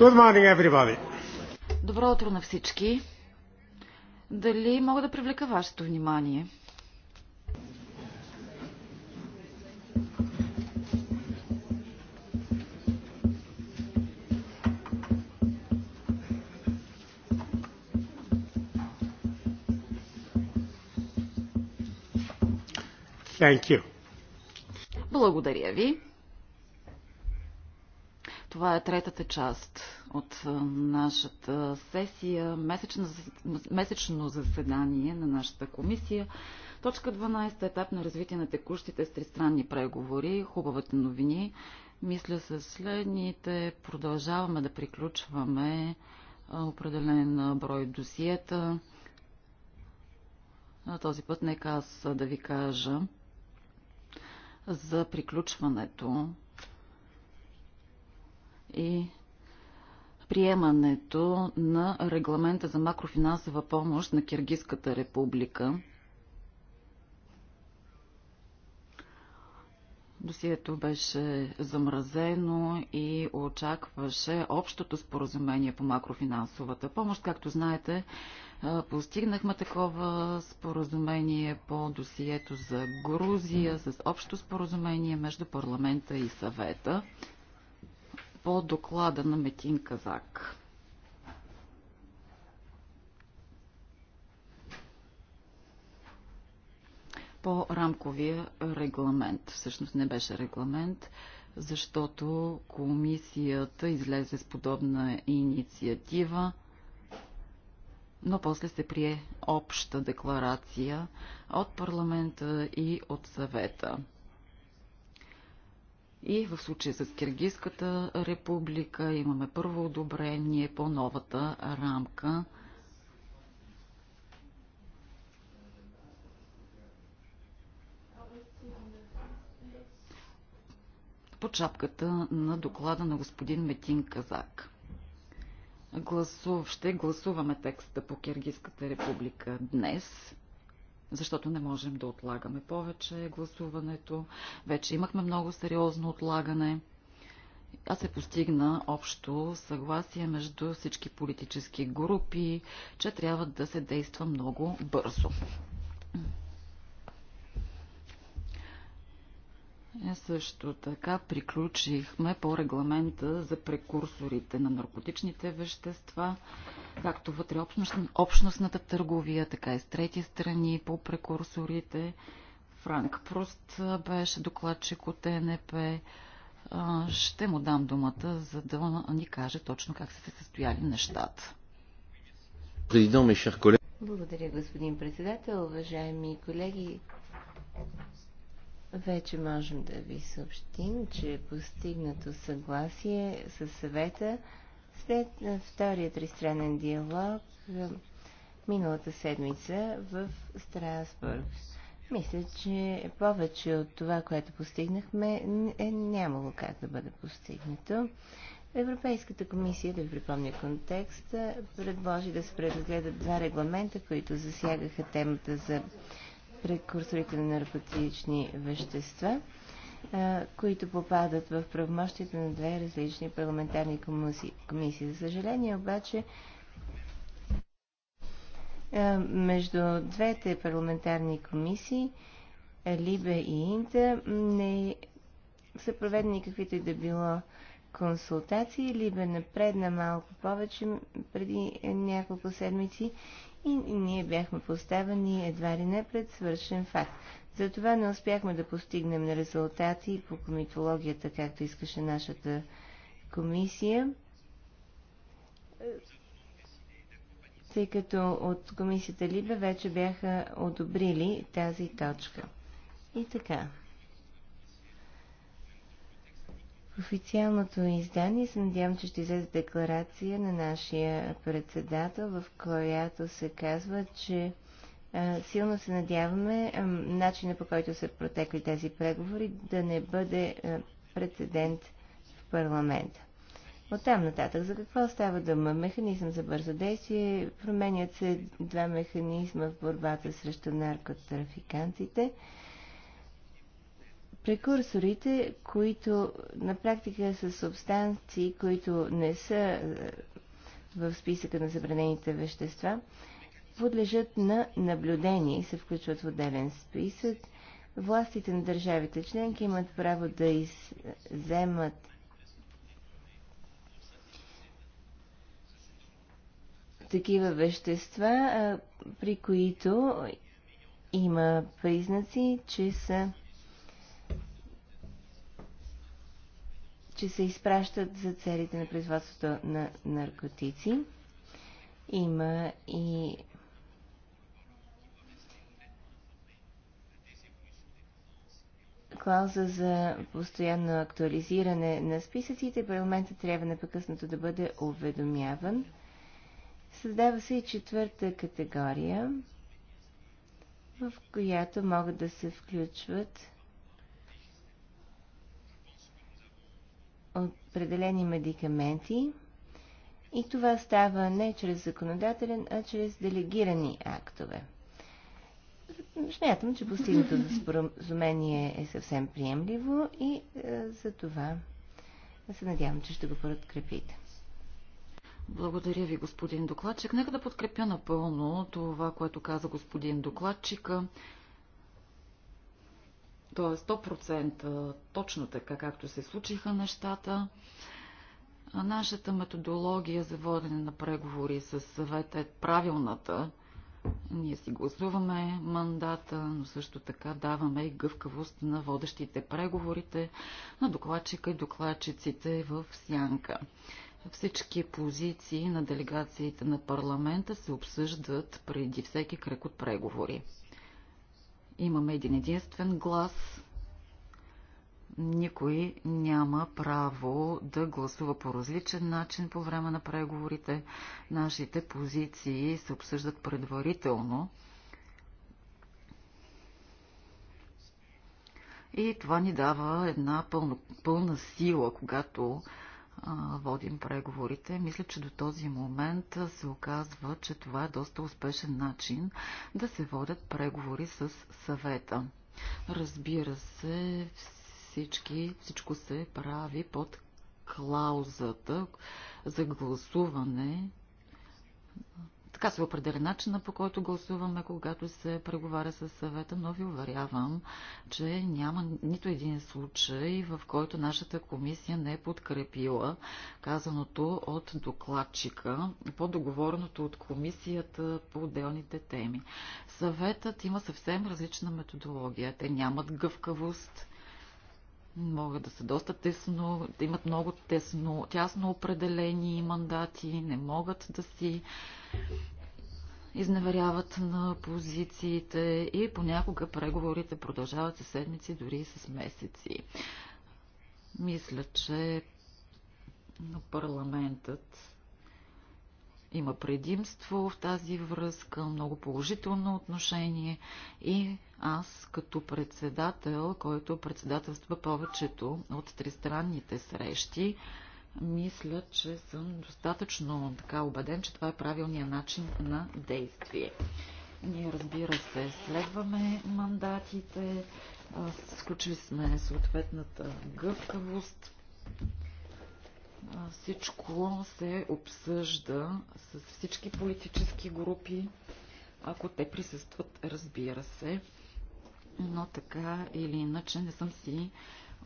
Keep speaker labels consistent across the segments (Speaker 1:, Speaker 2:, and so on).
Speaker 1: Good morning, everybody.
Speaker 2: Добро утро на всички. Дали мога да привлека вашето внимание? Thank you. Благодаря ви. Това е третата част от нашата сесия, месечно, месечно заседание на нашата комисия. Точка 12. Етап на развитие на текущите с тристранни преговори. Хубавите новини. Мисля с следните. Продължаваме да приключваме определен брой досиета. Този път нека аз да ви кажа за приключването и приемането на регламента за макрофинансова помощ на Киргизската република. Досието беше замразено и очакваше общото споразумение по макрофинансовата помощ. Както знаете, Постигнахме такова споразумение по досието за Грузия с общо споразумение между парламента и съвета по доклада на Метин Казак. по рамковия регламент. Всъщност не беше регламент, защото комисията излезе с подобна инициатива но после се прие обща декларация от парламента и от съвета. И в случая с Киргизската република имаме първо одобрение по новата рамка. под шапката на доклада на господин Метин Казак гласу... Ще гласуваме текста по Киргизската република днес, защото не можем да отлагаме повече гласуването. Вече имахме много сериозно отлагане. А се постигна общо съгласие между всички политически групи, че трябва да се действа много бързо. Е, също така приключихме по регламента за прекурсорите на наркотичните вещества, както вътре общностната търговия, така и с трети страни по прекурсорите. Франк Пруст беше докладчик от ЕНП. Ще му дам думата, за да ни каже точно как са се
Speaker 3: състояли
Speaker 4: нещата.
Speaker 3: Благодаря, господин председател. Уважаеми колеги, вече можем да ви съобщим, че е постигнато съгласие с съвета след втория тристранен диалог е, миналата седмица в Страсбург. Мисля, че повече от това, което постигнахме, е нямало как да бъде постигнато. Европейската комисия, да ви припомня контекста, предложи да се преразгледат два регламента, които засягаха темата за прекурсорите на наркотични вещества, които попадат в правомощите на две различни парламентарни комисии. За съжаление обаче, между двете парламентарни комисии, Либе и Инта, не са проведени каквито и да било консултации. Либе напредна малко повече преди няколко седмици и ние бяхме поставени едва ли не пред свършен факт. Затова не успяхме да постигнем резултати по комитологията, както искаше нашата комисия, тъй като от комисията Либе вече бяха одобрили тази точка. И така. официалното издание се надявам, че ще излезе декларация на нашия председател, в която се казва, че а, силно се надяваме а, начина по който са протекли тези преговори да не бъде а, прецедент в парламента. От там нататък за какво става дума? Механизъм за бързо действие, променят се два механизма в борбата срещу наркотрафикантите – прекурсорите, които на практика са субстанции, които не са е, в списъка на забранените вещества, подлежат на наблюдение и се включват в отделен списък. Властите на държавите членки имат право да изземат такива вещества, е, при които има признаци, че са че се изпращат за целите на производството на наркотици. Има и клауза за постоянно актуализиране на списъците. Парламентът трябва непрекъснато да бъде уведомяван. Създава се и четвърта категория, в която могат да се включват определени медикаменти и това става не чрез законодателен, а чрез делегирани актове. Смятам, че постигнато за споразумение е съвсем приемливо и е, за това се надявам, че ще го подкрепите.
Speaker 2: Благодаря ви, господин докладчик. Нека да подкрепя напълно това, което каза господин докладчика. То е 100% точно така, както се случиха нещата. А нашата методология за водене на преговори с съвета е правилната. Ние си гласуваме мандата, но също така даваме и гъвкавост на водещите преговорите, на докладчика и докладчиците в сянка. Всички позиции на делегациите на парламента се обсъждат преди всеки кръг от преговори. Имаме един единствен глас. Никой няма право да гласува по различен начин по време на преговорите. Нашите позиции се обсъждат предварително. И това ни дава една пълна, пълна сила, когато водим преговорите. Мисля, че до този момент се оказва, че това е доста успешен начин да се водят преговори с съвета. Разбира се, всички, всичко се прави под клаузата за гласуване така се определя начина по който гласуваме, когато се преговаря с съвета, но ви уверявам, че няма нито един случай, в който нашата комисия не е подкрепила казаното от докладчика по договорното от комисията по отделните теми. Съветът има съвсем различна методология. Те нямат гъвкавост, могат да са доста тесно, да имат много тесно, тясно определени мандати, не могат да си изневеряват на позициите и понякога преговорите продължават с седмици, дори и с месеци. Мисля, че парламентът има предимство в тази връзка, много положително отношение и аз като председател, който председателства повечето от тристранните срещи, мисля, че съм достатъчно така убеден, че това е правилният начин на действие. Ние, разбира се, следваме мандатите, сключили сме съответната гъвкавост всичко се обсъжда с всички политически групи, ако те присъстват, разбира се. Но така или иначе не съм си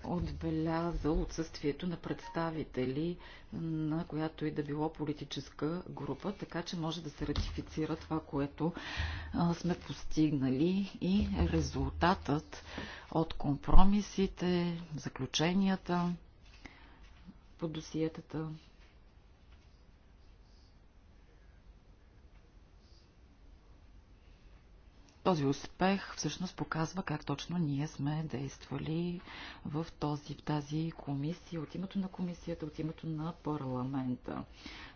Speaker 2: отбелязал отсъствието на представители на която и да било политическа група, така че може да се ратифицира това, което сме постигнали и резултатът от компромисите, заключенията по досиетата. Този успех всъщност показва как точно ние сме действали в, този, в тази комисия, от името на комисията, от името на парламента.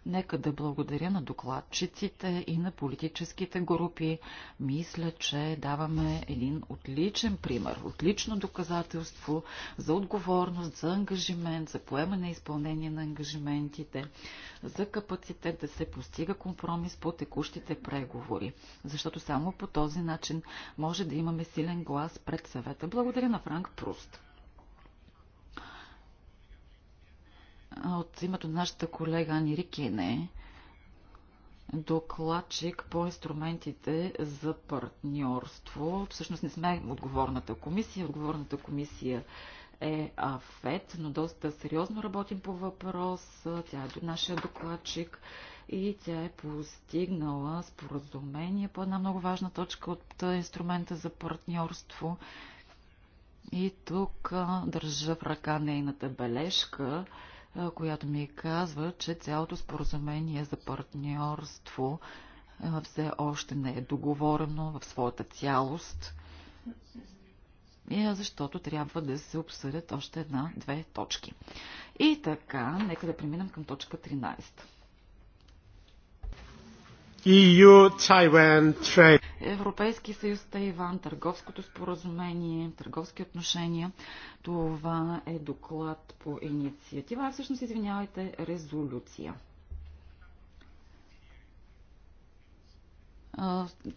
Speaker 2: Нека да благодаря на докладчиците и на политическите групи. Мисля, че даваме един отличен пример, отлично доказателство за отговорност, за ангажимент, за поемане и изпълнение на ангажиментите, за капацитет да се постига компромис по текущите преговори. Защото само по този начин може да имаме силен глас пред съвета. Благодаря на Франк Пруст. от името на нашата колега Ани Рикене, докладчик по инструментите за партньорство. Всъщност не сме отговорната комисия. Отговорната комисия е АФЕТ, но доста сериозно работим по въпрос. Тя е нашия докладчик и тя е постигнала споразумение по една много важна точка от инструмента за партньорство. И тук държа в ръка нейната бележка която ми казва, че цялото споразумение за партньорство все още не е договорено в своята цялост, защото трябва да се обсъдят още една-две точки. И така, нека да преминем към точка 13.
Speaker 1: E Европейски
Speaker 2: съюз Тайван, търговското споразумение, търговски отношения. Това е доклад по инициатива, а всъщност, извинявайте, резолюция.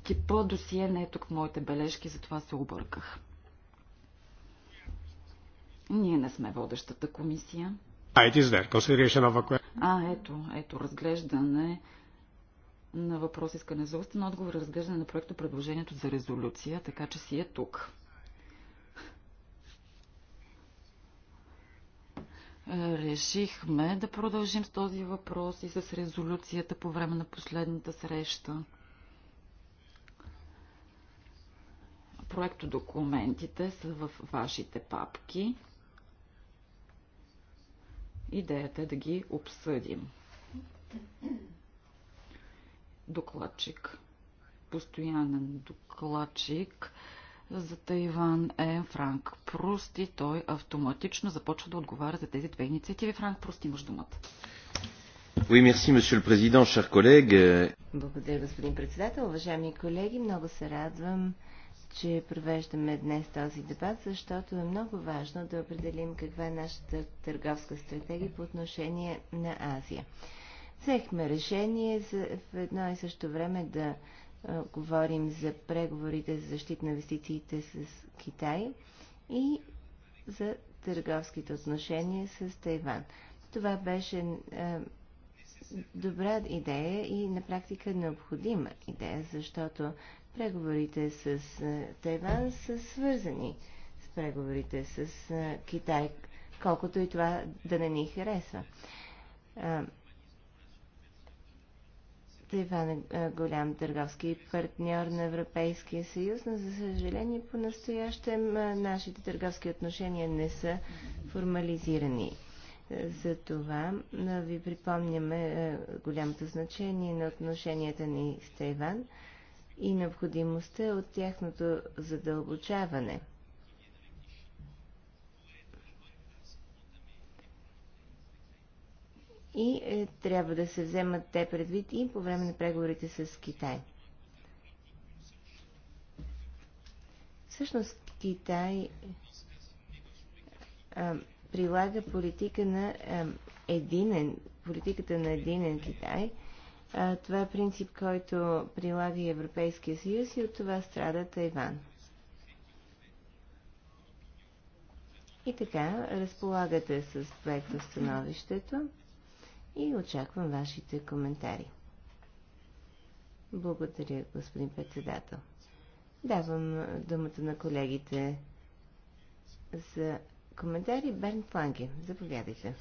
Speaker 2: Типа досие не е тук в моите бележки, затова се обърках. Ние не сме водещата комисия. А, ето, ето, разглеждане на въпрос искане за устен отговор и разглеждане на проекта предложението за резолюция, така че си е тук. Решихме да продължим с този въпрос и с резолюцията по време на последната среща. Проекто документите са в вашите папки. Идеята е да ги обсъдим докладчик, постоянен докладчик за Тайван е Франк Пруст и той автоматично започва да отговаря за тези две инициативи. Франк Пруст, имаш думата.
Speaker 4: Oui, merci,
Speaker 1: monsieur le président, chers collègues.
Speaker 3: Благодаря, господин председател. Уважаеми колеги, много се радвам, че провеждаме днес този дебат, защото е много важно да определим каква е нашата търговска стратегия по отношение на Азия. Взехме решение за, в едно и също време да а, говорим за преговорите за защита на инвестициите с Китай и за търговските отношения с Тайван. Това беше а, добра идея и на практика необходима идея, защото преговорите с Тайван са свързани с преговорите с Китай, колкото и това да не ни харесва. Тайван е, е голям търговски партньор на Европейския съюз, но за съжаление по-настоящем е, нашите търговски отношения не са формализирани. За това е, ви припомняме голямото значение на отношенията ни с Тайван и необходимостта от тяхното задълбочаване – и е, трябва да се вземат те предвид и по време на преговорите с Китай. Всъщност Китай е, а, прилага политика на а, е, единен, политиката на единен Китай. А, това е принцип, който прилага и Европейския съюз и от това страда Тайван. И така, разполагате с проекта становището и очаквам вашите коментари. Благодаря, господин председател. Давам думата на колегите за коментари. Берн Планге, заповядайте.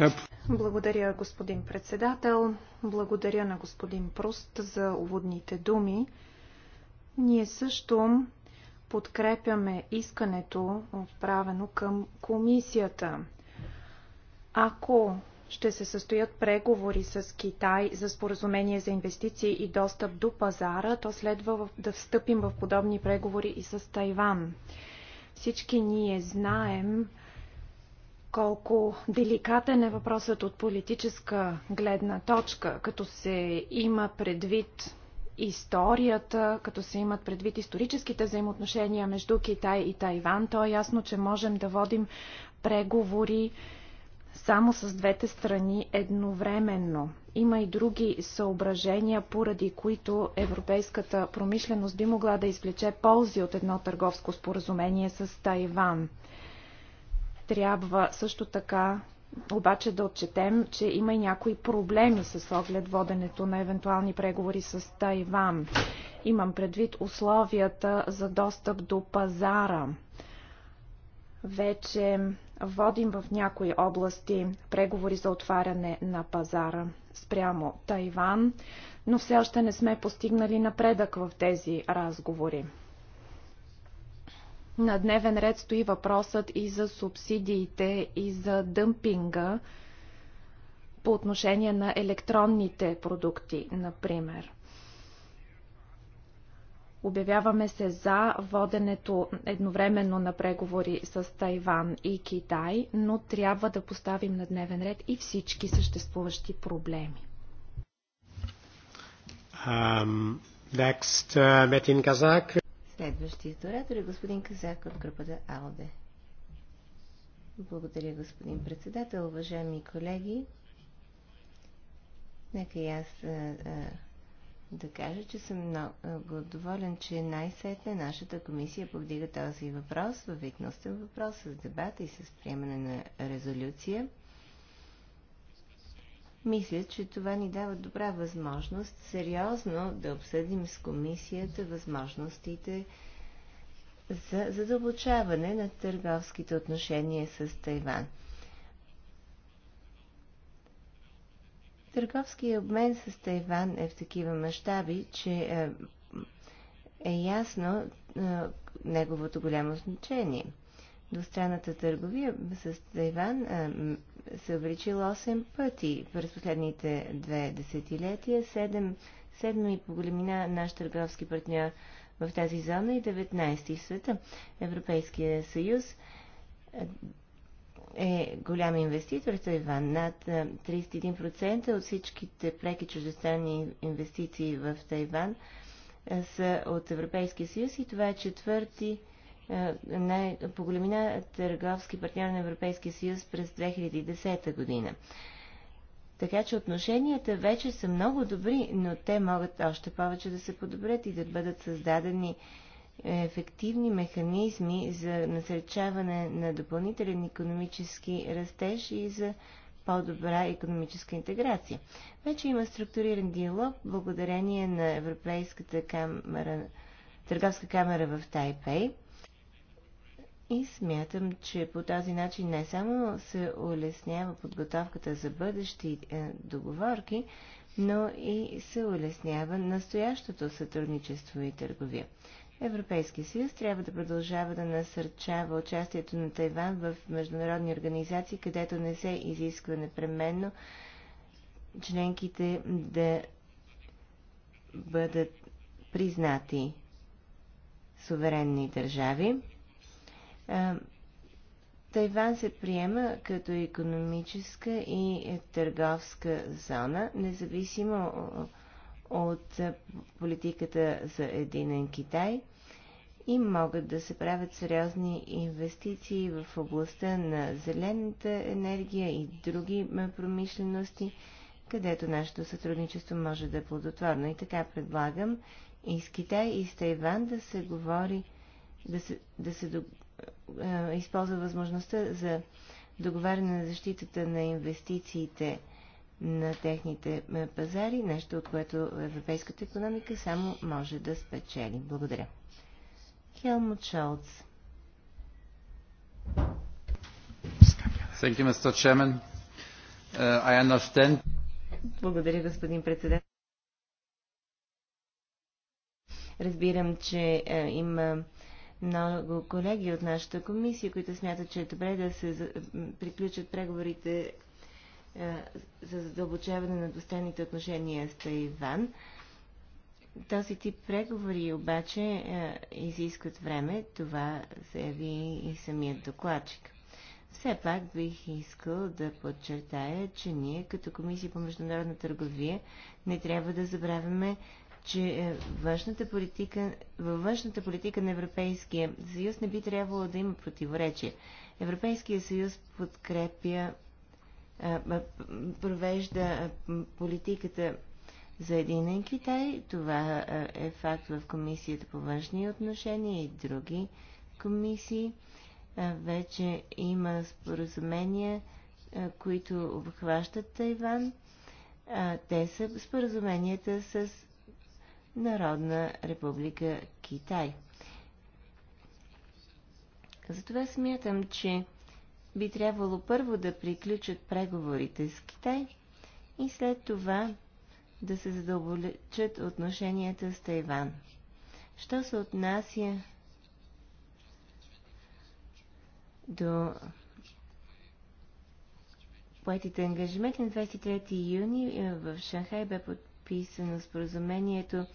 Speaker 1: Е,
Speaker 5: Благодаря, господин председател. Благодаря на господин Прост за уводните думи. Ние също подкрепяме искането, отправено към комисията. Ако ще се състоят преговори с Китай за споразумение за инвестиции и достъп до пазара, то следва да встъпим в подобни преговори и с Тайван. Всички ние знаем колко деликатен е въпросът от политическа гледна точка, като се има предвид историята, като се имат предвид историческите взаимоотношения между Китай и Тайван, то е ясно, че можем да водим преговори само с двете страни едновременно. Има и други съображения, поради които европейската промишленост би могла да извлече ползи от едно търговско споразумение с Тайван. Трябва също така обаче да отчетем, че има и някои проблеми с оглед воденето на евентуални преговори с Тайван. Имам предвид условията за достъп до пазара. Вече Водим в някои области преговори за отваряне на пазара спрямо Тайван, но все още не сме постигнали напредък в тези разговори. На дневен ред стои въпросът и за субсидиите, и за дъмпинга по отношение на електронните продукти, например. Обявяваме се за воденето едновременно на преговори с Тайван и Китай, но трябва да поставим на дневен ред и всички съществуващи проблеми.
Speaker 1: Um, next, uh, Метин Казак.
Speaker 3: Следващият оратор е господин Казак от групата АЛДЕ. Благодаря, господин председател. Уважаеми колеги, нека и аз Uh, uh, да кажа, че съм много доволен, че най-сетне нашата комисия повдига този въпрос, във викностен въпрос, с дебата и с приемане на резолюция. Мисля, че това ни дава добра възможност сериозно да обсъдим с комисията възможностите за задълбочаване на търговските отношения с Тайван. Търговският обмен с Тайван е в такива мащаби, че е, е ясно е, неговото голямо значение. Двустранната търговия с Тайван е, се е увеличила 8 пъти през последните две десетилетия, 7, 7 и по големина наш търговски партньор в тази зона и 19 в света. Европейския съюз е, е голям инвеститор Тайван. Е над 31% от всичките преки чуждестранни инвестиции в Тайван са от Европейския съюз и това е четвърти най- по големина търговски партньор на Европейския съюз през 2010 година. Така че отношенията вече са много добри, но те могат още повече да се подобрят и да бъдат създадени ефективни механизми за насърчаване на допълнителен економически растеж и за по-добра економическа интеграция. Вече има структуриран диалог благодарение на Европейската камера, търговска камера в Тайпей. И смятам, че по този начин не само се улеснява подготовката за бъдещи е, договорки, но и се улеснява настоящото сътрудничество и търговия. Европейския съюз трябва да продължава да насърчава участието на Тайван в международни организации, където не се изисква непременно членките да бъдат признати суверенни държави. Тайван се приема като економическа и търговска зона, независимо от от е, политиката за единен Китай и могат да се правят сериозни инвестиции в областта на зелената енергия и други промишлености, където нашето сътрудничество може да е плодотворно. И така предлагам и с Китай, и с Тайван да се говори, да се, да се до, е, използва възможността за договаряне на защитата на инвестициите на техните е, пазари, нещо от което европейската економика само може да спечели. Благодаря. Хелмут Шолц.
Speaker 1: Uh,
Speaker 3: Благодаря, господин председател. Разбирам, че е, има много колеги от нашата комисия, които смятат, че е добре да се приключат преговорите е, за задълбочаване на достойните отношения с Тайван. Този тип преговори обаче е, изискват време, това заяви и самият докладчик. Все пак бих искал да подчертая, че ние като Комисия по международна търговия не трябва да забравяме, че е, външната политика, във външната политика на Европейския съюз не би трябвало да има противоречие. Европейския съюз подкрепя провежда политиката за единен Китай. Това е факт в Комисията по външни отношения и други комисии. Вече има споразумения, които обхващат Тайван. Те са споразуменията с Народна република Китай. Затова смятам, че би трябвало първо да приключат преговорите с Китай и след това да се задълбочат отношенията с Тайван. Що се отнася до поетите ангажименти на 23 юни е, в Шанхай бе подписано споразумението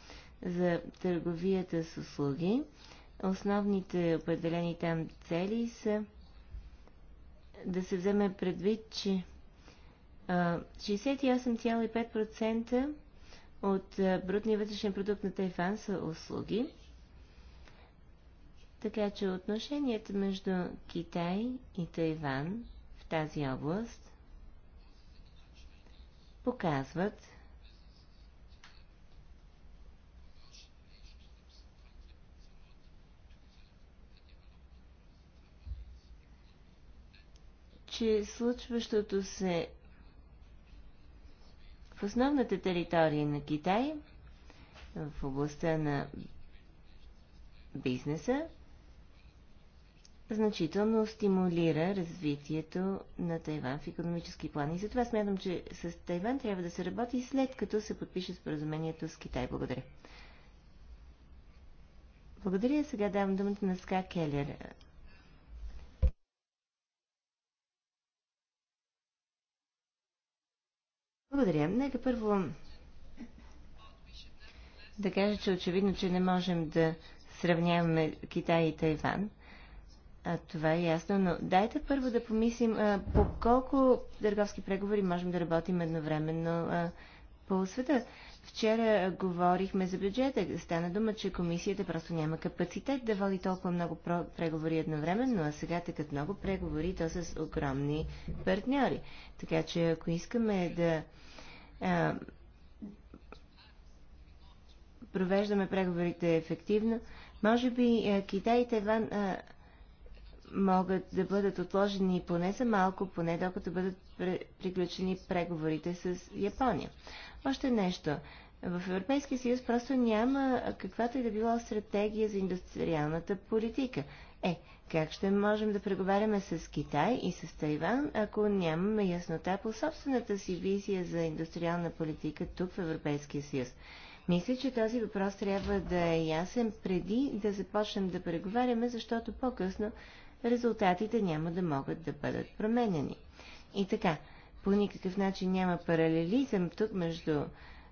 Speaker 3: за търговията с услуги. Основните определени там цели са да се вземе предвид, че 68,5% от брутния вътрешен продукт на Тайван са услуги. Така че отношенията между Китай и Тайван в тази област показват, че случващото се в основната територия на Китай, в областта на бизнеса, значително стимулира развитието на Тайван в економически план. И затова смятам, че с Тайван трябва да се работи след като се подпише споразумението с Китай. Благодаря. Благодаря. Сега давам думата на Ска Келер Благодаря. Нека първо да кажа, че очевидно, че не можем да сравняваме Китай и Тайван. А, това е ясно, но дайте първо да помислим а, по колко търговски преговори можем да работим едновременно а, по света. Вчера говорихме за бюджета. Стана дума, че комисията просто няма капацитет да води толкова много преговори едновременно, а сега тъкат много преговори, то с огромни партньори. Така че ако искаме да е, провеждаме преговорите ефективно. Може би е, Китай и Тайван е, могат да бъдат отложени поне за малко, поне докато бъдат приключени преговорите с Япония. Още нещо. В Европейския съюз просто няма каквато и да била стратегия за индустриалната политика. Е, как ще можем да преговаряме с Китай и с Тайван, ако нямаме яснота по собствената си визия за индустриална политика тук в Европейския съюз? Мисля, че този въпрос трябва да е ясен преди да започнем да преговаряме, защото по-късно резултатите няма да могат да бъдат променени. И така, по никакъв начин няма паралелизъм тук между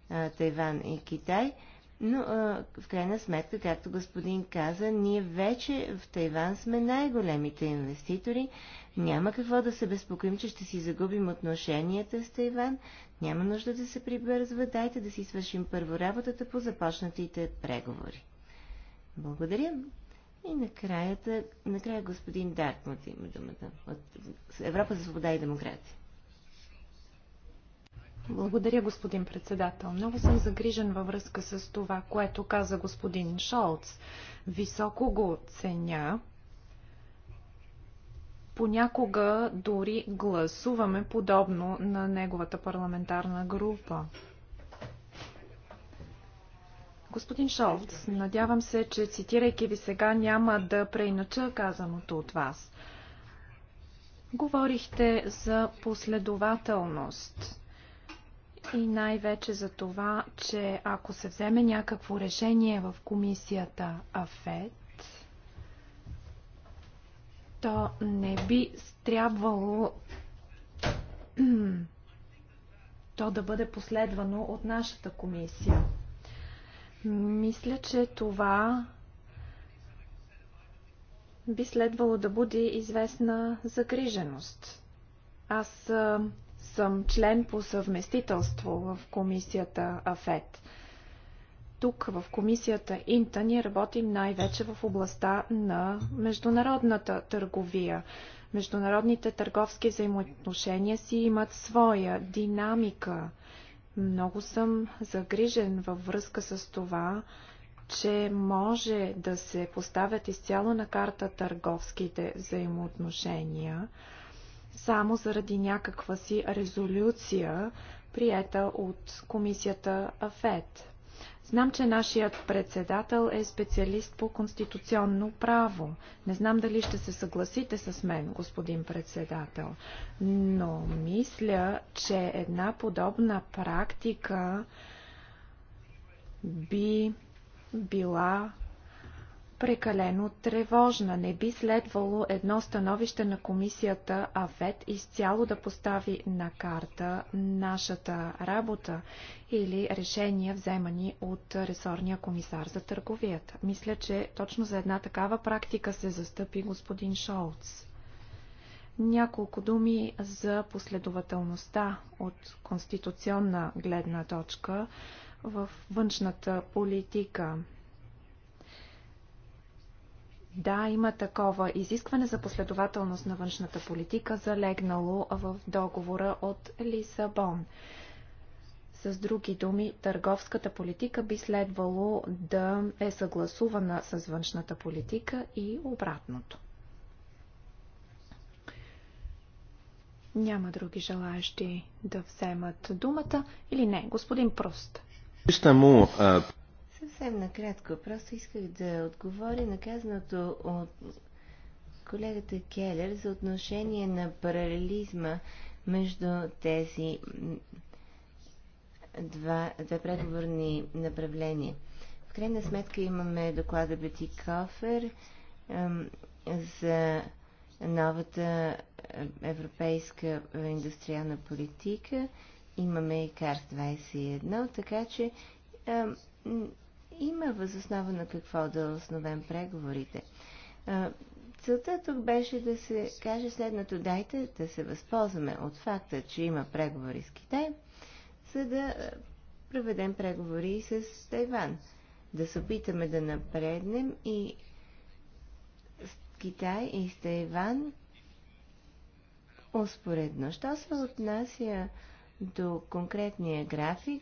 Speaker 3: а, Тайван и Китай – но а, в крайна сметка, както господин каза, ние вече в Тайван сме най-големите инвеститори. Няма какво да се безпокоим, че ще си загубим отношенията с Тайван. Няма нужда да се прибързва. Дайте да си свършим първо работата по започнатите преговори. Благодаря. И накрая, накрая господин Дартмут има думата от Европа за свобода и демокрация.
Speaker 5: Благодаря, господин председател. Много съм загрижен във връзка с това, което каза господин Шолц. Високо го ценя. Понякога дори гласуваме подобно на неговата парламентарна група. Господин Шолц, надявам се, че цитирайки ви сега няма да преинача казаното от вас. Говорихте за последователност и най-вече за това, че ако се вземе някакво решение в комисията АФЕД, то не би трябвало то да бъде последвано от нашата комисия. Мисля, че това би следвало да буди известна загриженост. Аз съм член по съвместителство в комисията АФЕТ. Тук в комисията Инта ние работим най-вече в областта на международната търговия. Международните търговски взаимоотношения си имат своя динамика. Много съм загрижен във връзка с това, че може да се поставят изцяло на карта търговските взаимоотношения, само заради някаква си резолюция, приета от комисията АФЕД. Знам, че нашият председател е специалист по конституционно право. Не знам дали ще се съгласите с мен, господин председател, но мисля, че една подобна практика би била прекалено тревожна. Не би следвало едно становище на комисията АФЕТ изцяло да постави на карта нашата работа или решения вземани от ресорния комисар за търговията. Мисля, че точно за една такава практика се застъпи господин Шолц. Няколко думи за последователността от конституционна гледна точка в външната политика. Да, има такова изискване за последователност на външната политика, залегнало в договора от Лисабон. С други думи, търговската политика би следвало да е съгласувана с външната политика и обратното. Няма други желаящи да вземат думата или не,
Speaker 3: господин Прост. Съвсем накратко, просто исках да отговоря на казаното от колегата Келер за отношение на паралелизма между тези два, две преговорни направления. В крайна сметка имаме доклада Бети Кофер ем, за новата европейска индустриална политика. Имаме и КАРС 21, така че ем, има възоснова на какво да основем преговорите. Целта тук беше да се каже следното. Дайте да се възползваме от факта, че има преговори с Китай, за да проведем преговори и с Тайван. Да се опитаме да напреднем и с Китай и с Тайван успоредно. Що се отнася до конкретния график,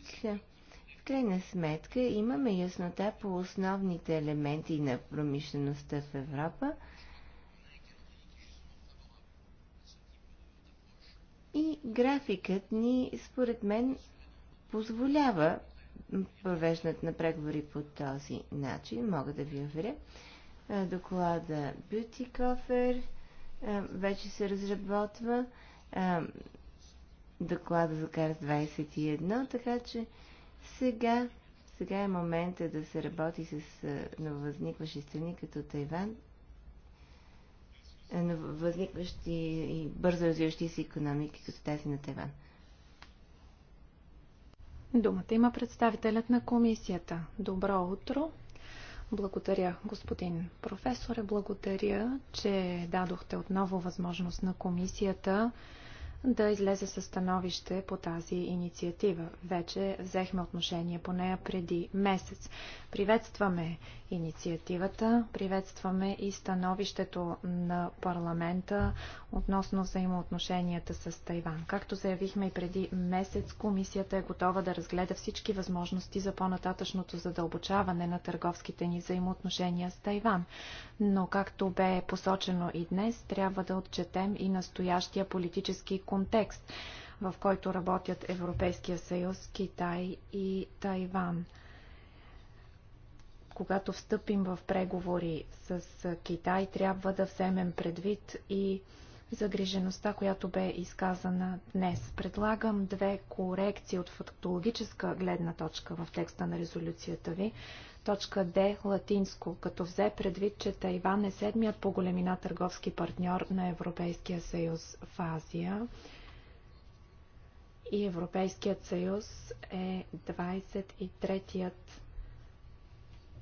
Speaker 3: крайна сметка имаме яснота по основните елементи на промишлеността в Европа и графикът ни, според мен, позволява провеждат на преговори по този начин, мога да ви уверя. Е, доклада Coffer е, вече се разработва. Е, доклада за Карс 21, така че сега, сега е момента да се работи с нововъзникващи страни като Тайван, възникващи и бързо развиващи се економики, като тази на Тайван.
Speaker 5: Думата има представителят на комисията. Добро утро! Благодаря, господин професоре. Благодаря, че дадохте отново възможност на комисията да излезе със становище по тази инициатива. Вече взехме отношение по нея преди месец. Приветстваме инициативата. Приветстваме и становището на парламента относно взаимоотношенията с Тайван. Както заявихме и преди месец, комисията е готова да разгледа всички възможности за по-нататъчното задълбочаване на търговските ни взаимоотношения с Тайван. Но, както бе посочено и днес, трябва да отчетем и настоящия политически контекст в който работят Европейския съюз, Китай и Тайван когато встъпим в преговори с Китай, трябва да вземем предвид и загрижеността, която бе изказана днес. Предлагам две корекции от фактологическа гледна точка в текста на резолюцията ви. Точка Д латинско, като взе предвид, че Тайван е седмият по големина търговски партньор на Европейския съюз в Азия и Европейският съюз е 23 ят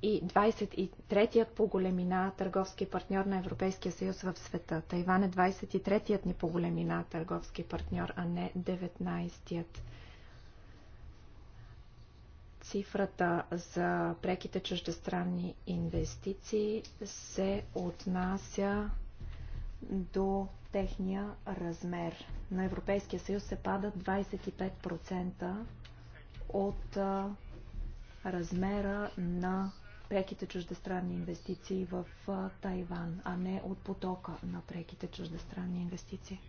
Speaker 5: и 23-ият по големина търговски партньор на Европейския съюз в света. Тайван е 23-ият ни по големина търговски партньор, а не 19-ият. Цифрата за преките чуждестранни инвестиции се отнася до техния размер. На Европейския съюз се пада 25% от размера на преките чуждестранни инвестиции в Тайван, а не от потока на преките чуждестранни инвестиции,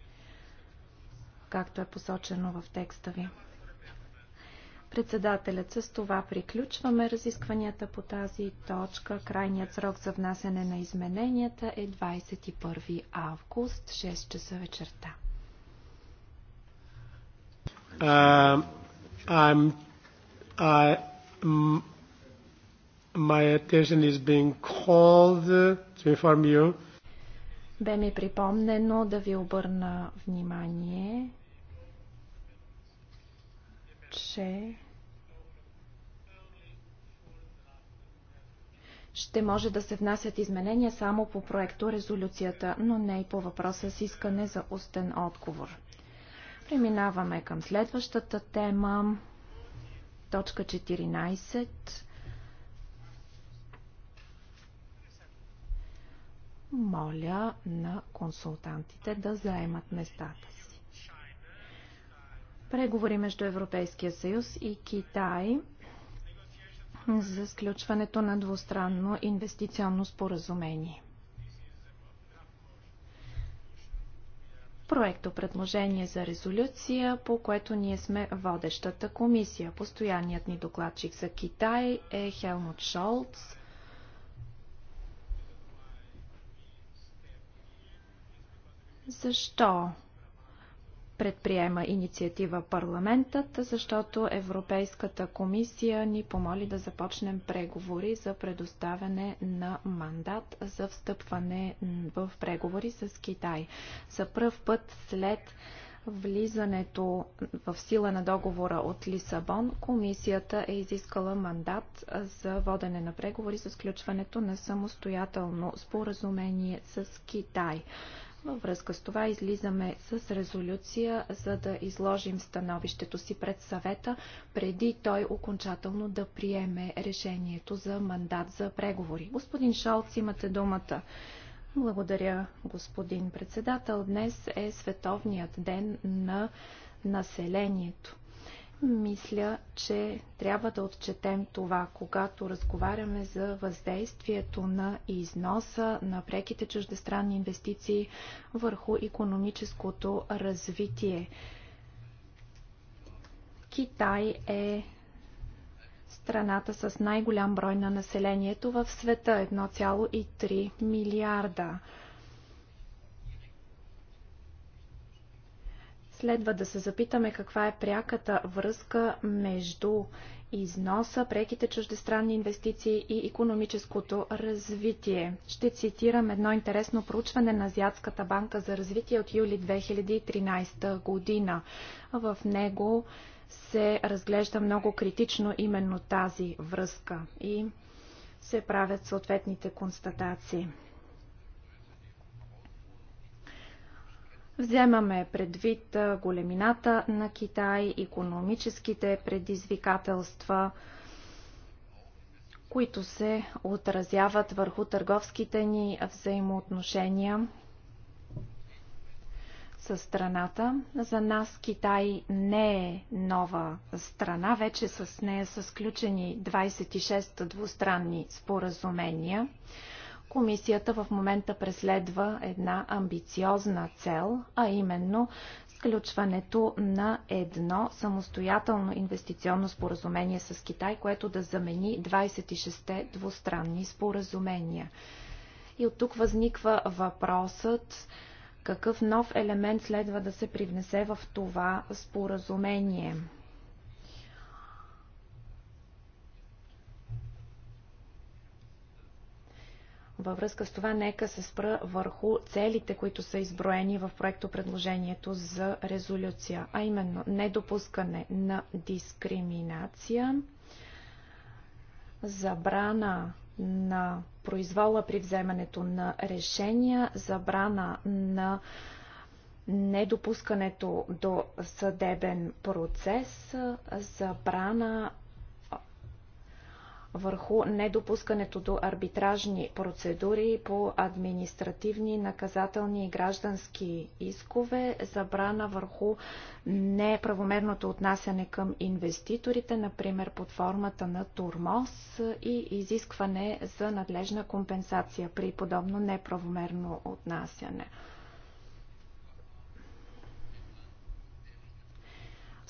Speaker 5: както е посочено в текста ви. Председателят с това приключваме разискванията по тази точка. Крайният срок за внасяне на измененията е 21 август, 6 часа вечерта.
Speaker 1: Uh, I'm, I, My attention is being called to inform you.
Speaker 5: Бе ми припомнено да ви обърна внимание, че ще може да се внасят изменения само по проекто резолюцията, но не и по въпроса с искане за устен отговор. Преминаваме към следващата тема. Точка 14. моля на консултантите да заемат местата си. Преговори между Европейския съюз и Китай за сключването на двустранно инвестиционно споразумение. проекто предложение за резолюция, по което ние сме водещата комисия. Постоянният ни докладчик за Китай е Хелмут Шолц. Защо предприема инициатива парламентът? Защото Европейската комисия ни помоли да започнем преговори за предоставяне на мандат за встъпване в преговори с Китай. За първ път след влизането в сила на договора от Лисабон, комисията е изискала мандат за водене на преговори с включването на самостоятелно споразумение с Китай. Във връзка с това излизаме с резолюция, за да изложим становището си пред съвета, преди той окончателно да приеме решението за мандат за преговори. Господин Шолц, имате думата. Благодаря, господин председател. Днес е световният ден на населението. Мисля, че трябва да отчетем това, когато разговаряме за въздействието на износа на преките чуждестранни инвестиции върху економическото развитие. Китай е страната с най-голям брой на населението в света 1,3 милиарда. Следва да се запитаме каква е пряката връзка между износа, преките чуждестранни инвестиции и економическото развитие. Ще цитирам едно интересно проучване на Азиатската банка за развитие от юли 2013 година. В него се разглежда много критично именно тази връзка и се правят съответните констатации. Вземаме предвид големината на Китай, економическите предизвикателства, които се отразяват върху търговските ни взаимоотношения с страната. За нас Китай не е нова страна. Вече с нея са сключени 26 двустранни споразумения. Комисията в момента преследва една амбициозна цел, а именно сключването на едно самостоятелно инвестиционно споразумение с Китай, което да замени 26-те двустранни споразумения. И от тук възниква въпросът какъв нов елемент следва да се привнесе в това споразумение – Във връзка с това, нека се спра върху целите, които са изброени в проекто предложението за резолюция, а именно недопускане на дискриминация, забрана на произвола при вземането на решения, забрана на недопускането до съдебен процес, забрана върху недопускането до арбитражни процедури по административни, наказателни и граждански искове, забрана върху неправомерното отнасяне към инвеститорите, например под формата на турмоз и изискване за надлежна компенсация при подобно неправомерно отнасяне.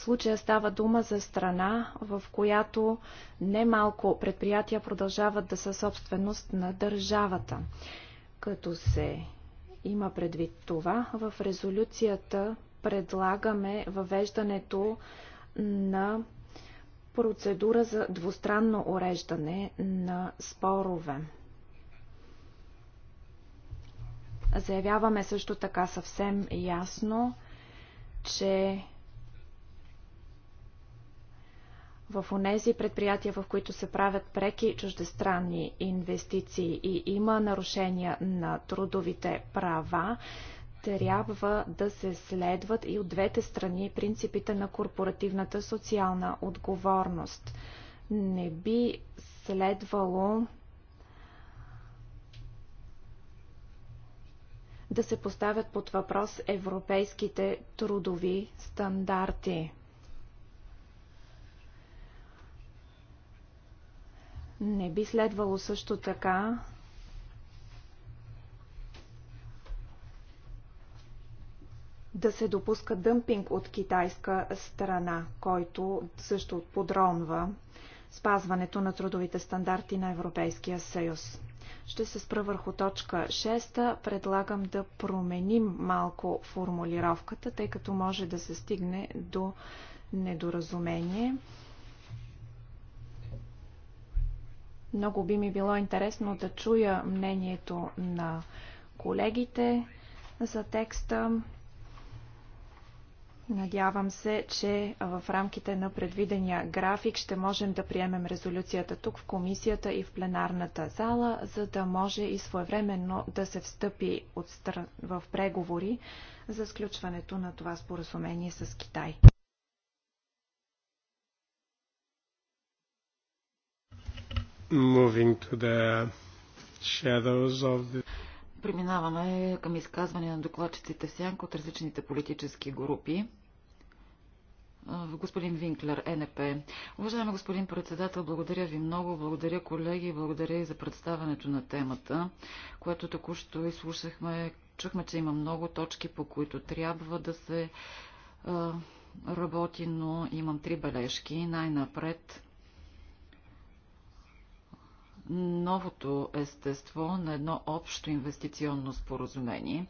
Speaker 5: В случая става дума за страна, в която немалко предприятия продължават да са собственост на държавата. Като се има предвид това, в резолюцията предлагаме въвеждането на процедура за двустранно уреждане на спорове. Заявяваме също така съвсем ясно, че в онези предприятия, в които се правят преки чуждестранни инвестиции и има нарушения на трудовите права, трябва да се следват и от двете страни принципите на корпоративната социална отговорност. Не би следвало да се поставят под въпрос европейските трудови стандарти. Не би следвало също така да се допуска дъмпинг от китайска страна, който също подронва спазването на трудовите стандарти на Европейския съюз. Ще се спра върху точка 6. Предлагам да променим малко формулировката, тъй като може да се стигне до недоразумение. Много би ми било интересно да чуя мнението на колегите за текста. Надявам се, че в рамките на предвидения график ще можем да приемем резолюцията тук в комисията и в пленарната зала, за да може и своевременно да се встъпи от стр... в преговори за сключването на това споразумение с Китай.
Speaker 1: Moving to the shadows of the...
Speaker 2: Преминаваме към изказване на докладчиците в сянка от различните политически групи. Господин Винклер, НП. Уважаеми господин председател, благодаря ви много, благодаря колеги, благодаря и за представането на темата, което току-що изслушахме. Чухме, че има много точки, по които трябва да се работи, но имам три бележки. Най-напред новото естество на едно общо инвестиционно споразумение.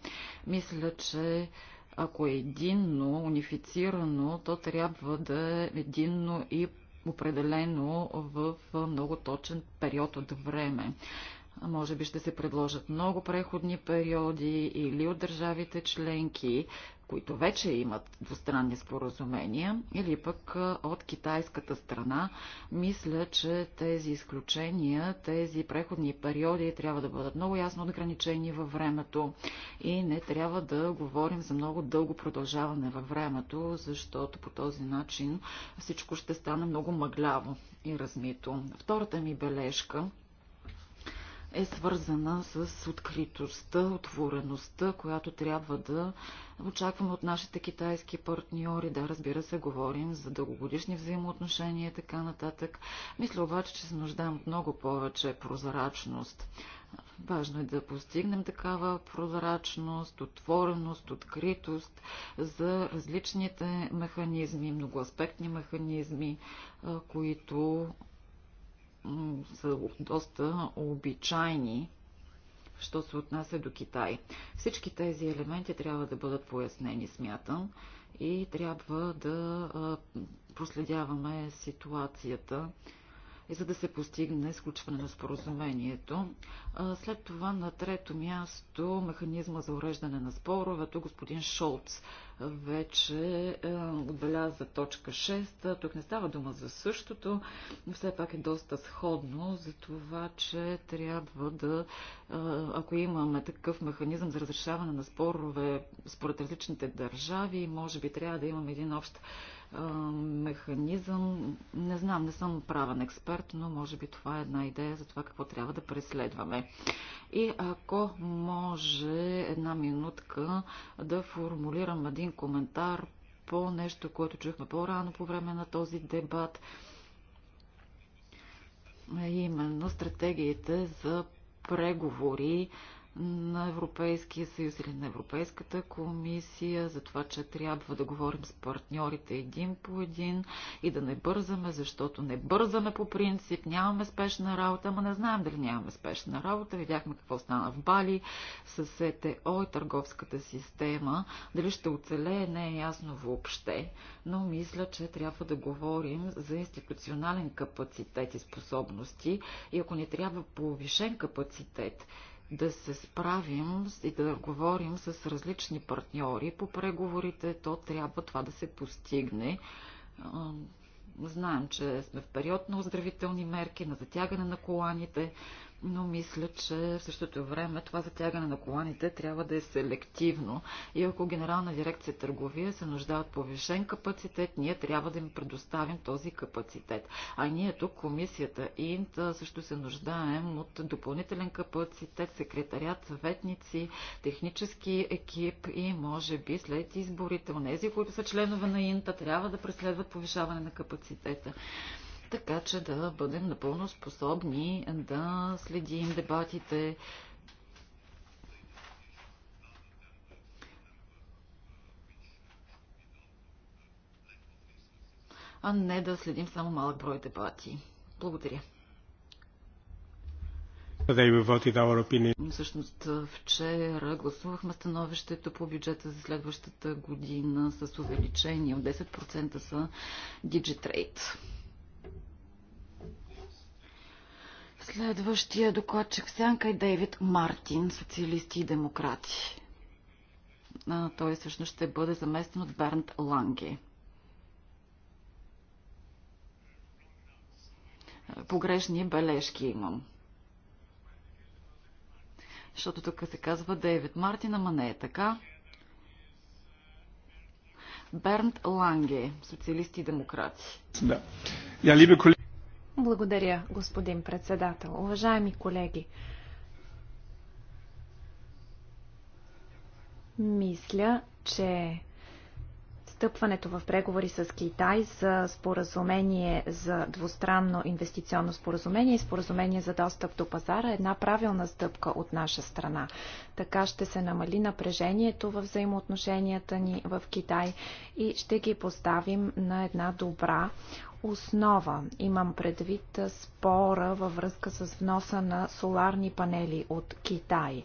Speaker 2: Мисля, че ако е единно, унифицирано, то трябва да е единно и определено в много точен период от време може би ще се предложат много преходни периоди или от държавите членки, които вече имат двустранни споразумения, или пък от китайската страна. Мисля, че тези изключения, тези преходни периоди трябва да бъдат много ясно отграничени във времето и не трябва да говорим за много дълго продължаване във времето, защото по този начин всичко ще стане много мъгляво и размито. Втората ми бележка е свързана с откритостта, отвореността, която трябва да очакваме от нашите китайски партньори. Да, разбира се, говорим за дългогодишни взаимоотношения и така нататък. Мисля обаче, че се нуждаем от много повече прозрачност. Важно е да постигнем такава прозрачност, отвореност, откритост за различните механизми, многоаспектни механизми, които са доста обичайни, що се отнася до Китай. Всички тези елементи трябва да бъдат пояснени, смятам, и трябва да проследяваме ситуацията и за да се постигне изключване на споразумението. След това на трето място механизма за уреждане на спорове. Тук господин Шолц вече е, отбеляза точка 6. Тук не става дума за същото, но все пак е доста сходно за това, че трябва да, е, ако имаме такъв механизъм за разрешаване на спорове според различните държави, може би трябва да имаме един общ механизъм. Не знам, не съм правен експерт, но може би това е една идея за това какво трябва да преследваме. И ако може една минутка да формулирам един коментар по нещо, което чухме по-рано по време на този дебат, именно стратегиите за преговори на Европейския съюз или на Европейската комисия, за това, че трябва да говорим с партньорите един по един и да не бързаме, защото не бързаме по принцип, нямаме спешна работа, ама не знаем дали нямаме спешна работа. Видяхме какво стана в Бали с ЕТО и търговската система. Дали ще оцелее, не е ясно въобще, но мисля, че трябва да говорим за институционален капацитет и способности и ако ни трябва повишен капацитет, да се справим и да говорим с различни партньори по преговорите, то трябва това да се постигне. Знаем, че сме в период на оздравителни мерки, на затягане на коланите, но мисля, че в същото време това затягане на коланите трябва да е селективно. И ако Генерална дирекция търговия се нуждае от повишен капацитет, ние трябва да им предоставим този капацитет. А ние тук, комисията ИНТ, също се нуждаем от допълнителен капацитет, секретарят, съветници, технически екип и може би след изборите, онези, които са членове на ИНТА, трябва да преследват повишаване на капацитета така че да бъдем напълно способни да следим дебатите. а не да следим само малък брой дебати. Благодаря. Всъщност вчера гласувахме становището по бюджета за следващата година с увеличение от 10% за Digitrade. Следващия докладчик Сянка е Дейвид Мартин, социалисти и демократи. А, той всъщност ще бъде заместен от Бернт Ланге. Погрешни бележки имам. Защото тук се казва Дейвид Мартин, ама не е така.
Speaker 5: Бернт Ланге, социалисти и демократи.
Speaker 4: Да. Я, либе колеги...
Speaker 5: Благодаря, господин председател. Уважаеми колеги, мисля, че стъпването в преговори с Китай за споразумение за двустранно инвестиционно споразумение и споразумение за достъп до пазара е една правилна стъпка от наша страна. Така ще се намали напрежението в взаимоотношенията ни в Китай и ще ги поставим на една добра основа. Имам предвид спора във връзка с вноса на соларни панели от Китай.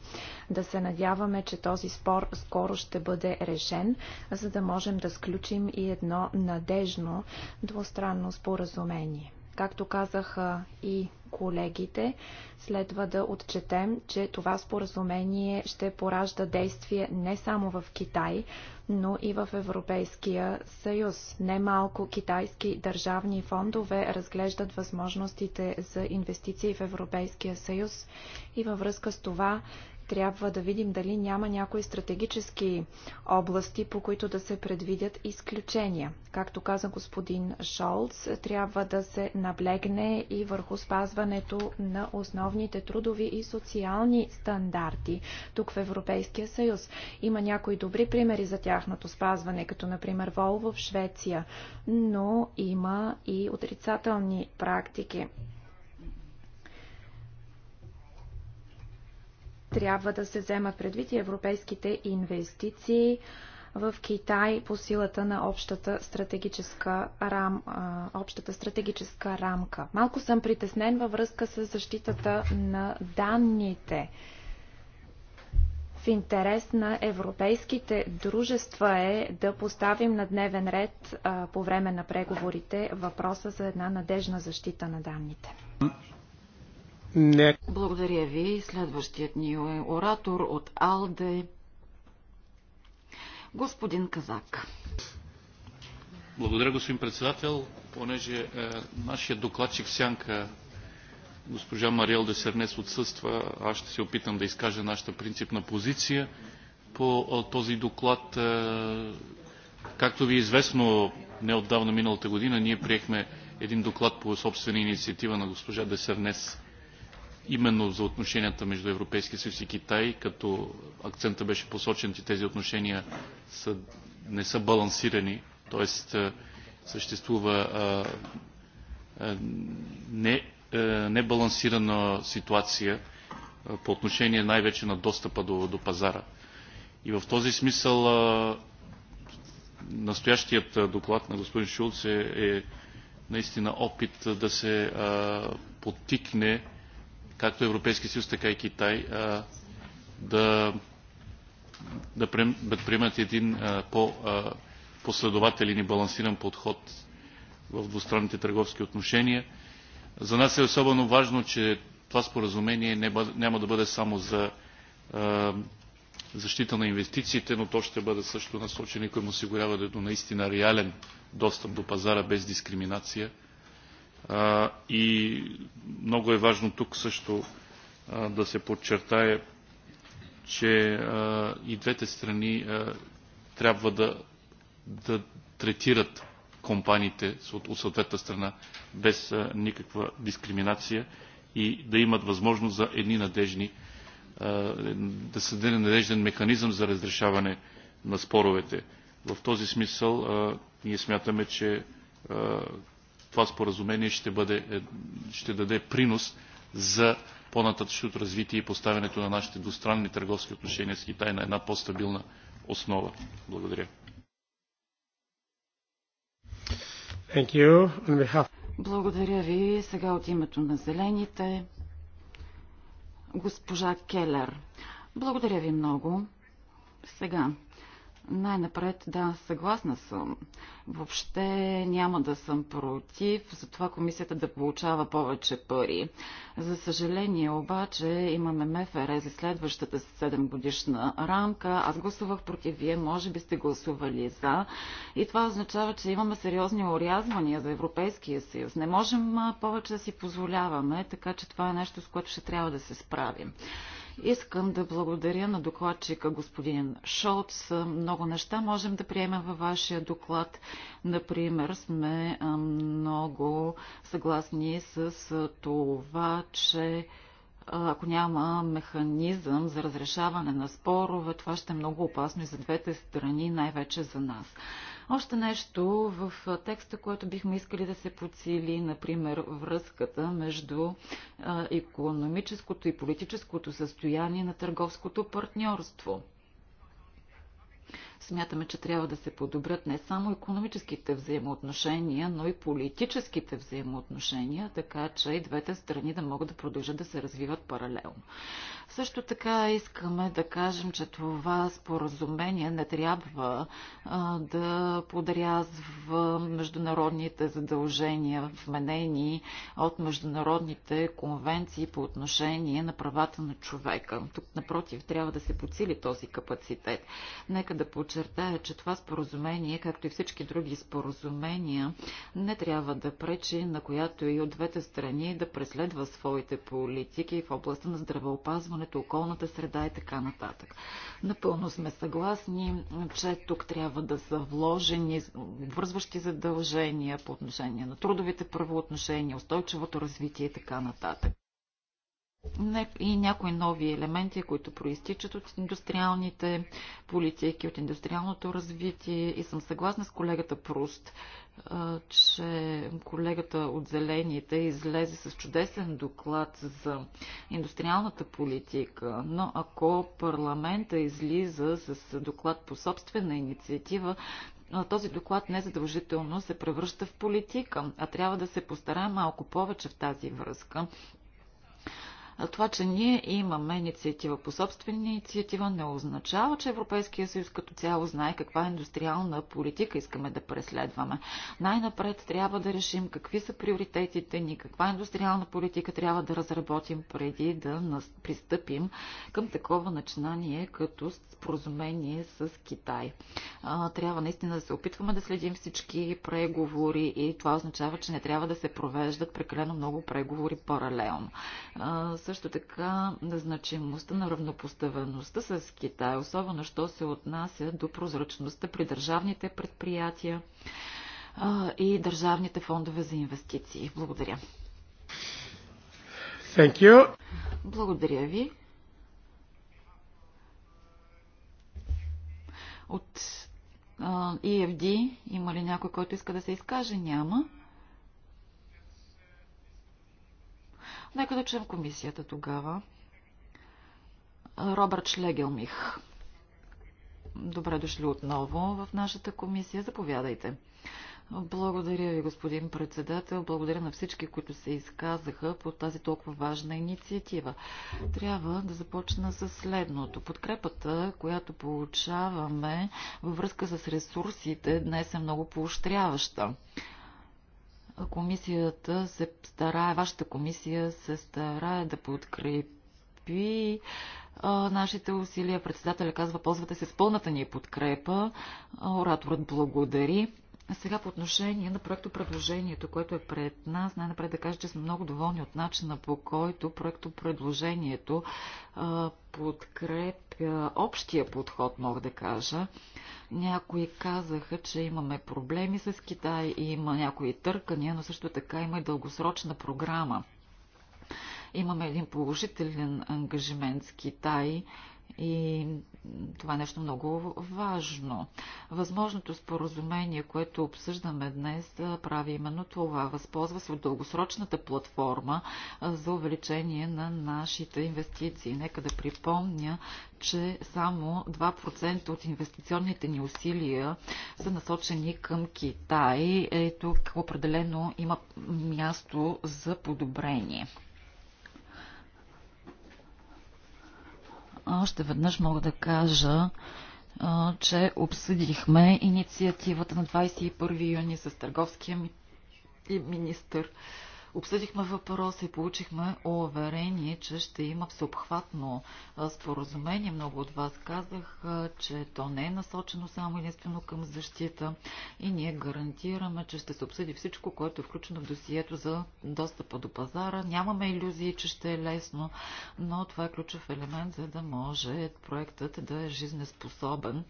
Speaker 5: Да се надяваме, че този спор скоро ще бъде решен, за да можем да сключим и едно надежно двустранно споразумение. Както казаха и колегите, следва да отчетем, че това споразумение ще поражда действие не само в Китай, но и в Европейския съюз. Немалко китайски държавни фондове разглеждат възможностите за инвестиции в Европейския съюз и във връзка с това трябва да видим дали няма някои стратегически области, по които да се предвидят изключения. Както каза господин Шолц, трябва да се наблегне и върху спазването на основните трудови и социални стандарти тук в Европейския съюз. Има някои добри примери за тяхното спазване, като например Вол в Швеция, но има и отрицателни практики. трябва да се вземат предвид и европейските инвестиции в Китай по силата на общата стратегическа, рам, общата стратегическа рамка. Малко съм притеснен във връзка с защитата на данните. В интерес на европейските дружества е да поставим на дневен ред по време на преговорите въпроса за една надежна защита на данните.
Speaker 1: Не...
Speaker 2: Благодаря ви. Следващият ни е оратор от АЛДЕ, господин Казак.
Speaker 4: Благодаря, господин председател. Понеже е, нашия докладчик Сянка, госпожа Мариел Десернес отсъства, аз ще се опитам да изкажа нашата принципна позиция по е, този доклад. Е, както ви е известно, неотдавна миналата година ние приехме един доклад по собствена инициатива на госпожа Десернес именно за отношенията между Европейския съюз и Китай, като акцента беше посочен, че тези отношения са, не са балансирани, т.е. съществува а, е, а, е, не, а, е, небалансирана ситуация а, по отношение най-вече на достъпа до, до пазара. И в този смисъл а, настоящият доклад на господин Шулц е, е наистина опит да се а, подтикне както Европейски съюз, така и Китай да, да приемат един по-последователен и балансиран подход в двустранните търговски отношения. За нас е особено важно, че това споразумение няма да бъде само за защита на инвестициите, но то ще бъде също насочено и към осигуряването на наистина реален достъп до пазара без дискриминация – и много е важно тук също да се подчертае, че и двете страни трябва да, да третират компаниите от съответната страна без никаква дискриминация и да имат възможност за едни надежни да се даде надежден механизъм за разрешаване на споровете. В този смисъл ние смятаме, че това споразумение ще, бъде, е, ще даде принос за по-нататъчното развитие и поставянето на нашите двустранни търговски отношения с Китай на една по-стабилна основа. Благодаря.
Speaker 1: Благодаря
Speaker 2: ви. Сега от името на зелените. Госпожа Келер. Благодаря ви много. Сега най-напред, да, съгласна съм. Въобще няма да съм против за това комисията да получава повече пари. За съжаление обаче имаме МФР за следващата 7 годишна рамка. Аз гласувах против, вие може би сте гласували за. И това означава, че имаме сериозни орязвания за Европейския съюз. Не можем повече да си позволяваме, така че това е нещо, с което ще трябва да се справим. Искам да благодаря на докладчика господин Шолц. Много неща можем да приемем във вашия доклад. Например, сме много съгласни с това, че ако няма механизъм за разрешаване на спорове, това ще е много опасно и за двете страни, най-вече за нас. Още нещо в текста, което бихме искали да се подсили, например, връзката между економическото и политическото състояние на търговското партньорство. Смятаме, че трябва да се подобрят не само економическите взаимоотношения, но и политическите взаимоотношения, така че и двете страни да могат да продължат да се развиват паралелно. Също така искаме да кажем, че това споразумение не трябва а, да подрязва международните задължения, вменени от международните конвенции по отношение на правата на човека. Тук, напротив, трябва да се подсили този капацитет. Нека да подчертая, че това споразумение, както и всички други споразумения, не трябва да пречи на която и от двете страни да преследва своите политики в областта на здравеопазването, околната среда и така нататък. Напълно сме съгласни, че тук трябва да са вложени обвързващи задължения по отношение на трудовите правоотношения, устойчивото развитие и така нататък и някои нови елементи, които проистичат от индустриалните политики, от индустриалното развитие. И съм съгласна с колегата Пруст, че колегата от Зелените излезе с чудесен доклад за индустриалната политика, но ако парламента излиза с доклад по собствена инициатива, този доклад не задължително се превръща в политика, а трябва да се постараем малко повече в тази връзка това, че ние имаме инициатива по собствена инициатива, не означава, че Европейския съюз като цяло знае каква индустриална политика искаме да преследваме. Най-напред трябва да решим какви са приоритетите ни, каква индустриална политика трябва да разработим преди да пристъпим към такова начинание като споразумение с Китай. Трябва наистина да се опитваме да следим всички преговори и това означава, че не трябва да се провеждат прекалено много преговори паралелно също така на значимостта на равнопоставеността с Китай, особено що се отнася до прозрачността при държавните предприятия а, и държавните фондове за инвестиции. Благодаря. Thank you. Благодаря ви. От а, EFD има ли някой, който иска да се изкаже? Няма. Нека да чуем комисията тогава. Робърт Шлегелмих. Добре дошли отново в нашата комисия. Заповядайте. Благодаря ви, господин председател. Благодаря на всички, които се изказаха по тази толкова важна инициатива. Трябва да започна с следното. Подкрепата, която получаваме във връзка с ресурсите, днес е много поощряваща комисията се старае, вашата комисия се старае да подкрепи а, нашите усилия. Председателя казва, ползвате се с пълната ни подкрепа. Ораторът благодари. А сега по отношение на проекто предложението, което е пред нас, най-напред да кажа, че сме много доволни от начина по който проекто предложението а, подкрепя общия подход, мога да кажа. Някои казаха, че имаме проблеми с Китай и има някои търкания, но също така има и дългосрочна програма. Имаме един положителен ангажимент с Китай и това е нещо много важно. Възможното споразумение, което обсъждаме днес, прави именно това. Възползва се от дългосрочната платформа за увеличение на нашите инвестиции. Нека да припомня, че само 2% от инвестиционните ни усилия са насочени към Китай. Е, тук определено има място за подобрение. още веднъж мога да кажа, че обсъдихме инициативата на 21 юни с търговския ми министр Обсъдихме въпроса и получихме уверение, че ще има всеобхватно споразумение. Много от вас казах, че то не е насочено само единствено към защита и ние гарантираме, че ще се обсъди всичко, което е включено в досието за достъпа до пазара. Нямаме иллюзии, че ще е лесно, но това е ключов елемент, за да може проектът да е жизнеспособен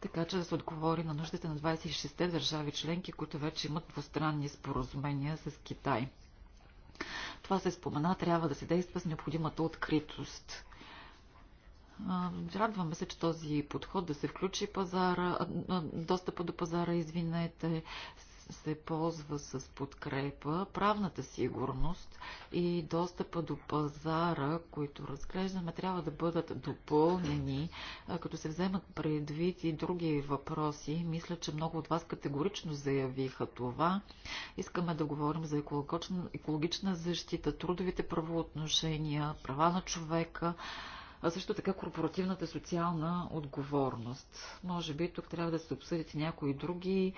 Speaker 2: така че да се отговори на нуждите на 26-те държави членки, които вече имат двустранни споразумения с Китай. Това се спомена, трябва да се действа с необходимата откритост. Радваме се, че този подход да се включи пазара, достъпа до пазара, извинете, се ползва с подкрепа, правната сигурност и достъпа до пазара, които разглеждаме, трябва да бъдат допълнени, като се вземат предвид и други въпроси. Мисля, че много от вас категорично заявиха това. Искаме да говорим за екологична, екологична защита, трудовите правоотношения, права на човека, а също така корпоративната социална отговорност. Може би тук трябва да се обсъдят и някои други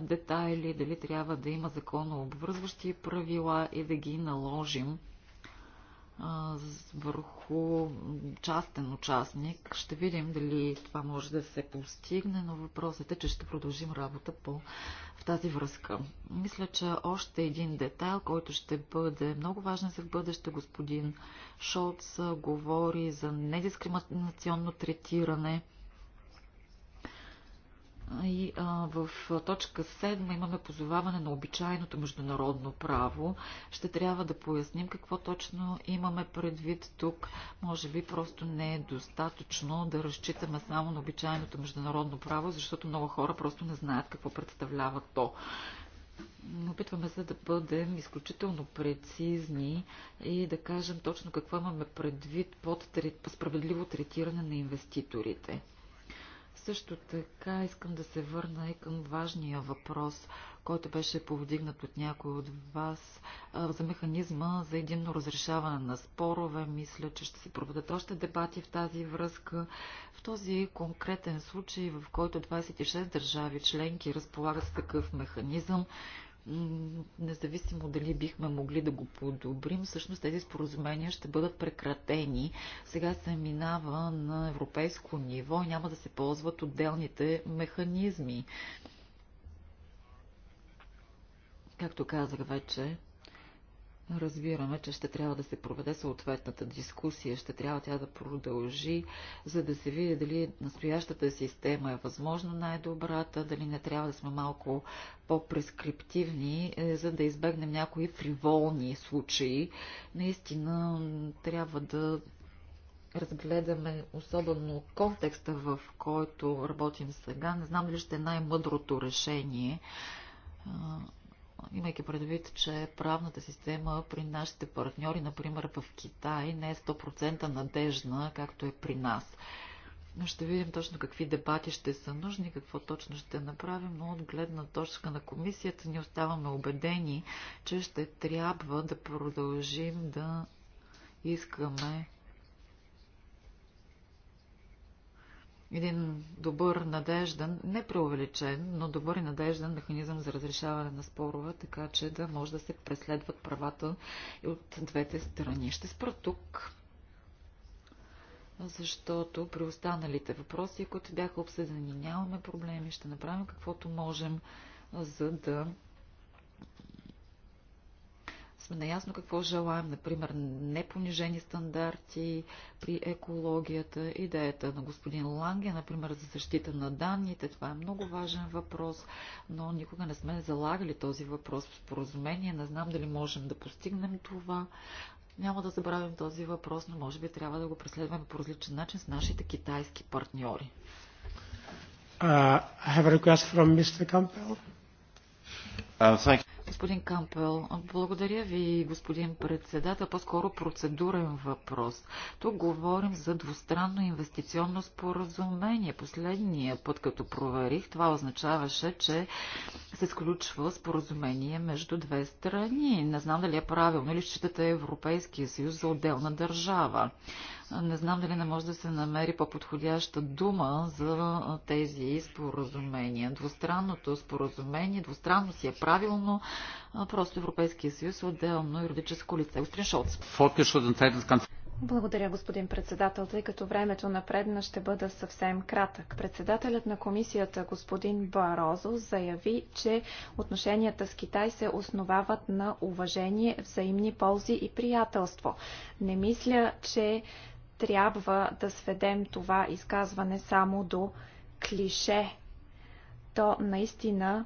Speaker 2: детайли, дали трябва да има законно обвързващи правила и да ги наложим върху частен участник. Ще видим дали това може да се постигне, но въпросът е, че ще продължим работа по, в тази връзка. Мисля, че още един детайл, който ще бъде много важен за бъдеще, господин Шоц говори за недискриминационно третиране и а, в точка 7 имаме позоваване на обичайното международно право. Ще трябва да поясним какво точно имаме предвид тук. Може би просто не е достатъчно да разчитаме само на обичайното международно право, защото много хора просто не знаят какво представлява то. Опитваме се да бъдем изключително прецизни и да кажем точно какво имаме предвид под справедливо третиране на инвеститорите. Също така искам да се върна и към важния въпрос, който беше повдигнат от някой от вас за механизма за единно разрешаване на спорове. Мисля, че ще се проведат още дебати в тази връзка. В този конкретен случай, в който 26 държави членки разполагат с такъв механизъм, независимо дали бихме могли да го подобрим, всъщност тези споразумения ще бъдат прекратени. Сега се минава на европейско ниво и няма да се ползват отделните механизми. Както казах вече, разбираме, че ще трябва да се проведе съответната дискусия, ще трябва тя да продължи, за да се види дали настоящата система е възможно най-добрата, дали не трябва да сме малко по-прескриптивни, е, за да избегнем някои фриволни случаи. Наистина трябва да разгледаме особено контекста, в който работим сега. Не знам дали ще е най-мъдрото решение имайки предвид, че правната система при нашите партньори, например в Китай, не е 100% надежна, както е при нас. Ще видим точно какви дебати ще са нужни, какво точно ще направим, но от гледна точка на комисията ни оставаме убедени, че ще трябва да продължим да искаме един добър, надежден, не преувеличен, но добър и надежден механизъм за разрешаване на спорове, така че да може да се преследват правата и от двете страни. Ще спра тук, защото при останалите въпроси, които бяха обсъдени, нямаме проблеми, ще направим каквото можем, за да сме наясно какво желаем, например, непонижени стандарти при екологията, идеята на господин Ланге, например, за защита на данните. Това е много важен въпрос, но никога не сме залагали този въпрос в споразумение. Не знам дали можем да постигнем това. Няма да забравим този въпрос, но може би трябва да го преследваме по различен начин с нашите китайски партньори.
Speaker 1: Uh, I have a request from Mr. Campbell. Uh, thank you.
Speaker 2: Господин Кампел, благодаря ви, господин председател. По-скоро процедурен въпрос. Тук говорим за двустранно инвестиционно споразумение. Последния път, като проверих, това означаваше, че се сключва споразумение между две страни. Не знам дали е правилно или считате Европейския съюз за отделна държава. Не знам дали не може да се намери по-подходяща дума за тези споразумения. Двустранното споразумение, двустранно си е правилно, просто Европейския съюз е отделно юридическо лице. Устрин Шолц.
Speaker 5: Благодаря, господин председател, тъй като времето напредна ще бъда съвсем кратък. Председателят на комисията, господин Барозо, заяви, че отношенията с Китай се основават на уважение, взаимни ползи и приятелство. Не мисля, че трябва да сведем това изказване само до клише. То наистина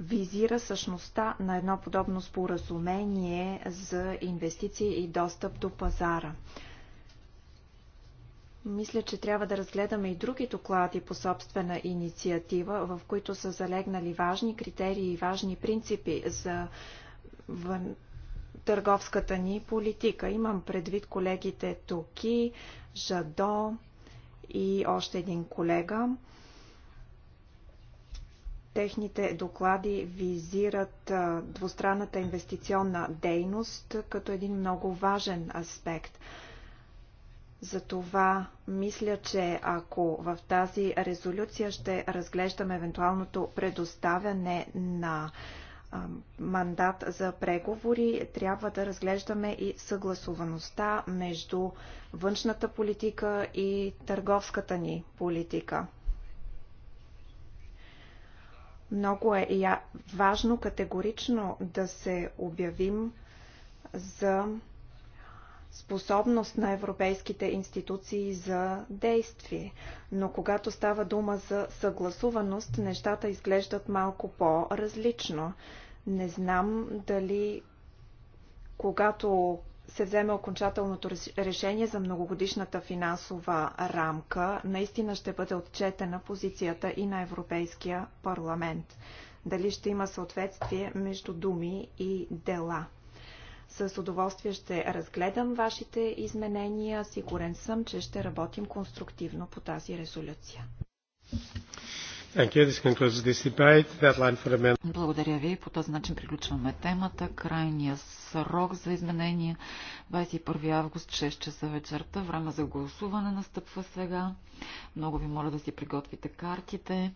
Speaker 5: визира същността на едно подобно споразумение за инвестиции и достъп до пазара. Мисля, че трябва да разгледаме и други доклади по собствена инициатива, в които са залегнали важни критерии и важни принципи за търговската ни политика. Имам предвид колегите Туки, Жадо и още един колега. Техните доклади визират двустранната инвестиционна дейност като един много важен аспект. Затова мисля, че ако в тази резолюция ще разглеждаме евентуалното предоставяне на мандат за преговори, трябва да разглеждаме и съгласуваността между външната политика и търговската ни политика. Много е важно категорично да се обявим за способност на европейските институции за действие. Но когато става дума за съгласуваност, нещата изглеждат малко по-различно. Не знам дали когато се вземе окончателното решение за многогодишната финансова рамка, наистина ще бъде отчетена позицията и на Европейския парламент. Дали ще има съответствие между думи и дела. С удоволствие ще разгледам вашите изменения. Сигурен съм, че ще работим конструктивно по тази резолюция.
Speaker 2: Благодаря ви. По този начин приключваме темата. Крайния срок за изменение 21 август 6 часа вечерта. Време за гласуване настъпва сега. Много ви моля да си приготвите картите.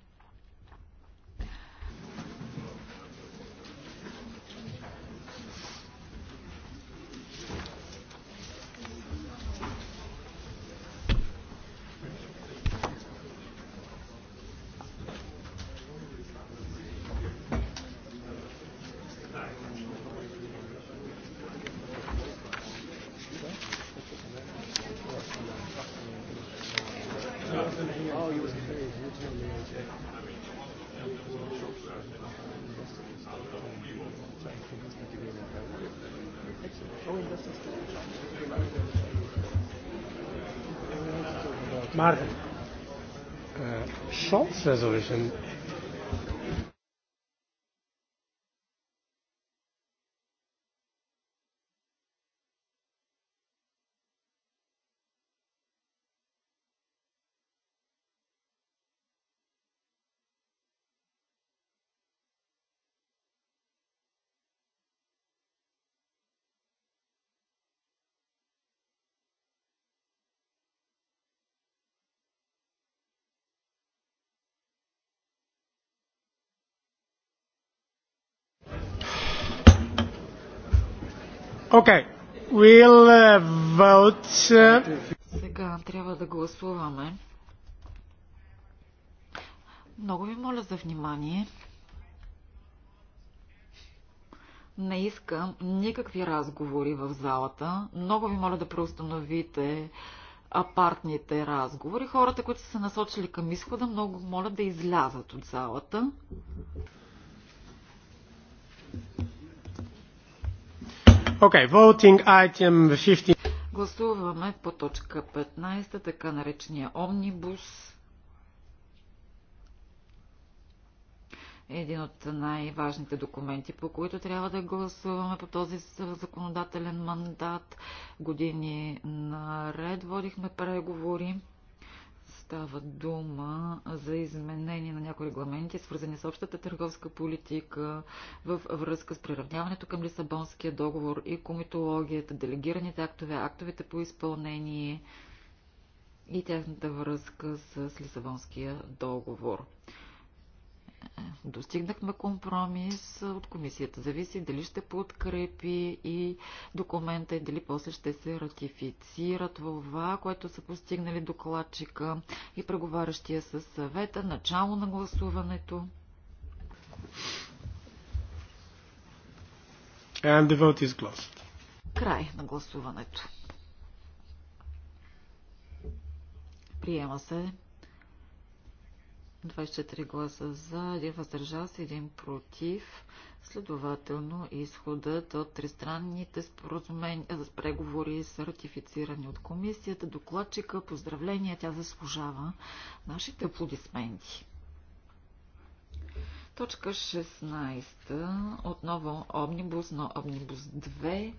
Speaker 1: information Okay. We'll uh, vote. Uh,
Speaker 2: Сега трябва да гласуваме. Много ви моля за внимание. Не искам никакви разговори в залата. Много ви моля да преустановите апартните разговори. Хората, които са се насочили към изхода, много моля да излязат от залата. Гласуваме по точка 15, така наречения омнибус. Един от най-важните документи, по които трябва да гласуваме по този законодателен мандат. Години наред водихме преговори става дума за изменение на някои регламенти, свързани с общата търговска политика в връзка с приравняването към Лисабонския договор и комитологията, делегираните актове, актовете по изпълнение и тяхната връзка с Лисабонския договор. Достигнахме компромис от комисията. Зависи дали ще подкрепи и документа и дали после ще се ратифицира това, което са постигнали докладчика и преговарящия със съвета, начало на гласуването.
Speaker 1: And the vote is closed.
Speaker 2: Край на гласуването. Приема се 24 гласа за, 1 въздържал се, 1 против. Следователно, изходът от тристранните за е, преговори са ратифицирани от комисията. Докладчика, поздравления, тя заслужава нашите аплодисменти. Точка 16. Отново Омнибус, но Омнибус 2.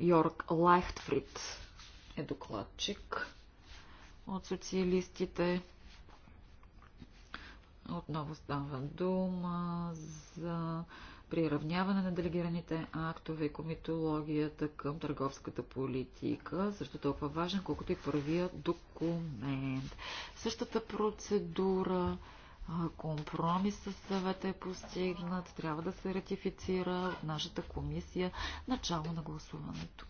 Speaker 2: Йорк Лайхтфрид е докладчик от социалистите. Отново става дума за приравняване на делегираните актове и комитологията към търговската политика, също толкова важен, колкото и първия документ. Същата процедура, компромис със съвета е постигнат, трябва да се ратифицира от нашата комисия начало на гласуването.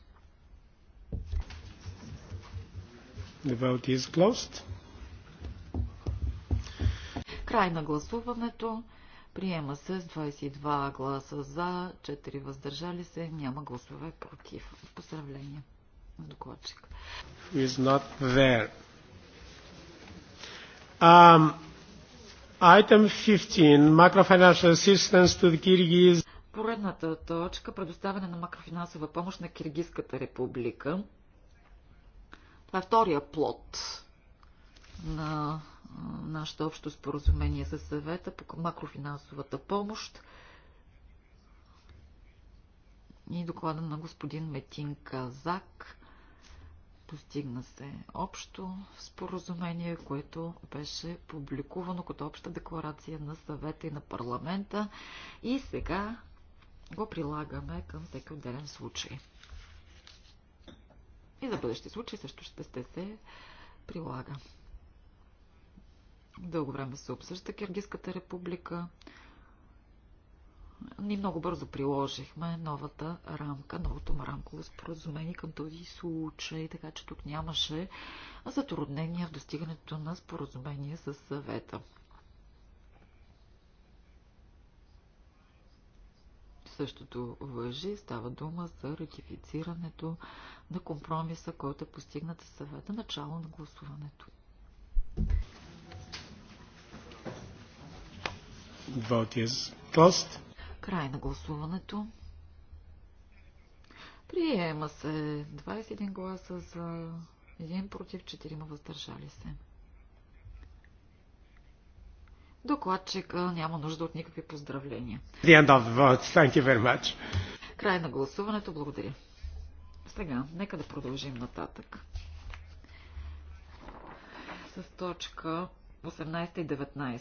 Speaker 1: The vote is closed.
Speaker 2: Край на гласуването. Приема се с 22 гласа за, 4 въздържали се, няма гласове против. Поздравление на докладчик.
Speaker 1: Is not there. Um, item 15. Macrofinancial assistance to the Kyrgyz.
Speaker 2: Поредната точка – предоставяне на макрофинансова помощ на Киргизската република. Това е втория плод на нашето общо споразумение с съвета по макрофинансовата помощ и доклада на господин Метин Казак. постигна се общо споразумение, което беше публикувано като обща декларация на съвета и на парламента и сега го прилагаме към всеки отделен случай. И за бъдещи случаи също ще, ще се прилага. Дълго време се обсъжда Киргизската република. Ние много бързо приложихме новата рамка, новото рамково споразумение към този случай, така че тук нямаше затруднения в достигането на споразумение с съвета. Същото въжи, става дума за ратифицирането на компромиса, който е постигнат със съвета начало на гласуването.
Speaker 1: Vote is closed.
Speaker 2: Край на гласуването. Приема се 21 гласа за 1 против 4 въздържали се. Докладчика няма нужда от никакви поздравления. Край на гласуването. Благодаря. Сега, нека да продължим нататък. С точка 18 и 19.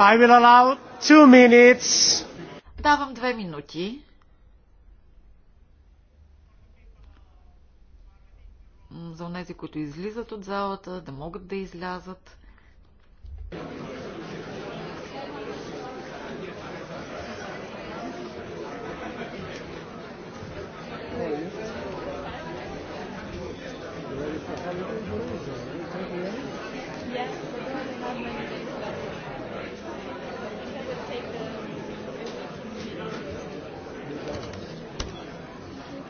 Speaker 1: I will allow two minutes.
Speaker 2: Давам две минути. За тези, които излизат от залата, да могат да излязат. Thank you.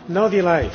Speaker 1: no delay.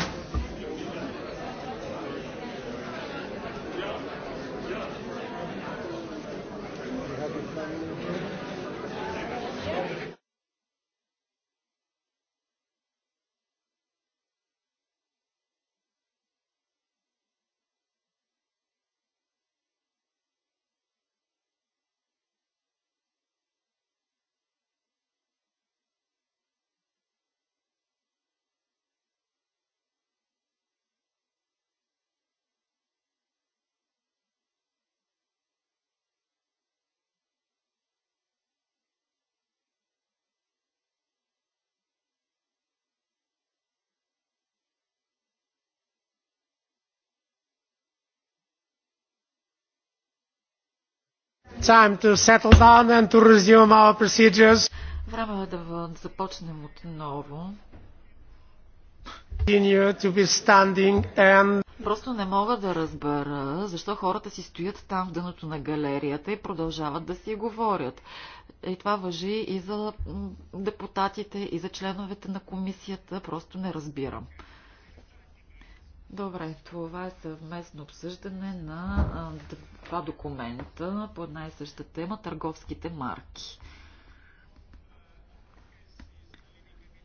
Speaker 1: Time to settle down and to resume our procedures.
Speaker 2: Време е да започнем отново. Просто не мога да разбера защо хората си стоят там в дъното на галерията и продължават да си говорят. И това въжи и за депутатите, и за членовете на комисията. Просто не разбирам. Добре, това е съвместно обсъждане на два документа по една и съща тема търговските марки.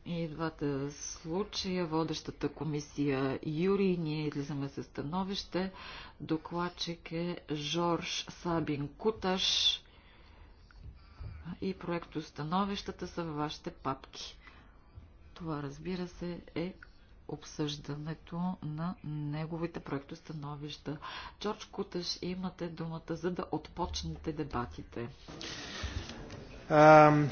Speaker 2: И двата случая, водещата комисия Юрий, ние излизаме със становище. Докладчик е Жорж Сабин Куташ и проекто становищата са във вашите папки. Това, разбира се, е обсъждането на неговите проектостановища. Джордж Куташ, имате думата, за да отпочнете дебатите. Um,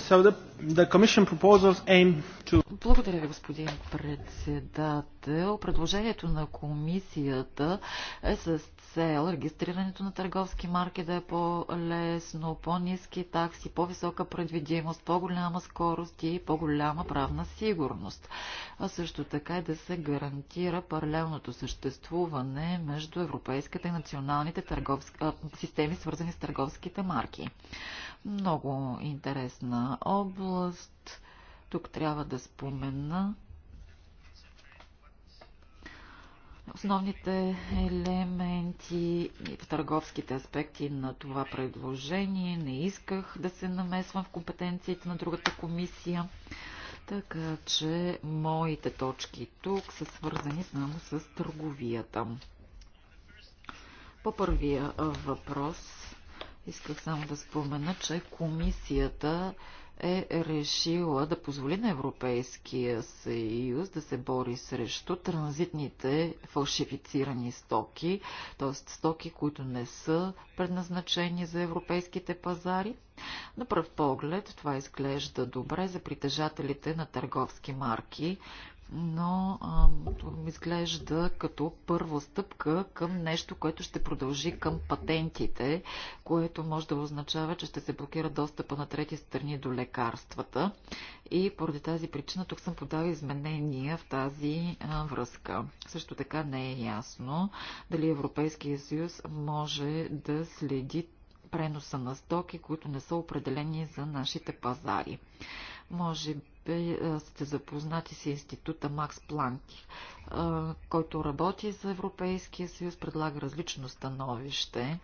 Speaker 2: Благодаря ви, господин председател. Предложението на комисията е с цел регистрирането на търговски марки да е по-лесно, по-низки такси, по-висока предвидимост, по-голяма скорост и по-голяма правна сигурност. А също така и е да се гарантира паралелното съществуване между европейската и националните търговски, системи, свързани с търговските марки. Много интересна област. Тук трябва да спомена основните елементи в търговските аспекти на това предложение. Не исках да се намесвам в компетенциите на другата комисия, така че моите точки тук са свързани само с търговията. По първия въпрос Исках само да спомена, че комисията е решила да позволи на Европейския съюз да се бори срещу транзитните фалшифицирани стоки, т.е. стоки, които не са предназначени за европейските пазари. На пръв поглед това изглежда добре за притежателите на търговски марки, но ми изглежда като първа стъпка към нещо, което ще продължи към патентите, което може да означава, че ще се блокира достъпа на трети страни до лекарствата. И поради тази причина тук съм подала изменения в тази а, връзка. Също така не е ясно дали Европейския съюз може да следи преноса на стоки, които не са определени за нашите пазари. Може сте запознати с института Макс Планки, който работи за Европейския съюз, предлага различно становище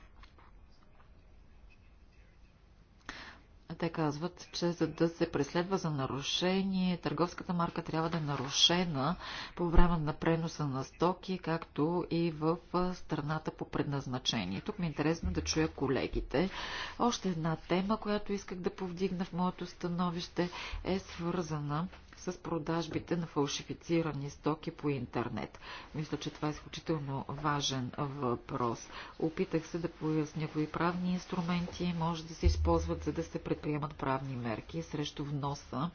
Speaker 2: Те казват, че за да се преследва за нарушение, търговската марка трябва да е нарушена по време на преноса на стоки, както и в страната по предназначение. Тук ми е интересно да чуя колегите. Още една тема, която исках да повдигна в моето становище, е свързана с продажбите на фалшифицирани стоки по интернет. Мисля, че това е изключително важен въпрос. Опитах се да поясня кои правни инструменти може да се използват, за да се предприемат правни мерки срещу вноса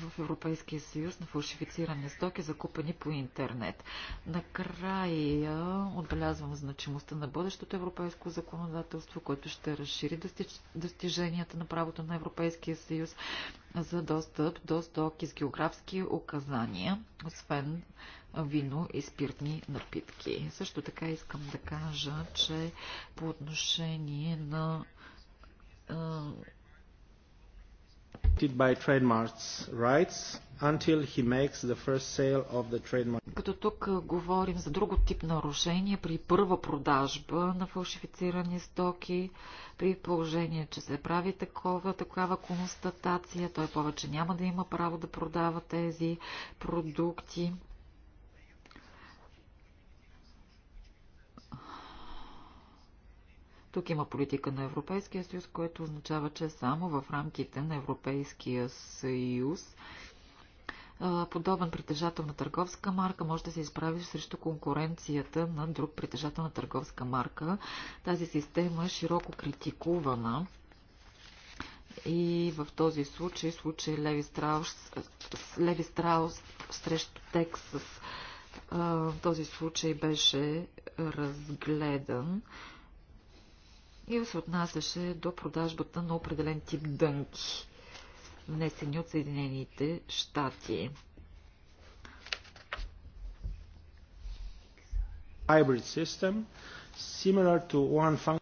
Speaker 2: в Европейския съюз на фалшифицирани стоки, закупени по интернет. Накрая отбелязвам значимостта на бъдещото европейско законодателство, което ще разшири достиженията на правото на Европейския съюз за достъп до стоки с географски указания, освен вино и спиртни напитки. Също така искам да кажа, че по отношение на
Speaker 1: by trademarks rights until he makes the first sale of the trademark.
Speaker 2: Като тук говорим за друго тип нарушение при първа продажба на фалшифицирани стоки, при положение, че се прави такова, такава констатация, той повече няма да има право да продава тези продукти. Тук има политика на Европейския съюз, което означава, че само в рамките на Европейския съюз подобен притежател на търговска марка може да се изправи срещу конкуренцията на друг притежател на търговска марка. Тази система е широко критикувана. И в този случай, случай Леви Страус, Леви Страус срещу Тексас, този случай беше разгледан и се отнасяше до продажбата на определен тип дънки, внесени от Съединените щати.
Speaker 1: Hybrid system,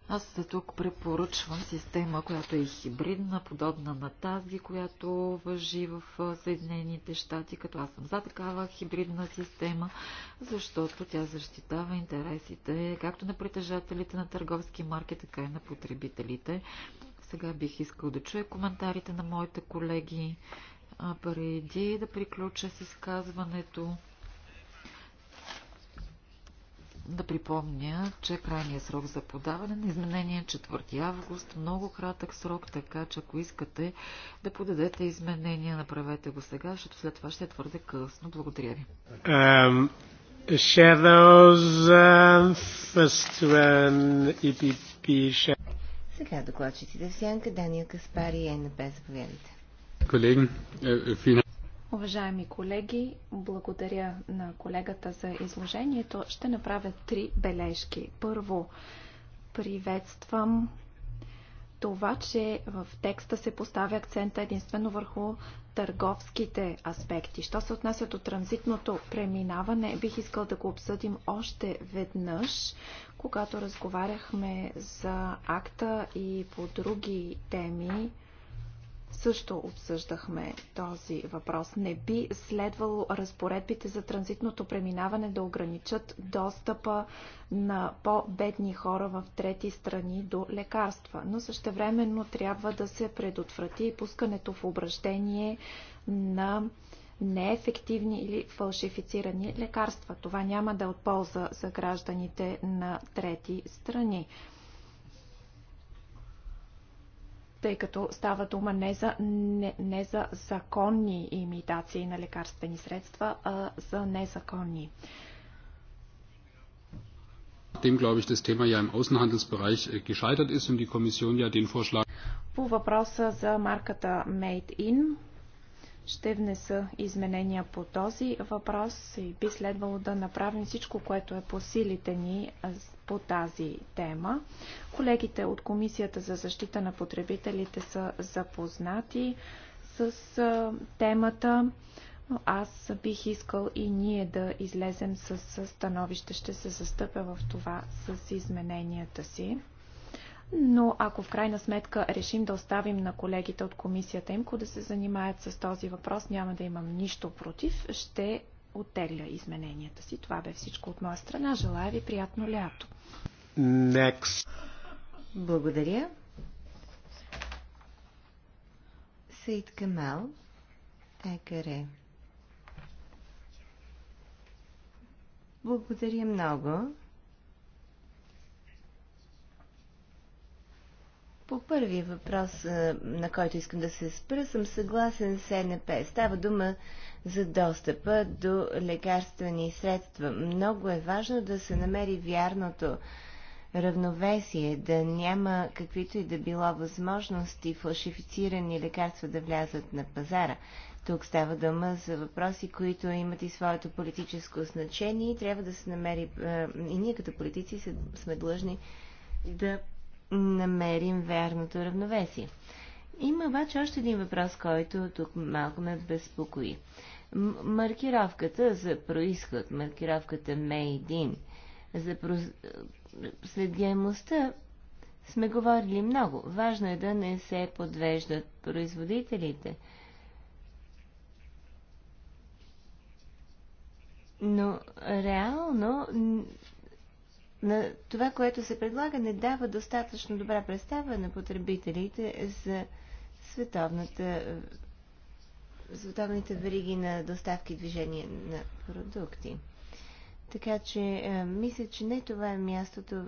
Speaker 2: аз за тук препоръчвам система, която е хибридна, подобна на тази, която въжи в Съединените щати, като аз съм за такава хибридна система, защото тя защитава интересите както на притежателите на търговски марки, така и на потребителите. Сега бих искал да чуя коментарите на моите колеги преди да приключа с изказването да припомня, че крайният срок за подаване на изменение е 4 август, много кратък срок, така че ако искате да подадете изменения, направете го сега, защото след това ще е твърде късно. Благодаря ви.
Speaker 1: Um, shadows, uh, first one, EPP,
Speaker 3: Сега докладчиците в сянка, Дания Каспари и НП, заповядайте.
Speaker 4: Колеги, е, е, финал.
Speaker 5: Уважаеми колеги,
Speaker 3: благодаря
Speaker 5: на колегата за изложението. Ще направя три бележки. Първо, приветствам това, че в текста се поставя акцента единствено върху търговските аспекти. Що се отнася до транзитното преминаване, бих искал да го обсъдим още веднъж, когато разговаряхме за акта и по други теми също обсъждахме този въпрос. Не би следвало разпоредбите за транзитното преминаване да ограничат достъпа на по-бедни хора в трети страни до лекарства, но същевременно трябва да се предотврати пускането в обращение на неефективни или фалшифицирани лекарства. Това няма да е от полза за гражданите на трети страни тъй като става дума не за, не, не за законни имитации на лекарствени средства, а за незаконни.
Speaker 1: Nachdem, glaube ich, das Thema ja im Außenhandelsbereich gescheitert ist und die Kommission ja den Vorschlag.
Speaker 5: По въпроса за марката Made in ще внеса изменения по този въпрос и би следвало да направим всичко, което е по силите ни по тази тема. Колегите от Комисията за защита на потребителите са запознати с темата. Аз бих искал и ние да излезем с становище. Ще се застъпя в това с измененията си но ако в крайна сметка решим да оставим на колегите от комисията имко да се занимаят с този въпрос, няма да имам нищо против, ще оттегля измененията си. Това бе всичко от моя страна. Желая ви приятно лято.
Speaker 1: Next.
Speaker 3: Благодаря. Саид Камал, Екаре. Благодаря много. По първия въпрос, на който искам да се спра, съм съгласен с НП. Става дума за достъпа до лекарствени средства. Много е важно да се намери вярното равновесие, да няма каквито и да било възможности фалшифицирани лекарства да влязат на пазара. Тук става дума за въпроси, които имат и своето политическо значение и трябва да се намери. И ние като политици сме длъжни да намерим вярното равновесие. Има обаче още един въпрос, който тук малко ме безпокои. Маркировката за происход, маркировката Made in, за следяемостта сме говорили много. Важно е да не се подвеждат производителите. Но реално на това, което се предлага, не дава достатъчно добра представа на потребителите за световната, е, световните вериги на доставки и движение на продукти. Така че е, мисля, че не това е мястото е,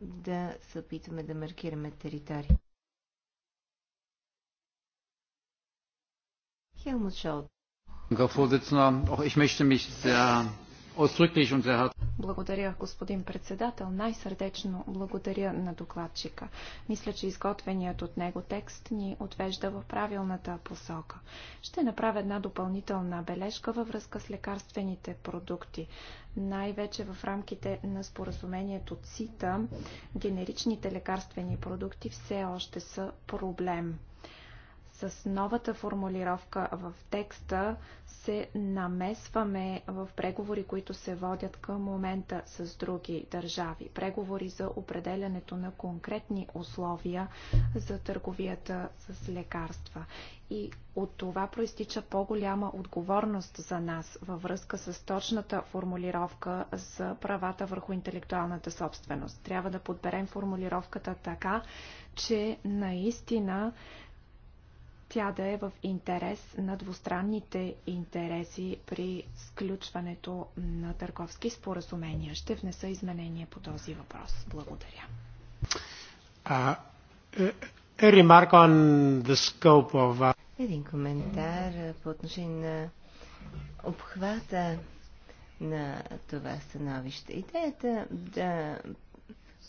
Speaker 3: да се опитваме да маркираме територия. Хелмут Шолт.
Speaker 1: Господин председател, auch ich möchte mich
Speaker 5: благодаря, господин председател. Най-сърдечно благодаря на докладчика. Мисля, че изготвеният от него текст ни отвежда в правилната посока. Ще направя една допълнителна бележка във връзка с лекарствените продукти. Най-вече в рамките на споразумението ЦИТА, генеричните лекарствени продукти все още са проблем. С новата формулировка в текста се намесваме в преговори, които се водят към момента с други държави. Преговори за определянето на конкретни условия за търговията с лекарства. И от това проистича по-голяма отговорност за нас във връзка с точната формулировка за правата върху интелектуалната собственост. Трябва да подберем формулировката така, че наистина тя да е в интерес на двустранните интереси при сключването на търговски споразумения. Ще внеса изменения по този въпрос. Благодаря.
Speaker 1: Е, е, of... Uh,
Speaker 3: Един коментар по отношение на обхвата на това становище. Идеята да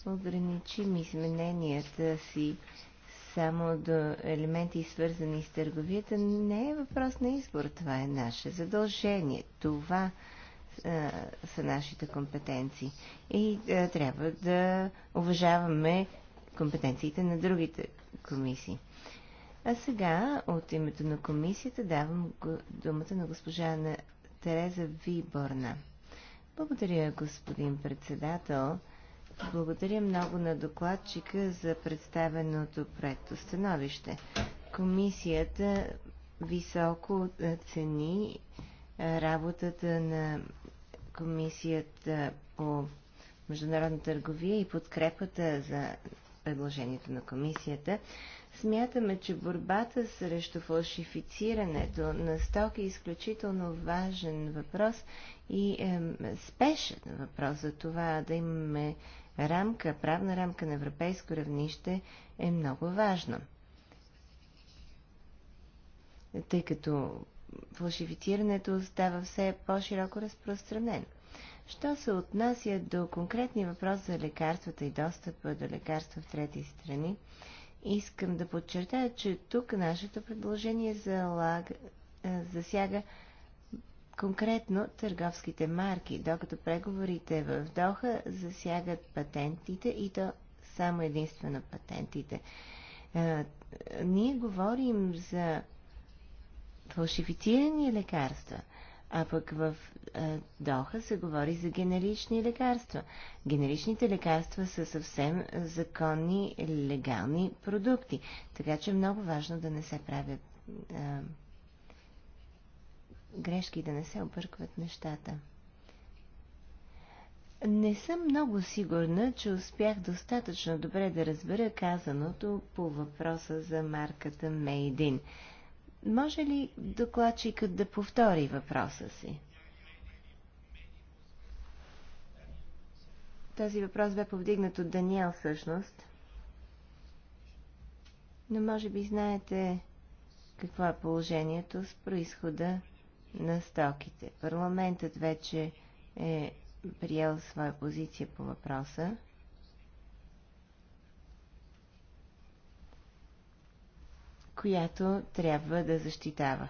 Speaker 3: ограничим измененията си само до елементи, свързани с търговията, не е въпрос на избор. Това е наше задължение. Това а, са нашите компетенции. И а, трябва да уважаваме компетенциите на другите комисии. А сега от името на комисията давам думата на госпожа Тереза Виборна. Благодаря, господин председател. Благодаря много на докладчика за представеното проекто становище. Комисията високо цени работата на Комисията по международна търговия и подкрепата за предложението на комисията. Смятаме, че борбата срещу фалшифицирането на стоки е изключително важен въпрос и е, спешен въпрос за това да имаме рамка, правна рамка на европейско равнище е много важна. Тъй като фалшифицирането става все по-широко разпространено. Що се отнася до конкретния въпрос за лекарствата и достъпа до лекарства в трети страни, искам да подчертая, че тук нашето предложение залага, засяга Конкретно търговските марки, докато преговорите в Доха засягат патентите и то само единствено патентите. А, е, ние говорим за фалшифицирани лекарства, а пък в а, е, Доха се говори за генерични лекарства. Генеричните лекарства са съвсем законни, легални продукти, така че е много важно да не се правят е, грешки, да не се объркват нещата. Не съм много сигурна, че успях достатъчно добре да разбера казаното по въпроса за марката Мейдин. Може ли докладчикът да повтори въпроса си? Този въпрос бе повдигнат от Даниел всъщност. Но може би знаете какво е положението с происхода на стоките. Парламентът вече е приел своя позиция по въпроса. която трябва да защитава.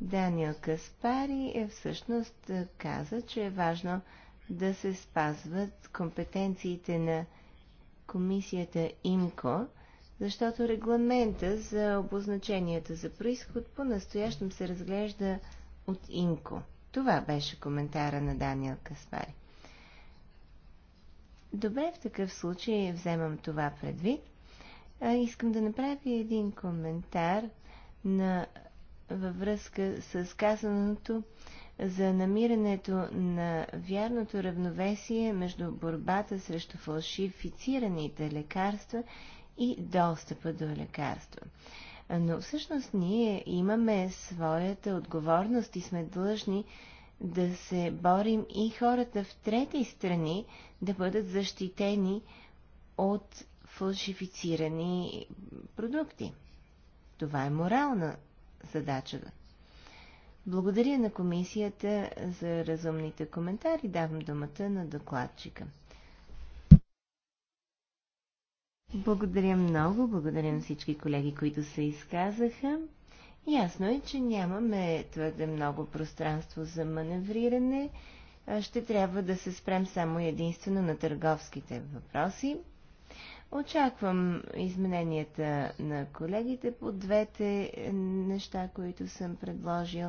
Speaker 3: Даниел Каспари е всъщност е, каза, че е важно да се спазват компетенциите на комисията ИМКО, защото регламента за обозначенията за происход по-настоящем се разглежда от Инко. Това беше коментара на Даниел Каспари. Добре, в такъв случай вземам това предвид. А, искам да направя един коментар на, във връзка с казаното за намирането на вярното равновесие между борбата срещу фалшифицираните лекарства и достъпа до лекарства. Но всъщност ние имаме своята отговорност и сме длъжни да се борим и хората в трети страни да бъдат защитени от фалшифицирани продукти. Това е морална задача. Благодаря на комисията за разумните коментари. Давам думата на докладчика. Благодаря много. Благодаря на всички колеги, които се изказаха. Ясно е, че нямаме твърде много пространство за маневриране. Ще трябва да се спрем само единствено на търговските въпроси. Очаквам измененията на колегите по двете е, неща, които съм предложил.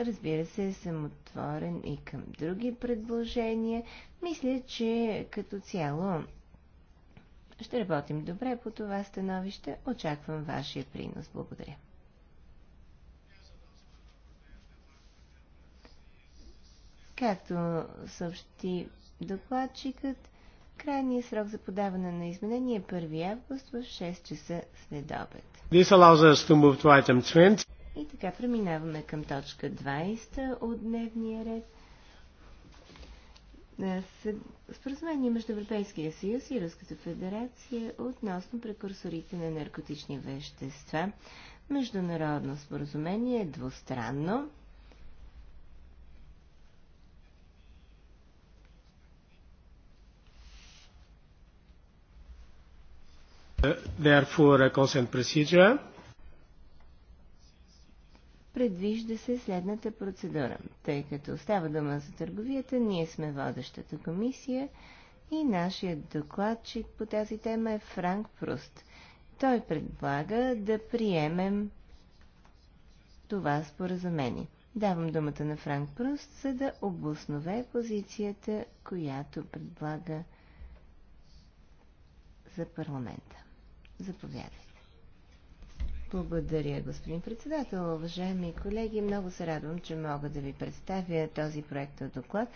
Speaker 3: Разбира се, съм отворен и към други предложения. Мисля, че като цяло ще работим добре по това становище. Очаквам вашия принос. Благодаря. Както съобщи докладчикът, крайният срок за подаване на изменение е 1 август в 6 часа след обед.
Speaker 1: This allows us to move to item 20.
Speaker 3: И така преминаваме към точка 20 от дневния ред е, споразумение между Европейския съюз и Руската федерация относно прекурсорите на наркотични вещества. Международно споразумение е двустранно.
Speaker 1: Therefore, a consent procedure
Speaker 3: предвижда се следната процедура. Тъй като става дума за търговията, ние сме водещата комисия и нашият докладчик по тази тема е Франк Пруст. Той предлага да приемем това споразумение. Давам думата на Франк Пруст, за да обоснове позицията, която предлага за парламента. Заповядайте. Благодаря, господин председател. Уважаеми колеги, много се радвам, че мога да ви представя този проект от доклад,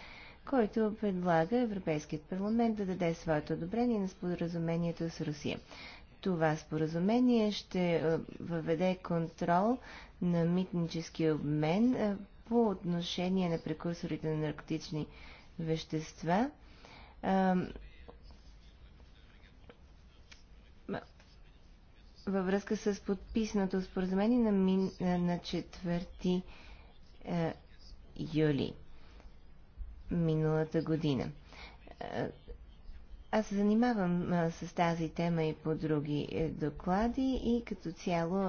Speaker 3: който предлага Европейският парламент да даде своето одобрение на споразумението с Русия. Това споразумение ще е, въведе контрол на митнически обмен е, по отношение на прекурсорите на наркотични вещества във връзка с подписаното споразумение на, мин, на 4 е, юли миналата година. Е, аз се занимавам а, е, с тази тема и по други е, доклади и като цяло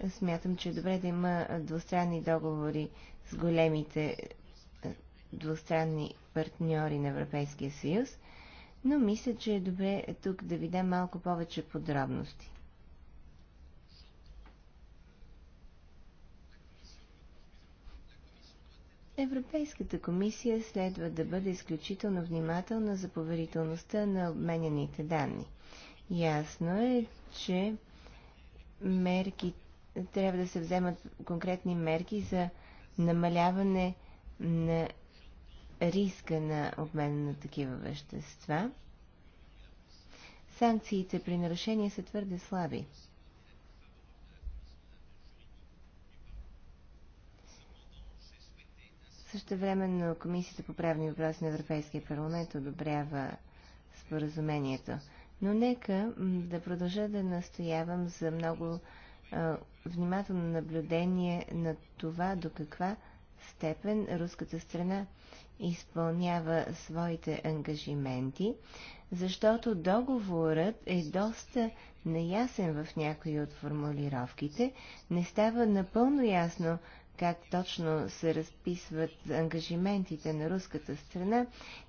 Speaker 3: е, смятам, че е добре да има двустранни договори с големите двустранни партньори на Европейския съюз, но мисля, че е добре тук да ви дам малко повече подробности. Европейската комисия следва да бъде изключително внимателна за поверителността на обменяните данни. Ясно е, че мерки, трябва да се вземат конкретни мерки за намаляване на риска на обмен на такива вещества. Санкциите при нарушение са твърде слаби. Също времено Комисията по правни въпроси на Европейския парламент одобрява споразумението. Но нека да продължа да настоявам за много а, внимателно наблюдение на това до каква степен руската страна изпълнява своите ангажименти, защото договорът е доста неясен в някои от формулировките, не става напълно ясно как точно се разписват ангажиментите на руската страна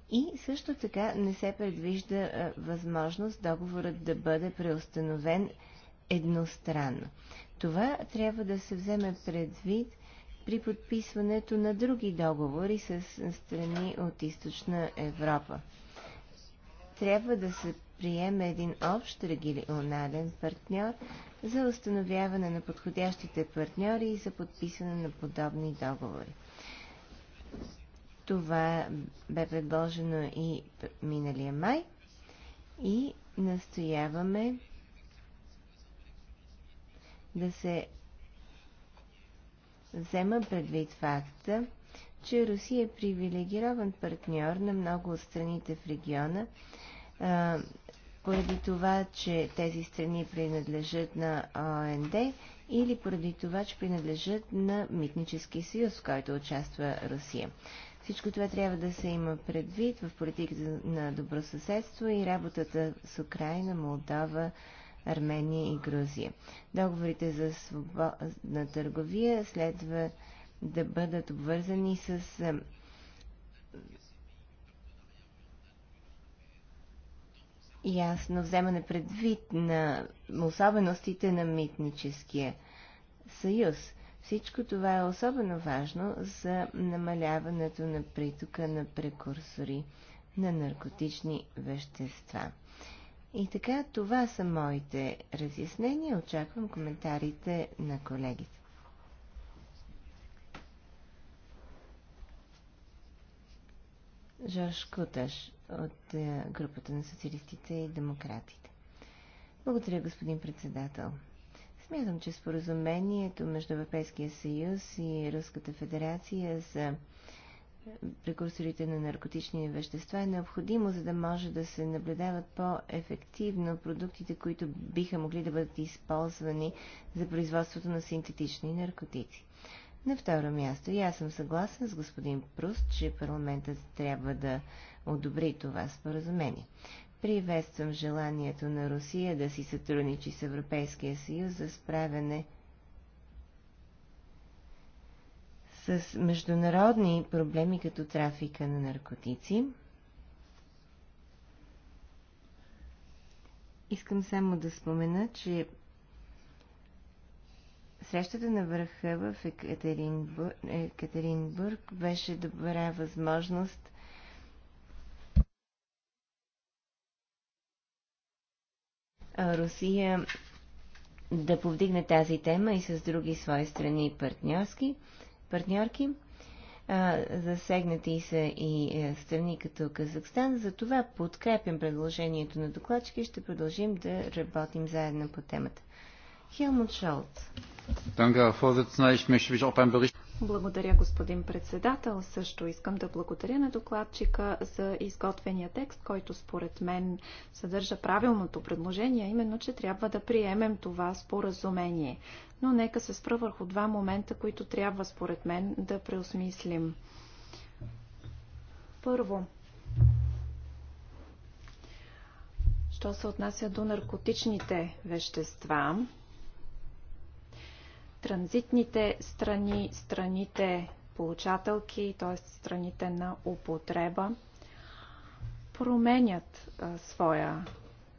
Speaker 3: и също така не се предвижда възможност договорът да бъде преустановен едностранно. Това трябва да се вземе предвид при подписването на други договори с страни от източна Европа. Трябва да се приеме един общ регионален партньор за установяване на подходящите партньори и за подписване на подобни договори. Това бе предложено и миналия май и настояваме да се взема предвид факта, че Русия е привилегирован партньор на много от страните в региона поради това, че тези страни принадлежат на ОНД или поради това, че принадлежат на Митнически съюз, в който участва Русия. Всичко това трябва да се има предвид в политиката на добросъседство и работата с Украина, Молдова, Армения и Грузия. Договорите за свободна търговия следва да бъдат обвързани с ясно вземане предвид на особеностите на митническия съюз. Всичко това е особено важно за намаляването на притока на прекурсори на наркотични вещества. И така, това са моите разяснения. Очаквам коментарите на колегите. Жорж Куташ от е, групата на социалистите и демократите. Благодаря, господин председател. Смятам, че споразумението между Европейския съюз и Руската федерация за прекурсорите на наркотични вещества е необходимо, за да може да се наблюдават по-ефективно продуктите, които биха могли да бъдат използвани за производството на синтетични наркотици. На второ място, и аз съм съгласен с господин Пруст, че парламентът трябва да одобри това споразумение. Приветствам желанието на Русия да си сътрудничи с Европейския съюз за справяне с международни проблеми като трафика на наркотици. Искам само да спомена, че Срещата на върха в Екатеринбург, беше добра възможност Русия да повдигне тази тема и с други свои страни партньорски, партньорки. Засегнати са и е, страни като Казахстан. Затова подкрепям предложението на докладчики и ще продължим да работим заедно по темата. Хелмут Шолц.
Speaker 5: Благодаря, господин председател. Също искам да благодаря на докладчика за изготвения текст, който според мен съдържа правилното предложение, именно, че трябва да приемем това споразумение. Но нека се спра върху два момента, които трябва според мен да преосмислим. Първо, що се отнася до наркотичните вещества – транзитните страни, страните получателки, т.е. страните на употреба, променят а, своя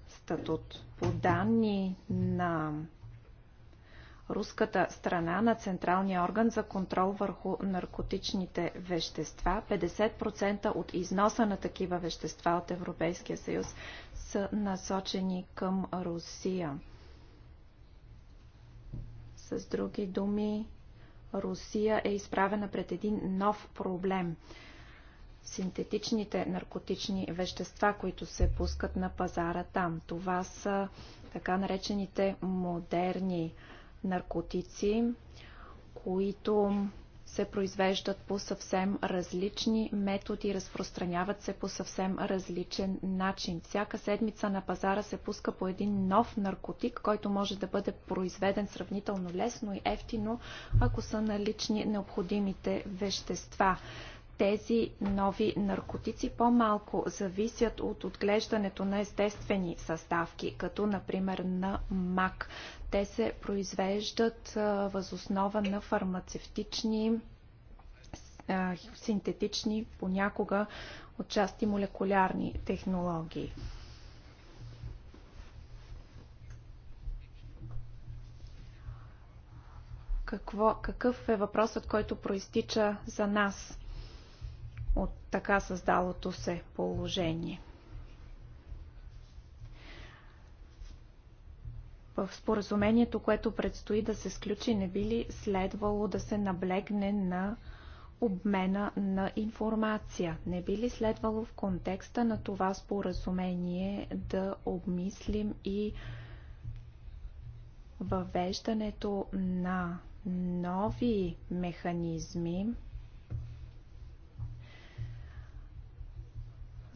Speaker 5: статут. По данни на руската страна на Централния орган за контрол върху наркотичните вещества, 50% от износа на такива вещества от Европейския съюз са насочени към Русия. С други думи, Русия е изправена пред един нов проблем. Синтетичните наркотични вещества, които се пускат на пазара там. Това са така наречените модерни наркотици, които се произвеждат по съвсем различни методи, разпространяват се по съвсем различен начин. Всяка седмица на пазара се пуска по един нов наркотик, който може да бъде произведен сравнително лесно и ефтино, ако са налични необходимите вещества тези нови наркотици по-малко зависят от отглеждането на естествени съставки, като например на мак. Те се произвеждат възоснова на фармацевтични синтетични, понякога отчасти молекулярни технологии. Какво, какъв е въпросът, който проистича за нас от така създалото се положение. в споразумението, което предстои да се сключи, не би ли следвало да се наблегне на обмена на информация? Не би ли следвало в контекста на това споразумение да обмислим и въвеждането на нови механизми,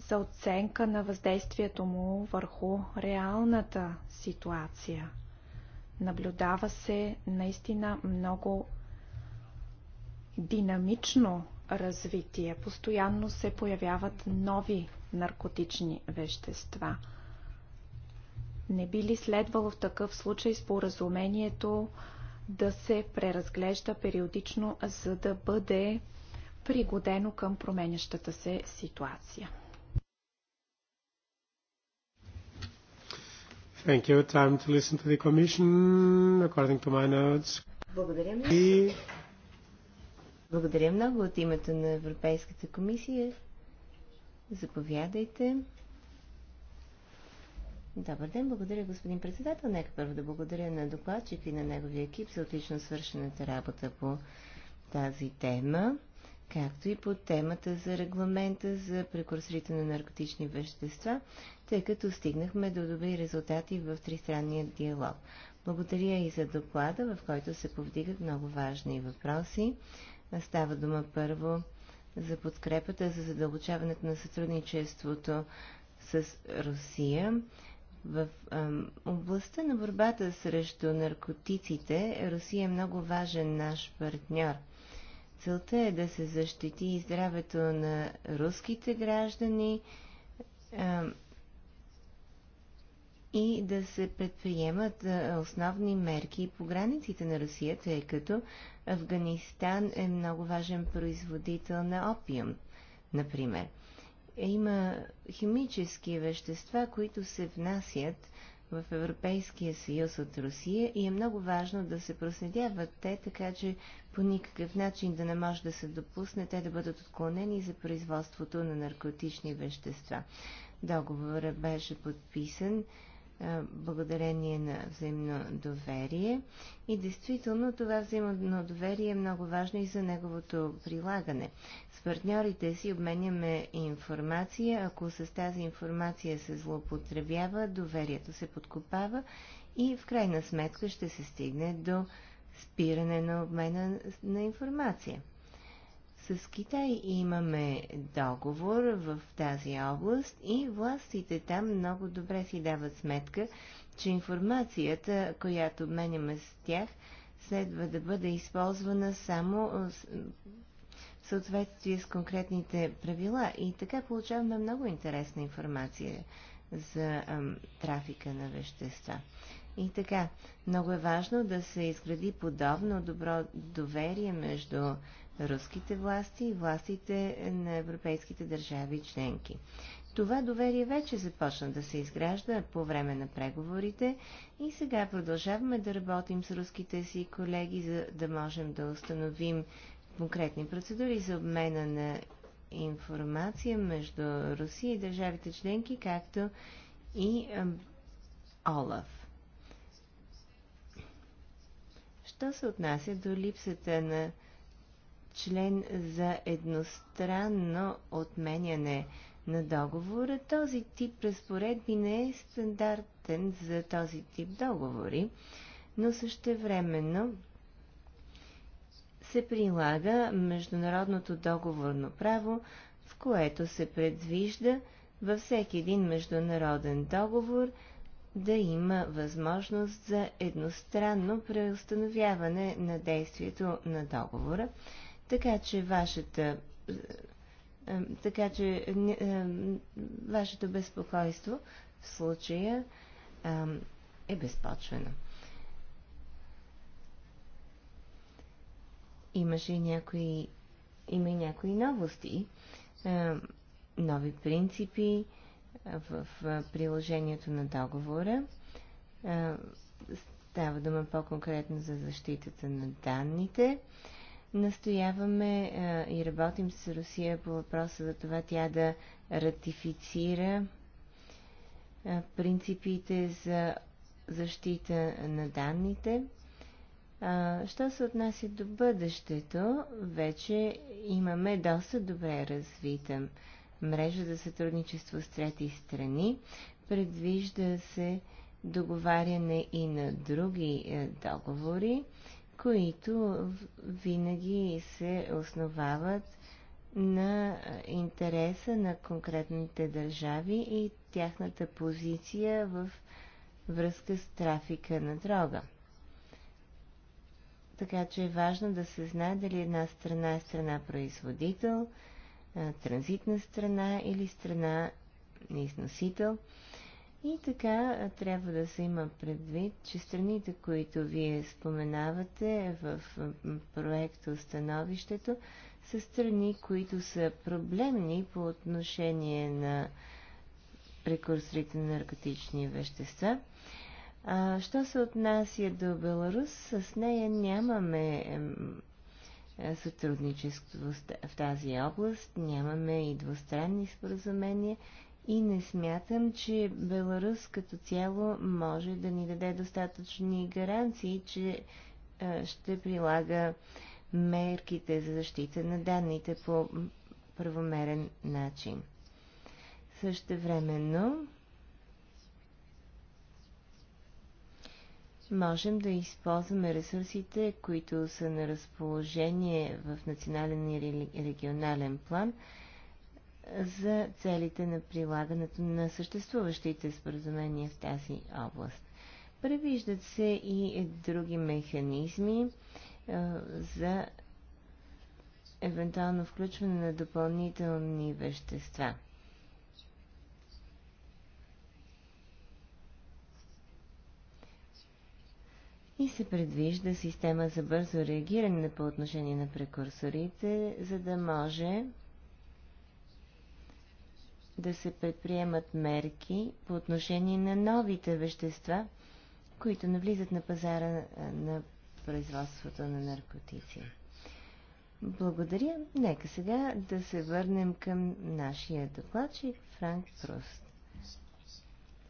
Speaker 5: за оценка на въздействието му върху реалната ситуация. Наблюдава се наистина много динамично развитие. Постоянно се появяват нови наркотични вещества. Не би ли следвало в такъв случай споразумението да се преразглежда периодично, за да бъде пригодено към променящата се ситуация?
Speaker 1: Thank you. Time to listen to the Commission, according to my notes. Благодаря
Speaker 3: Благодаря много от името на Европейската комисия. Заповядайте. Добър ден, благодаря господин председател. Нека първо да благодаря на докладчик и на неговия екип за отлично свършената работа по тази тема, както и по темата за регламента за прекурсорите на наркотични вещества тъй като стигнахме до добри резултати в тристранния диалог. Благодаря и за доклада, в който се повдигат много важни въпроси. Става дума първо за подкрепата за задълбочаването на сътрудничеството с Русия. В ам, областта на борбата срещу наркотиците Русия е много важен наш партньор. Целта е да се защити здравето на руските граждани, ам, и да се предприемат основни мерки по границите на Русия, тъй като Афганистан е много важен производител на опиум, например. Има химически вещества, които се внасят в Европейския съюз от Русия и е много важно да се проследяват те, така че по никакъв начин да не може да се допусне те да бъдат отклонени за производството на наркотични вещества. Договорът беше подписан благодарение на взаимно доверие. И действително това взаимно доверие е много важно и за неговото прилагане. С партньорите си обменяме информация. Ако с тази информация се злоупотребява, доверието се подкопава и в крайна сметка ще се стигне до спиране на обмена на информация. С Китай имаме договор в тази област и властите там много добре си дават сметка, че информацията, която обменяме с тях, следва да бъде използвана само в съответствие с конкретните правила. И така получаваме много интересна информация за ам, трафика на вещества. И така, много е важно да се изгради подобно добро доверие между руските власти и властите на европейските държави членки. Това доверие вече започна да се изгражда по време на преговорите и сега продължаваме да работим с руските си колеги, за да можем да установим конкретни процедури за обмена на информация между Русия и държавите членки, както и ОЛАФ. Що се отнася до липсата на член за едностранно отменяне на договора. Този тип разпоредби не е стандартен за този тип договори, но същевременно се прилага международното договорно право, в което се предвижда във всеки един международен договор да има възможност за едностранно преустановяване на действието на договора, така че вашата е, е, така че е, вашето безпокойство в случая е безпочвено. Имаше и някои, има и някои новости, нови принципи в приложението на договора. Става дума по-конкретно за защитата на данните. Настояваме а, и работим с Русия по въпроса за това тя да ратифицира а, принципите за защита на данните. А, що се отнася до бъдещето, вече имаме доста добре развита мрежа за сътрудничество с трети страни. Предвижда се договаряне и на други е, договори които винаги се основават на интереса на конкретните държави и тяхната позиция в връзка с трафика на дрога. Така че е важно да се знае дали една страна е страна производител, транзитна страна или страна износител – и така трябва да се има предвид, че страните, които вие споменавате в проекта становището, са страни, които са проблемни по отношение на прекурсорите на наркотични вещества. А, що се отнася до Беларус, с нея нямаме сътрудничество в тази област, нямаме и двустранни споразумения, и не смятам, че Беларус като цяло може да ни даде достатъчни гаранции, че е, ще прилага мерките за защита на данните по правомерен начин. Същевременно можем да използваме ресурсите, които са на разположение в национален и регионален план – за целите на прилагането на съществуващите споразумения в тази област. Превиждат се и други механизми за евентуално включване на допълнителни вещества. И се предвижда система за бързо реагиране по отношение на прекурсорите, за да може да се предприемат мерки по отношение на новите вещества, които навлизат на пазара на производството на наркотици. Благодаря. Нека сега да се върнем към нашия докладчик Франк Пруст.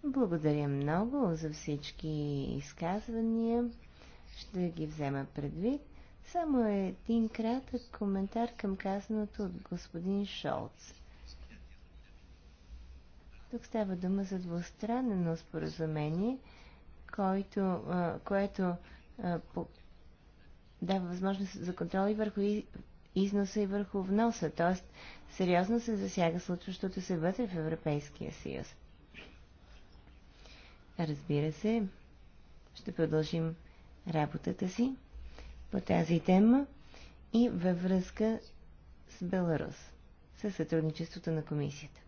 Speaker 3: Благодаря много за всички изказвания. Ще ги взема предвид. Само един кратък коментар към казаното от господин Шолц. Тук става дума за двустранно споразумение, който, а, което а, по, дава възможност за контрол и върху износа и върху вноса, т.е. сериозно се засяга случващото се вътре в Европейския съюз. Разбира се, ще продължим работата си по тази тема и във връзка с Беларус, със сътрудничеството на комисията.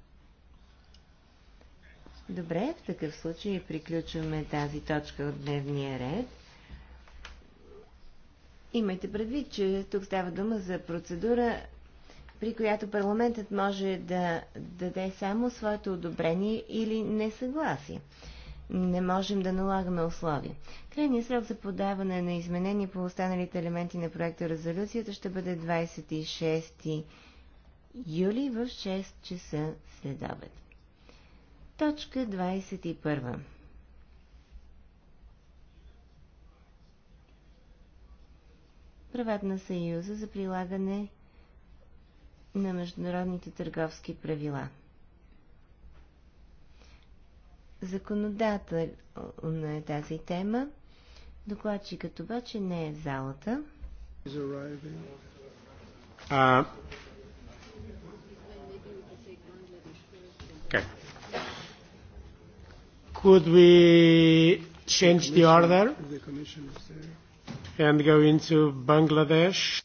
Speaker 3: Добре, в такъв случай приключваме тази точка от дневния ред. Имайте предвид, че тук става дума за процедура, при която парламентът може да даде само своето одобрение или несъгласие. Не можем да налагаме условия. Крайният срок за подаване на изменения по останалите елементи на проекта резолюцията ще бъде 26 юли в 6 часа след обед. Точка 21. Правата на Съюза за прилагане на международните търговски правила. Законодателна е тази тема. Докладчикът обаче не е в залата.
Speaker 1: Как? Could we change the order and go into Bangladesh?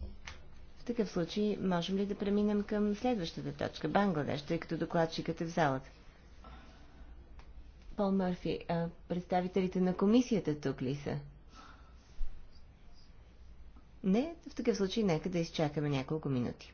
Speaker 3: В такъв случай можем ли да преминем към следващата точка, Бангладеш, тъй като докладчикът е в залата? Пол Мърфи, а представителите на комисията тук ли са? Не, в такъв случай нека да изчакаме няколко минути.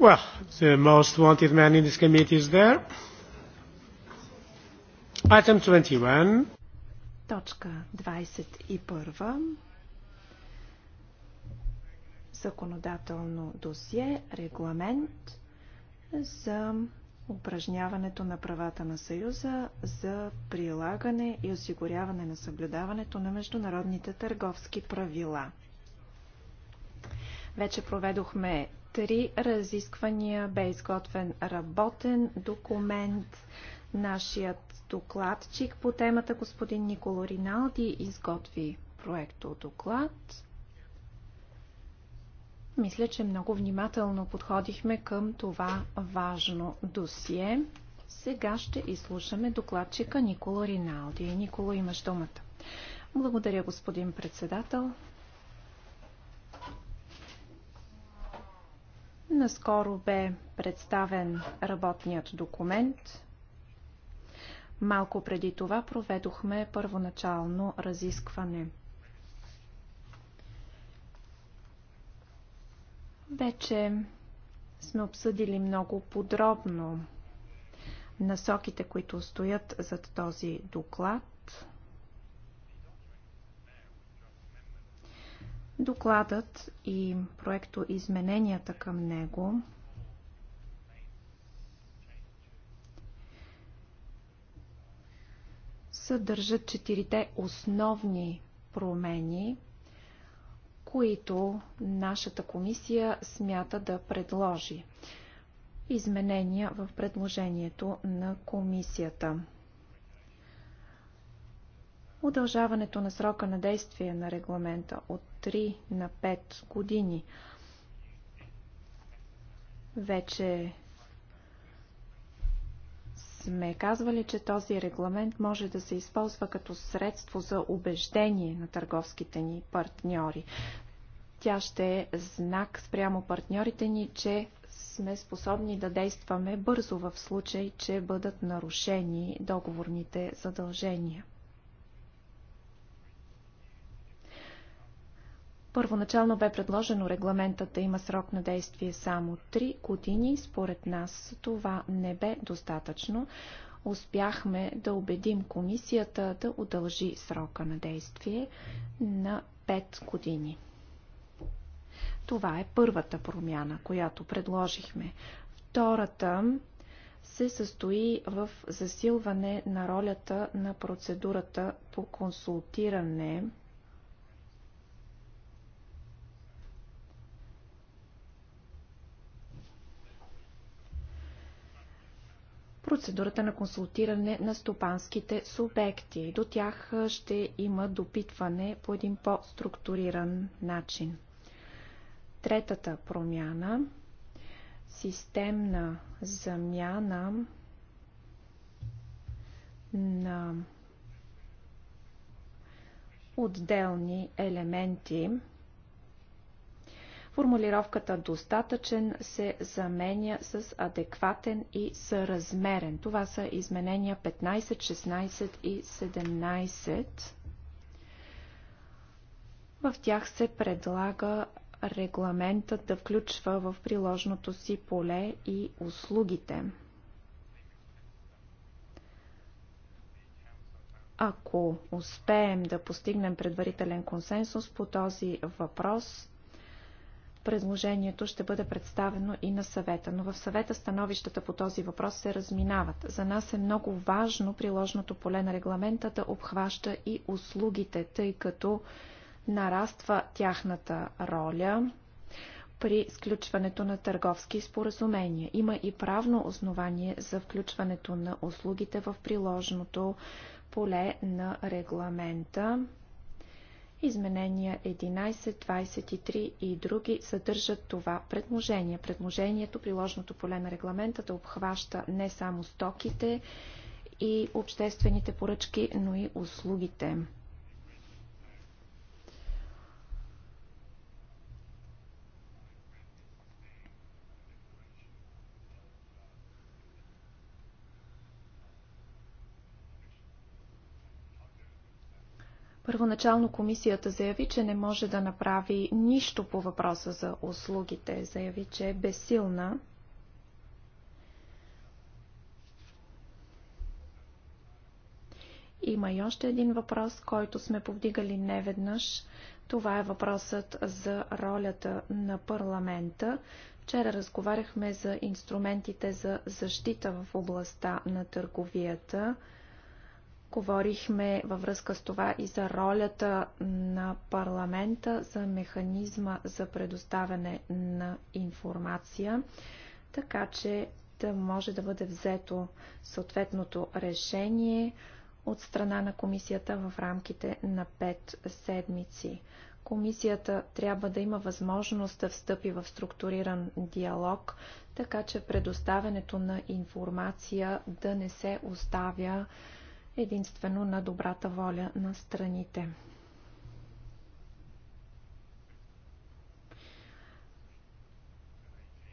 Speaker 1: Well, the most wanted man in this committee is there. Item 21.
Speaker 5: Точка 21. Законодателно досие, регламент за упражняването на правата на Съюза за прилагане и осигуряване на съблюдаването на международните търговски правила. Вече проведохме три разисквания бе изготвен работен документ. Нашият докладчик по темата, господин Николо Риналди, изготви проекто доклад. Мисля, че много внимателно подходихме към това важно досие. Сега ще изслушаме докладчика Николо Риналди. Николо, имаш думата. Благодаря, господин председател. Наскоро бе представен работният документ. Малко преди това проведохме първоначално разискване. Вече сме обсъдили много подробно насоките, които стоят зад този доклад. Докладът и проекто измененията към него съдържат четирите основни промени, които нашата комисия смята да предложи. Изменения в предложението на комисията удължаването на срока на действие на регламента от 3 на 5 години вече сме казвали, че този регламент може да се използва като средство за убеждение на търговските ни партньори. Тя ще е знак спрямо партньорите ни, че сме способни да действаме бързо в случай, че бъдат нарушени договорните задължения. Първоначално бе предложено регламентът да има срок на действие само 3 години. Според нас това не бе достатъчно. Успяхме да убедим комисията да удължи срока на действие на 5 години. Това е първата промяна, която предложихме. Втората се състои в засилване на ролята на процедурата по консултиране процедурата на консултиране на стопанските субекти. До тях ще има допитване по един по-структуриран начин. Третата промяна системна замяна на отделни елементи Формулировката достатъчен се заменя с адекватен и съразмерен. Това са изменения 15, 16 и 17. В тях се предлага регламентът да включва в приложното си поле и услугите. Ако успеем да постигнем предварителен консенсус по този въпрос, предложението ще бъде представено и на съвета, но в съвета становищата по този въпрос се разминават. За нас е много важно приложното поле на регламента да обхваща и услугите, тъй като нараства тяхната роля при сключването на търговски споразумения. Има и правно основание за включването на услугите в приложното поле на регламента. Изменения 11, 23 и други съдържат това предложение. Предложението, приложното поле на регламента да обхваща не само стоките и обществените поръчки, но и услугите. Първоначално комисията заяви, че не може да направи нищо по въпроса за услугите. Заяви, че е безсилна. Има и още един въпрос, който сме повдигали неведнъж. Това е въпросът за ролята на парламента. Вчера разговаряхме за инструментите за защита в областта на търговията. Говорихме във връзка с това и за ролята на парламента, за механизма за предоставяне на информация, така че да може да бъде взето съответното решение от страна на комисията в рамките на 5 седмици. Комисията трябва да има възможност да встъпи в структуриран диалог, така че предоставянето на информация да не се оставя единствено на добрата воля на страните.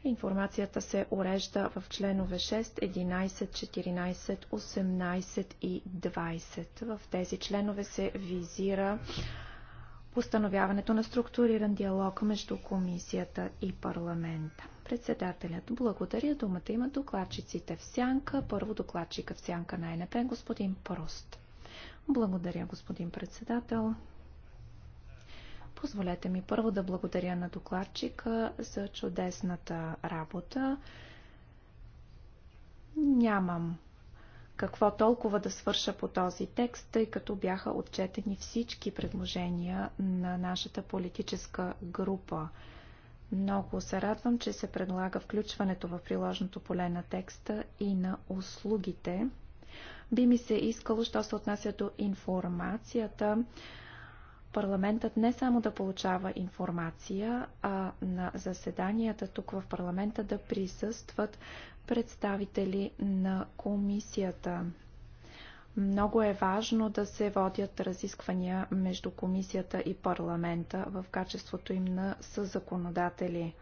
Speaker 5: Информацията се урежда в членове 6, 11, 14, 18 и 20. В тези членове се визира постановяването на структуриран диалог между комисията и парламента. Председателят, благодаря. Думата има докладчиците в сянка. Първо докладчика в сянка на НП, господин Прост. Благодаря, господин председател. Позволете ми първо да благодаря на докладчика за чудесната работа. Нямам какво толкова да свърша по този текст, тъй като бяха отчетени всички предложения на нашата политическа група. Много се радвам, че се предлага включването в приложното поле на текста и на услугите. Би ми се искало, що се отнася до информацията, парламентът не само да получава информация, а на заседанията тук в парламента да присъстват представители на комисията. Много е важно да се водят разисквания между комисията и парламента в качеството им на съзаконодатели.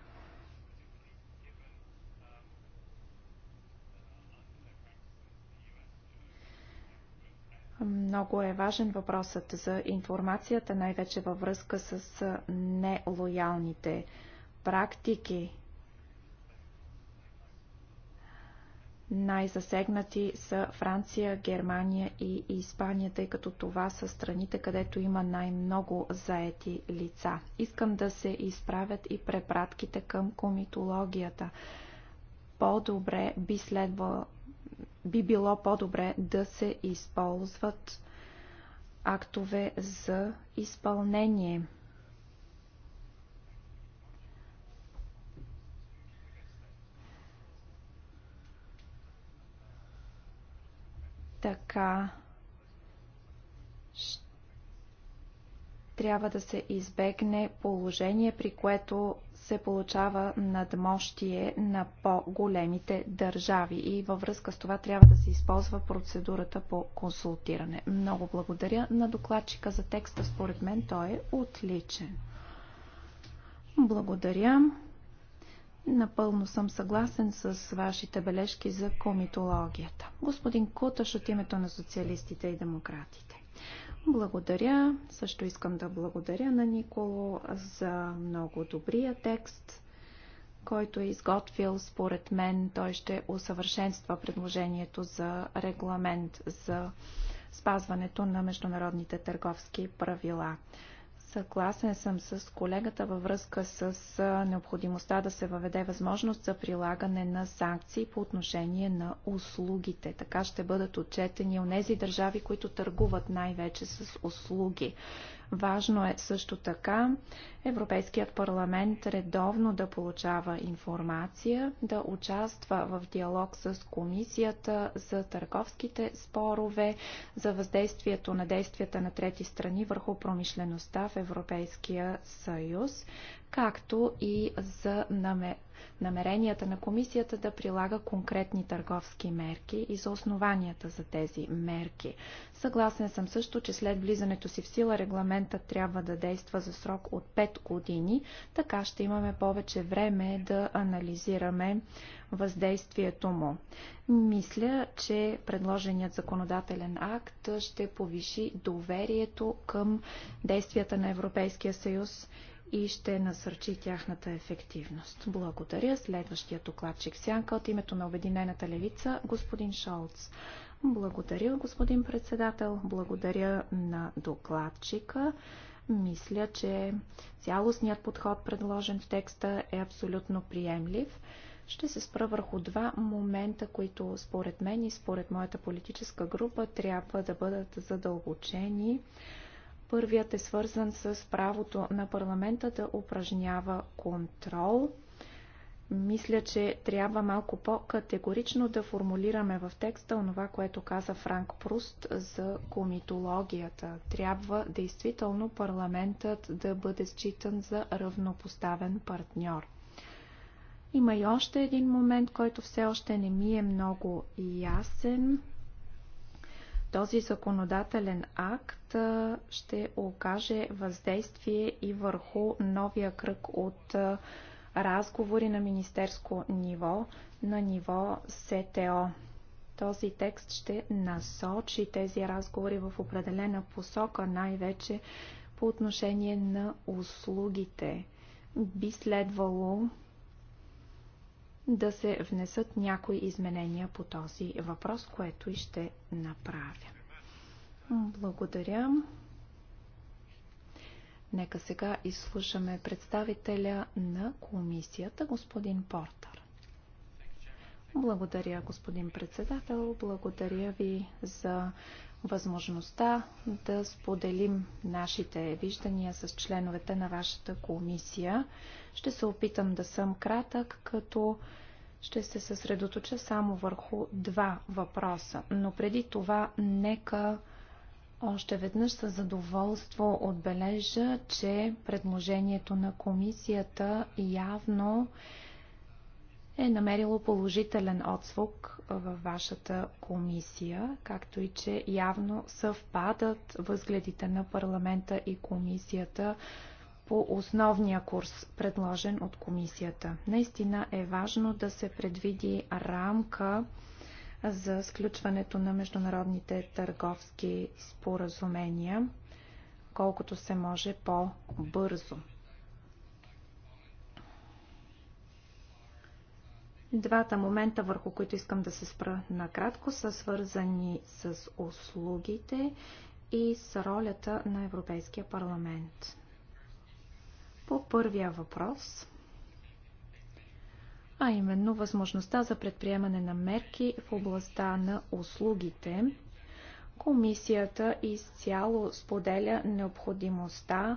Speaker 5: Много е важен въпросът за информацията, най-вече във връзка с нелоялните практики Най-засегнати са Франция, Германия и Испания, тъй като това са страните, където има най-много заети лица. Искам да се изправят и препратките към комитологията. По-добре би следва, би било по-добре да се използват актове за изпълнение – Така трябва да се избегне положение, при което се получава надмощие на по-големите държави и във връзка с това трябва да се използва процедурата по консултиране. Много благодаря на докладчика за текста, според мен той е отличен. Благодаря. Напълно съм съгласен с вашите бележки за комитологията. Господин Куташ от името на социалистите и демократите. Благодаря. Също искам да благодаря на Николо за много добрия текст, който е изготвил. Според мен той ще усъвършенства предложението за регламент за спазването на международните търговски правила. Съгласен съм с колегата във връзка с необходимостта да се въведе възможност за прилагане на санкции по отношение на услугите. Така ще бъдат отчетени от тези държави, които търгуват най-вече с услуги. Важно е също така Европейският парламент редовно да получава информация, да участва в диалог с комисията за търговските спорове, за въздействието на действията на трети страни върху промишлеността в Европейския съюз, както и за намеренията на комисията да прилага конкретни търговски мерки и за основанията за тези мерки. Съгласен съм също, че след влизането си в сила регламентът трябва да действа за срок от 5 години. Така ще имаме повече време да анализираме въздействието му. Мисля, че предложеният законодателен акт ще повиши доверието към действията на Европейския съюз и ще насърчи тяхната ефективност. Благодаря. Следващия докладчик Сянка от името на Обединената левица, господин Шолц. Благодаря, господин председател. Благодаря на докладчика. Мисля, че цялостният подход, предложен в текста, е абсолютно приемлив. Ще се спра върху два момента, които според мен и според моята политическа група трябва да бъдат задълбочени. Първият е свързан с правото на парламента да упражнява контрол – мисля, че трябва малко по-категорично да формулираме в текста онова, което каза Франк Пруст за комитологията. Трябва действително парламентът да бъде считан за равнопоставен партньор. Има и още един момент, който все още не ми е много ясен. Този законодателен акт ще окаже въздействие и върху новия кръг от разговори на министерско ниво, на ниво СТО. Този текст ще насочи тези разговори в определена посока, най-вече по отношение на услугите. Би следвало да се внесат някои изменения по този въпрос, което и ще направя. Благодаря. Нека сега изслушаме представителя на комисията, господин Портър. Благодаря, господин председател. Благодаря ви за възможността да споделим нашите виждания с членовете на вашата комисия. Ще се опитам да съм кратък, като ще се съсредоточа само върху два въпроса. Но преди това, нека още веднъж със задоволство отбележа, че предложението на комисията явно е намерило положителен отзвук във вашата комисия, както и че явно съвпадат възгледите на парламента и комисията по основния курс, предложен от комисията. Наистина е важно да се предвиди рамка за сключването на международните търговски споразумения, колкото се може по-бързо. Двата момента, върху които искам да се спра накратко, са свързани с услугите и с ролята на Европейския парламент. По първия въпрос а именно възможността за предприемане на мерки в областта на услугите. Комисията изцяло споделя необходимостта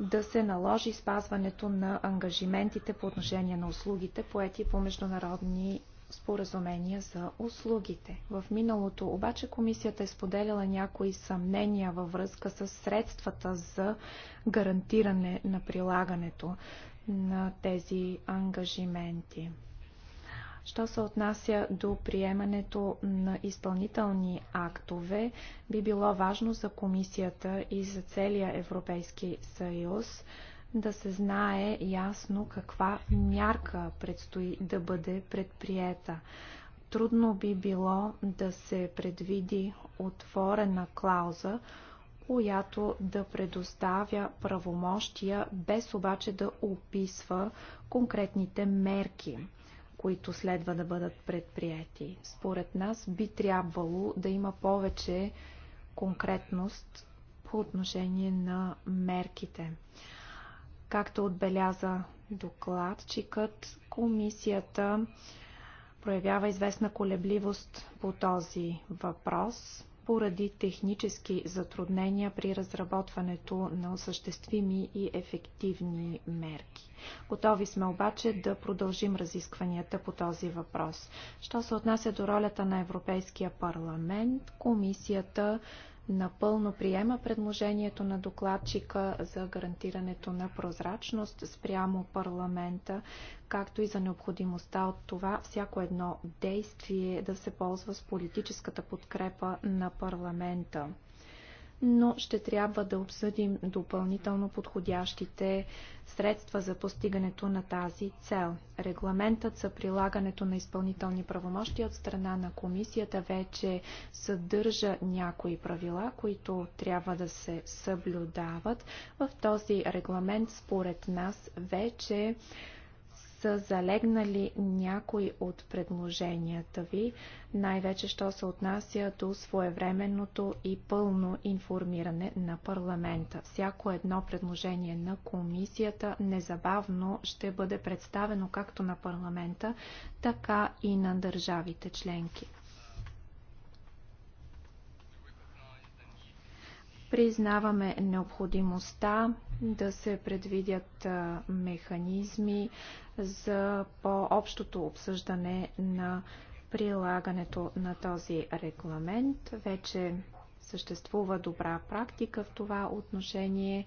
Speaker 5: да се наложи спазването на ангажиментите по отношение на услугите, поети по международни споразумения за услугите. В миналото обаче комисията е споделяла някои съмнения във връзка с средствата за гарантиране на прилагането на тези ангажименти. Що се отнася до приемането на изпълнителни актове, би било важно за комисията и за целия Европейски съюз да се знае ясно каква мярка предстои да бъде предприета. Трудно би било да се предвиди отворена клауза, която да предоставя правомощия, без обаче да описва конкретните мерки, които следва да бъдат предприяти. Според нас би трябвало да има повече конкретност по отношение на мерките. Както отбеляза докладчикът, комисията проявява известна колебливост по този въпрос поради технически затруднения при разработването на осъществими и ефективни мерки. Готови сме обаче да продължим разискванията по този въпрос. Що се отнася до ролята на Европейския парламент, комисията напълно приема предложението на докладчика за гарантирането на прозрачност спрямо парламента, както и за необходимостта от това всяко едно действие да се ползва с политическата подкрепа на парламента но ще трябва да обсъдим допълнително подходящите средства за постигането на тази цел. Регламентът за прилагането на изпълнителни правомощи от страна на комисията вече съдържа някои правила, които трябва да се съблюдават. В този регламент, според нас, вече са залегнали някои от предложенията ви, най-вече що се отнася до своевременното и пълно информиране на парламента. Всяко едно предложение на комисията незабавно ще бъде представено както на парламента, така и на държавите членки. Признаваме необходимостта да се предвидят механизми за по-общото обсъждане на прилагането на този регламент. Вече съществува добра практика в това отношение,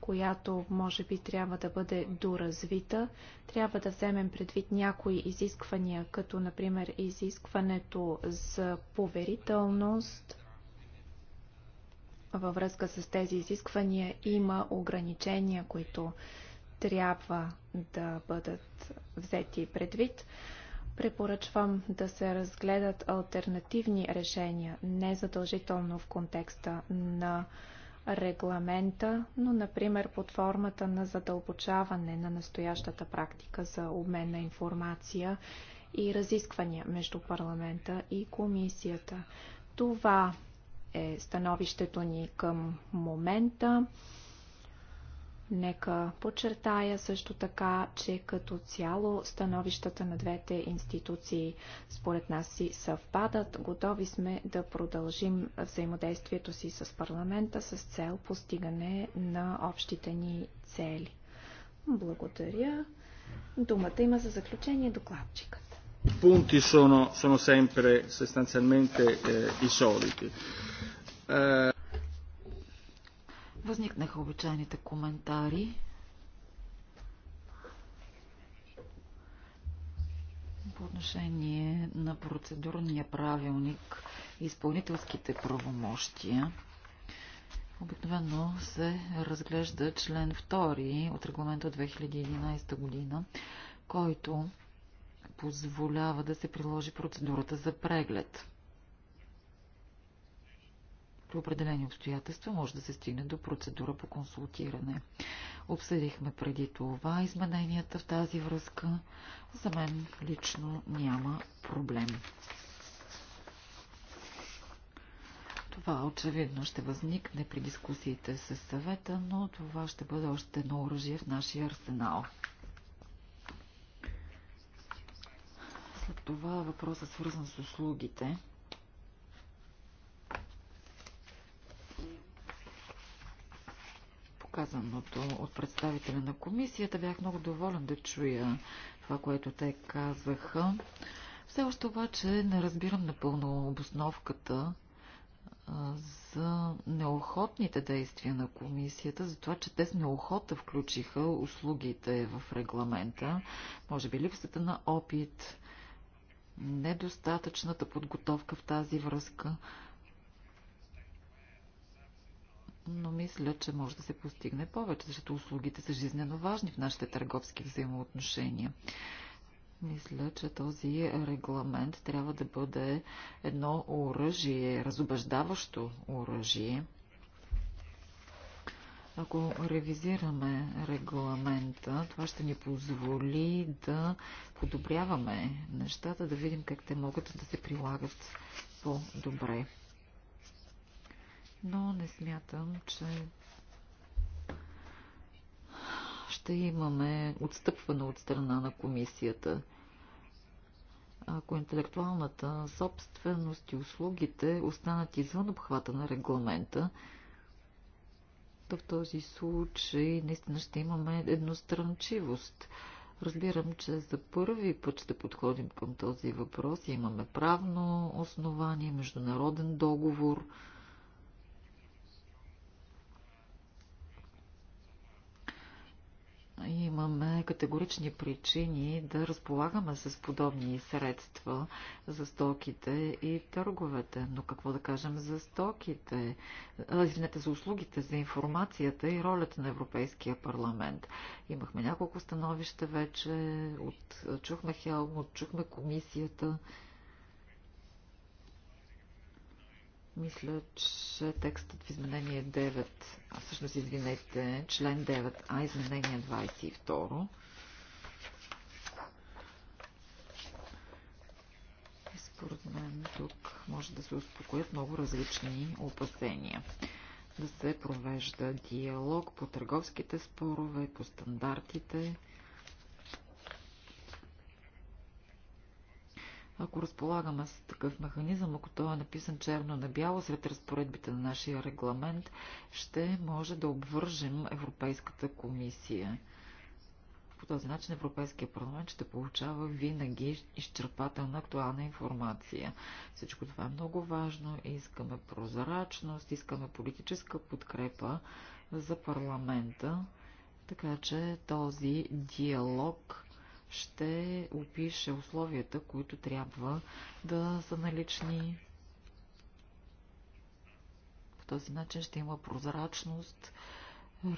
Speaker 5: която може би трябва да бъде доразвита. Трябва да вземем предвид някои изисквания, като например изискването за поверителност, във връзка с тези изисквания има ограничения, които трябва да бъдат взети предвид. Препоръчвам да се разгледат альтернативни решения, не задължително в контекста на регламента, но например под формата на задълбочаване на настоящата практика за обмен на информация и разисквания между парламента и комисията. Това е становището ни към момента. Нека подчертая също така, че като цяло становищата на двете институции според нас си съвпадат. Готови сме да продължим взаимодействието си с парламента с цел постигане на общите ни цели. Благодаря. Думата има за заключение докладчикът.
Speaker 4: Пунти sono, sono sempre sostanzialmente eh, i soliti. Е,
Speaker 2: възникнаха обичайните коментари. По отношение на процедурния правилник и изпълнителските правомощия, обикновено се разглежда член 2 от регламента от 2011 година, който позволява да се приложи процедурата за преглед при определени обстоятелства може да се стигне до процедура по консултиране. Обсъдихме преди това измененията в тази връзка. За мен лично няма проблем. Това очевидно ще възникне при дискусиите с съвета, но това ще бъде още едно оръжие в нашия арсенал. След това въпросът свързан с услугите. казаното от представителя на комисията. Бях много доволен да чуя това, което те казаха. Все още обаче не разбирам напълно обосновката за неохотните действия на комисията, за това, че те с неохота включиха услугите в регламента. Може би липсата на опит, недостатъчната подготовка в тази връзка но мисля, че може да се постигне повече, защото услугите са жизненно важни в нашите търговски взаимоотношения. Мисля, че този регламент трябва да бъде едно оръжие, разобеждаващо оръжие. Ако ревизираме регламента, това ще ни позволи да подобряваме нещата, да видим как те могат да се прилагат по-добре но не смятам, че ще имаме отстъпване от страна на комисията. Ако интелектуалната собственост и услугите останат извън обхвата на регламента, то в този случай наистина ще имаме едностранчивост. Разбирам, че за първи път ще подходим към този въпрос. Имаме правно основание, международен договор – имаме категорични причини да разполагаме с подобни средства за стоките и търговете. Но какво да кажем за стоките, извинете, за услугите, за информацията и ролята на Европейския парламент? Имахме няколко становища вече, от, чухме Хелмут, чухме комисията. Мисля, че текстът в изменение 9, а всъщност извинете, член 9а, изменение 22, според мен тук може да се успокоят много различни опасения. Да се провежда диалог по търговските спорове, по стандартите, Ако разполагаме с такъв механизъм, ако той е написан черно на бяло сред разпоредбите на нашия регламент, ще може да обвържем Европейската комисия. По този начин Европейския парламент ще получава винаги изчерпателна актуална информация. Всичко това е много важно. Искаме прозрачност, искаме политическа подкрепа за парламента, така че този диалог ще опише условията, които трябва да са налични. По този начин ще има прозрачност.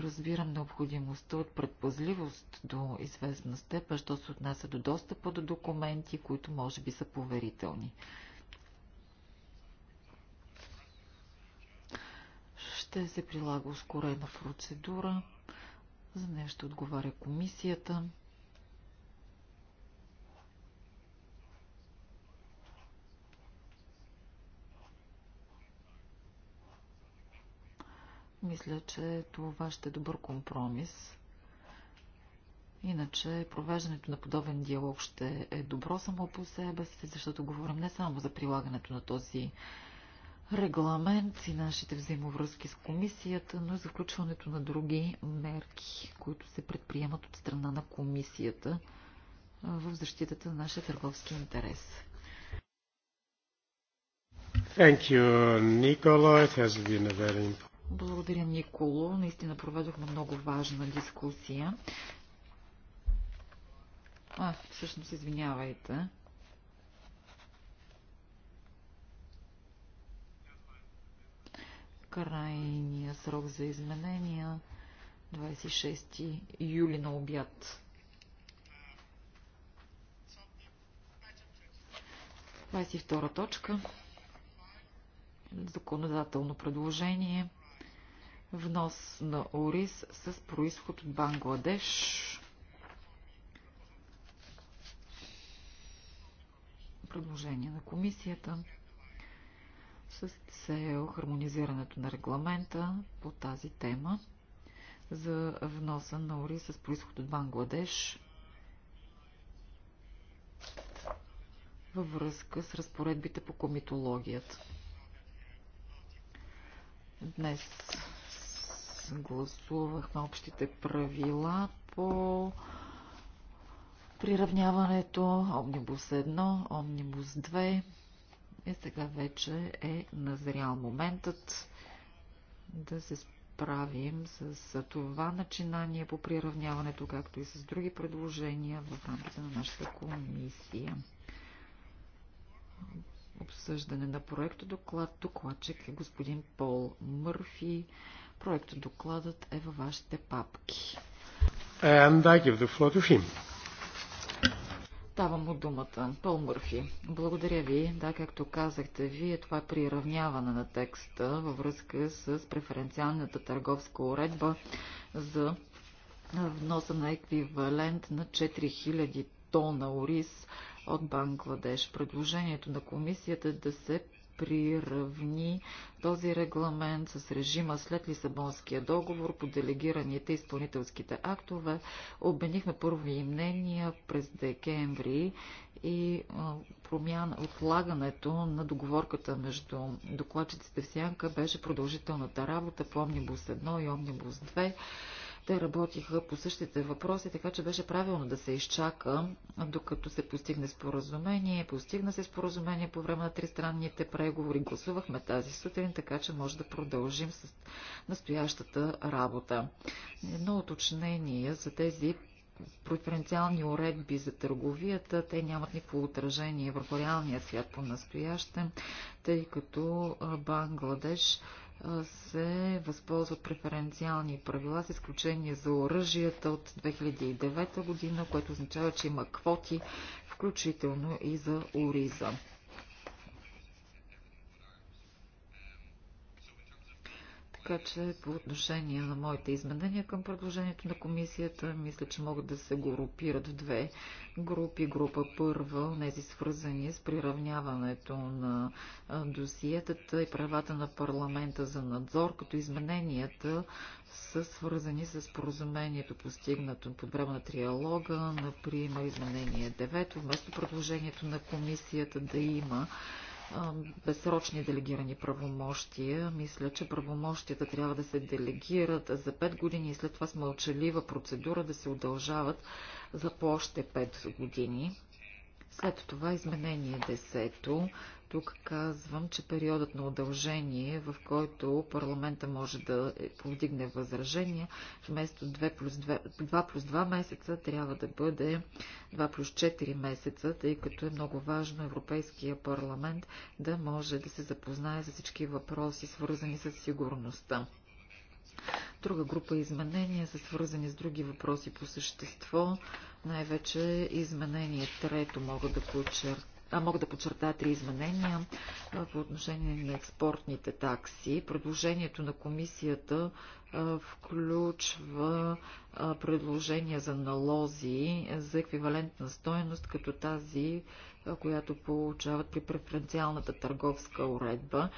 Speaker 2: Разбирам необходимостта от предпазливост до известна степен, що се отнася до достъпа до документи, които може би са поверителни. Ще се прилага ускорена процедура. За нещо отговаря комисията. Мисля, че това ще е добър компромис. Иначе провеждането на подобен диалог ще е добро само по себе си, защото говорим не само за прилагането на този регламент и нашите взаимовръзки с комисията, но и за включването на други мерки, които се предприемат от страна на комисията в защитата на нашия търговски интерес.
Speaker 1: Thank you, Nicola. It has been a very
Speaker 2: благодаря, Николо. Наистина проведохме много важна дискусия. А, всъщност, извинявайте. Крайния срок за изменения 26 юли на обяд. 22 точка. Законодателно предложение внос на ориз с происход от Бангладеш. Предложение на комисията с цел хармонизирането на регламента по тази тема за вноса на ориз с происход от Бангладеш във връзка с разпоредбите по комитологията. Днес гласувахме общите правила по приравняването Омнибус 1, Омнибус 2 и сега вече е назрял моментът да се справим с това начинание по приравняването, както и с други предложения в рамките на нашата комисия. Обсъждане на проекто доклад. Докладчик е господин Пол Мърфи. Проектът докладът е във вашите папки.
Speaker 1: And I give the floor to him.
Speaker 2: Давам му думата. Пол Мърфи. Благодаря ви. Да, както казахте вие, това е приравняване на текста във връзка с преференциалната търговска уредба за вноса на еквивалент на 4000 тона ориз от Бангладеш. Предложението на комисията е да се приравни този регламент с режима след Лисабонския договор по делегираните изпълнителските актове. Обменихме първи мнения през декември и промяна, отлагането на договорката между докладчиците в Сянка беше продължителната работа по Омнибус 1 и Омнибус те работиха по същите въпроси, така че беше правилно да се изчака, докато се постигне споразумение. Постигна се споразумение по време на тристранните преговори. Гласувахме тази сутрин, така че може да продължим с настоящата работа. Едно уточнение за тези преференциални уредби за търговията, те нямат никакво отражение върху реалния свят по настояще, тъй като Бангладеш се възползват преференциални правила с изключение за оръжията от 2009 година, което означава, че има квоти, включително и за ориза. Така че по отношение на моите изменения към предложението на комисията, мисля, че могат да се групират в две групи. Група първа, тези свързани с приравняването на досиетата и правата на парламента за надзор, като измененията са свързани с поразумението, постигнато под време на триалога, например изменение 9, вместо предложението на комисията да има безсрочни делегирани правомощия. Мисля, че правомощията трябва да се делегират за 5 години и след това с мълчалива процедура да се удължават за по още 5 години. След това изменение 10 тук казвам, че периодът на удължение, в който парламента може да повдигне възражения, вместо 2 плюс 2, 2 плюс 2 месеца трябва да бъде 2 плюс 4 месеца, тъй като е много важно Европейския парламент да може да се запознае за всички въпроси, свързани с сигурността. Друга група изменения са свързани с други въпроси по същество. Най-вече изменение трето мога да подчертая а, мога да подчертая три изменения по отношение на експортните такси. Предложението на комисията включва предложения за налози за еквивалентна стоеност, като тази, която получават при преференциалната търговска уредба.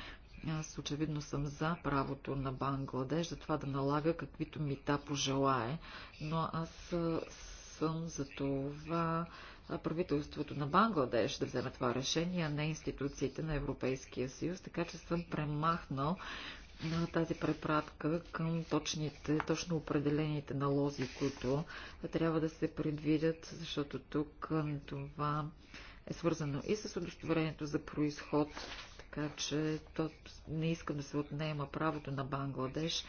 Speaker 2: Аз очевидно съм за правото на Бангладеш за това да налага каквито мита пожелае, но аз съм за това правителството на Бангладеш да вземе това решение, а не институциите на Европейския съюз, така че съм премахнал на тази препратка към точните, точно определените налози, които трябва да се предвидят, защото тук това е свързано и с удостоверението за происход, така че то не искам да се отнема правото на Бангладеш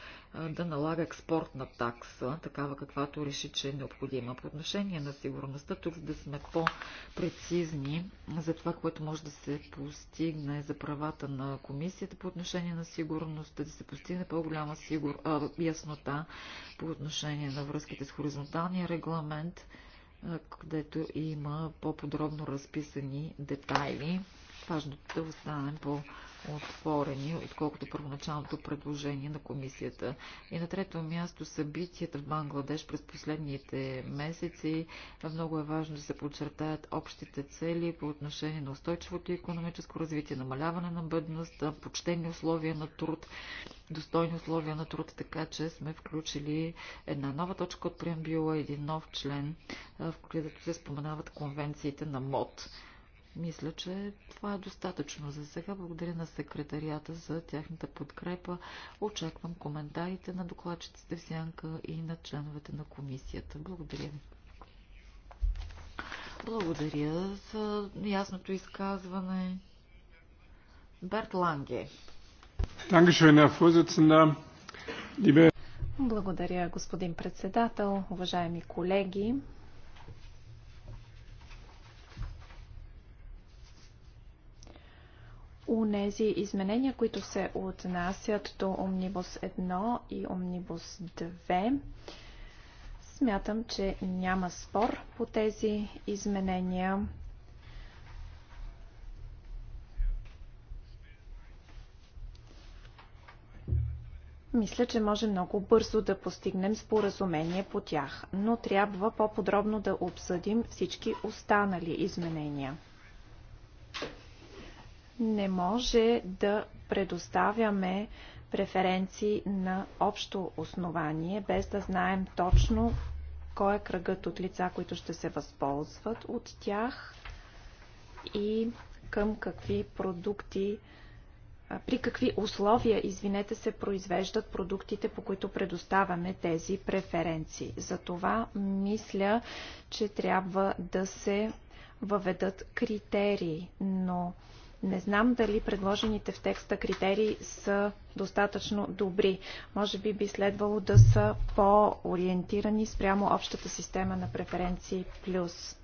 Speaker 2: да налага експортна такса, такава каквато реши, че е необходима. По отношение на сигурността, тук да сме по-прецизни за това, което може да се постигне за правата на комисията по отношение на сигурността, да се постигне по-голяма сигур... а, яснота по отношение на връзките с хоризонталния регламент където има по-подробно разписани детайли Важното да останем по-отворени, отколкото първоначалното предложение на комисията. И на трето място събитията в Бангладеш през последните месеци. Много е важно да се подчертаят общите цели по отношение на устойчивото економическо развитие, намаляване на бъдност, почтени условия на труд, достойни условия на труд, така че сме включили една нова точка от преамбюла, един нов член, в който се споменават конвенциите на МОД. Мисля, че това е достатъчно за сега. Благодаря на секретарията за тяхната подкрепа. Очаквам коментарите на докладчиците в Сянка и на членовете на комисията.
Speaker 4: Благодаря ви.
Speaker 2: Благодаря за ясното
Speaker 5: изказване. Берт Ланге. Благодаря, господин председател, уважаеми колеги. нези изменения, които се отнасят до Омнибус 1 и Омнибус 2. Смятам, че няма спор по тези изменения. Мисля, че може много бързо да постигнем споразумение по тях, но трябва по-подробно да обсъдим всички останали изменения. Не може да предоставяме преференции на общо основание, без да знаем точно кой е кръгът от лица, които ще се възползват от тях и към какви продукти, при какви условия, извинете се, произвеждат продуктите, по които предоставяме тези преференции. Затова мисля, че трябва да се въведат критерии, но не знам дали предложените в текста критерии са достатъчно добри. Може би би следвало да са по-ориентирани спрямо общата система на преференции плюс.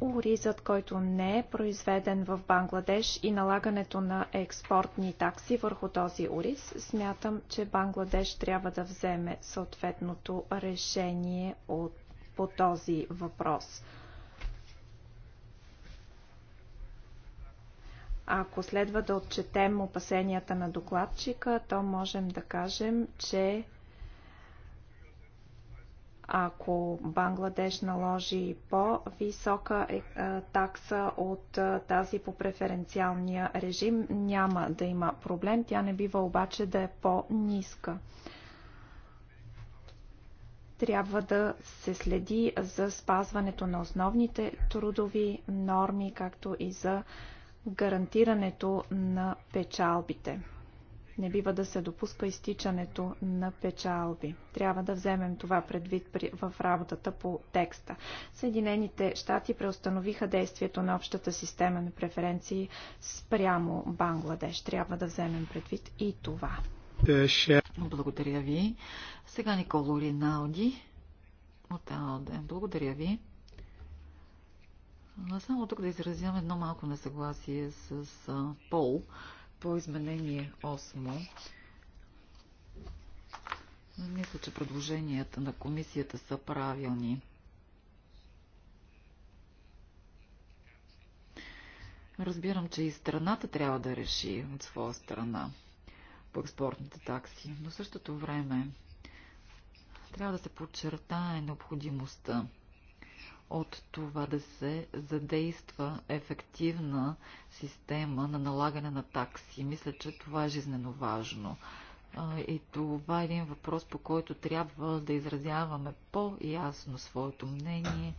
Speaker 5: Оризът, който не е произведен в Бангладеш и налагането на експортни такси върху този ориз, смятам, че Бангладеш трябва да вземе съответното решение от, по този въпрос. Ако следва да отчетем опасенията на докладчика, то можем да кажем, че ако Бангладеш наложи по-висока е, е, такса от е, тази по преференциалния режим, няма да има проблем. Тя не бива обаче да е по-ниска. Трябва да се следи за спазването на основните трудови норми, както и за гарантирането на печалбите. Не бива да се допуска изтичането на печалби. Трябва да вземем това предвид в работата по текста. Съединените щати преустановиха действието на общата система на преференции спрямо Бангладеш. Трябва да вземем предвид и това.
Speaker 2: Благодаря ви. Сега Николо Риналди Благодаря ви. Само тук да изразявам едно малко несъгласие с Пол по изменение 8. Мисля, че предложенията на комисията са правилни. Разбирам, че и страната трябва да реши от своя страна по експортните такси, но в същото време трябва да се подчертае необходимостта от това да се задейства ефективна система на налагане на такси. Мисля, че това е жизнено важно. И това е един въпрос, по който трябва да изразяваме по-ясно своето мнение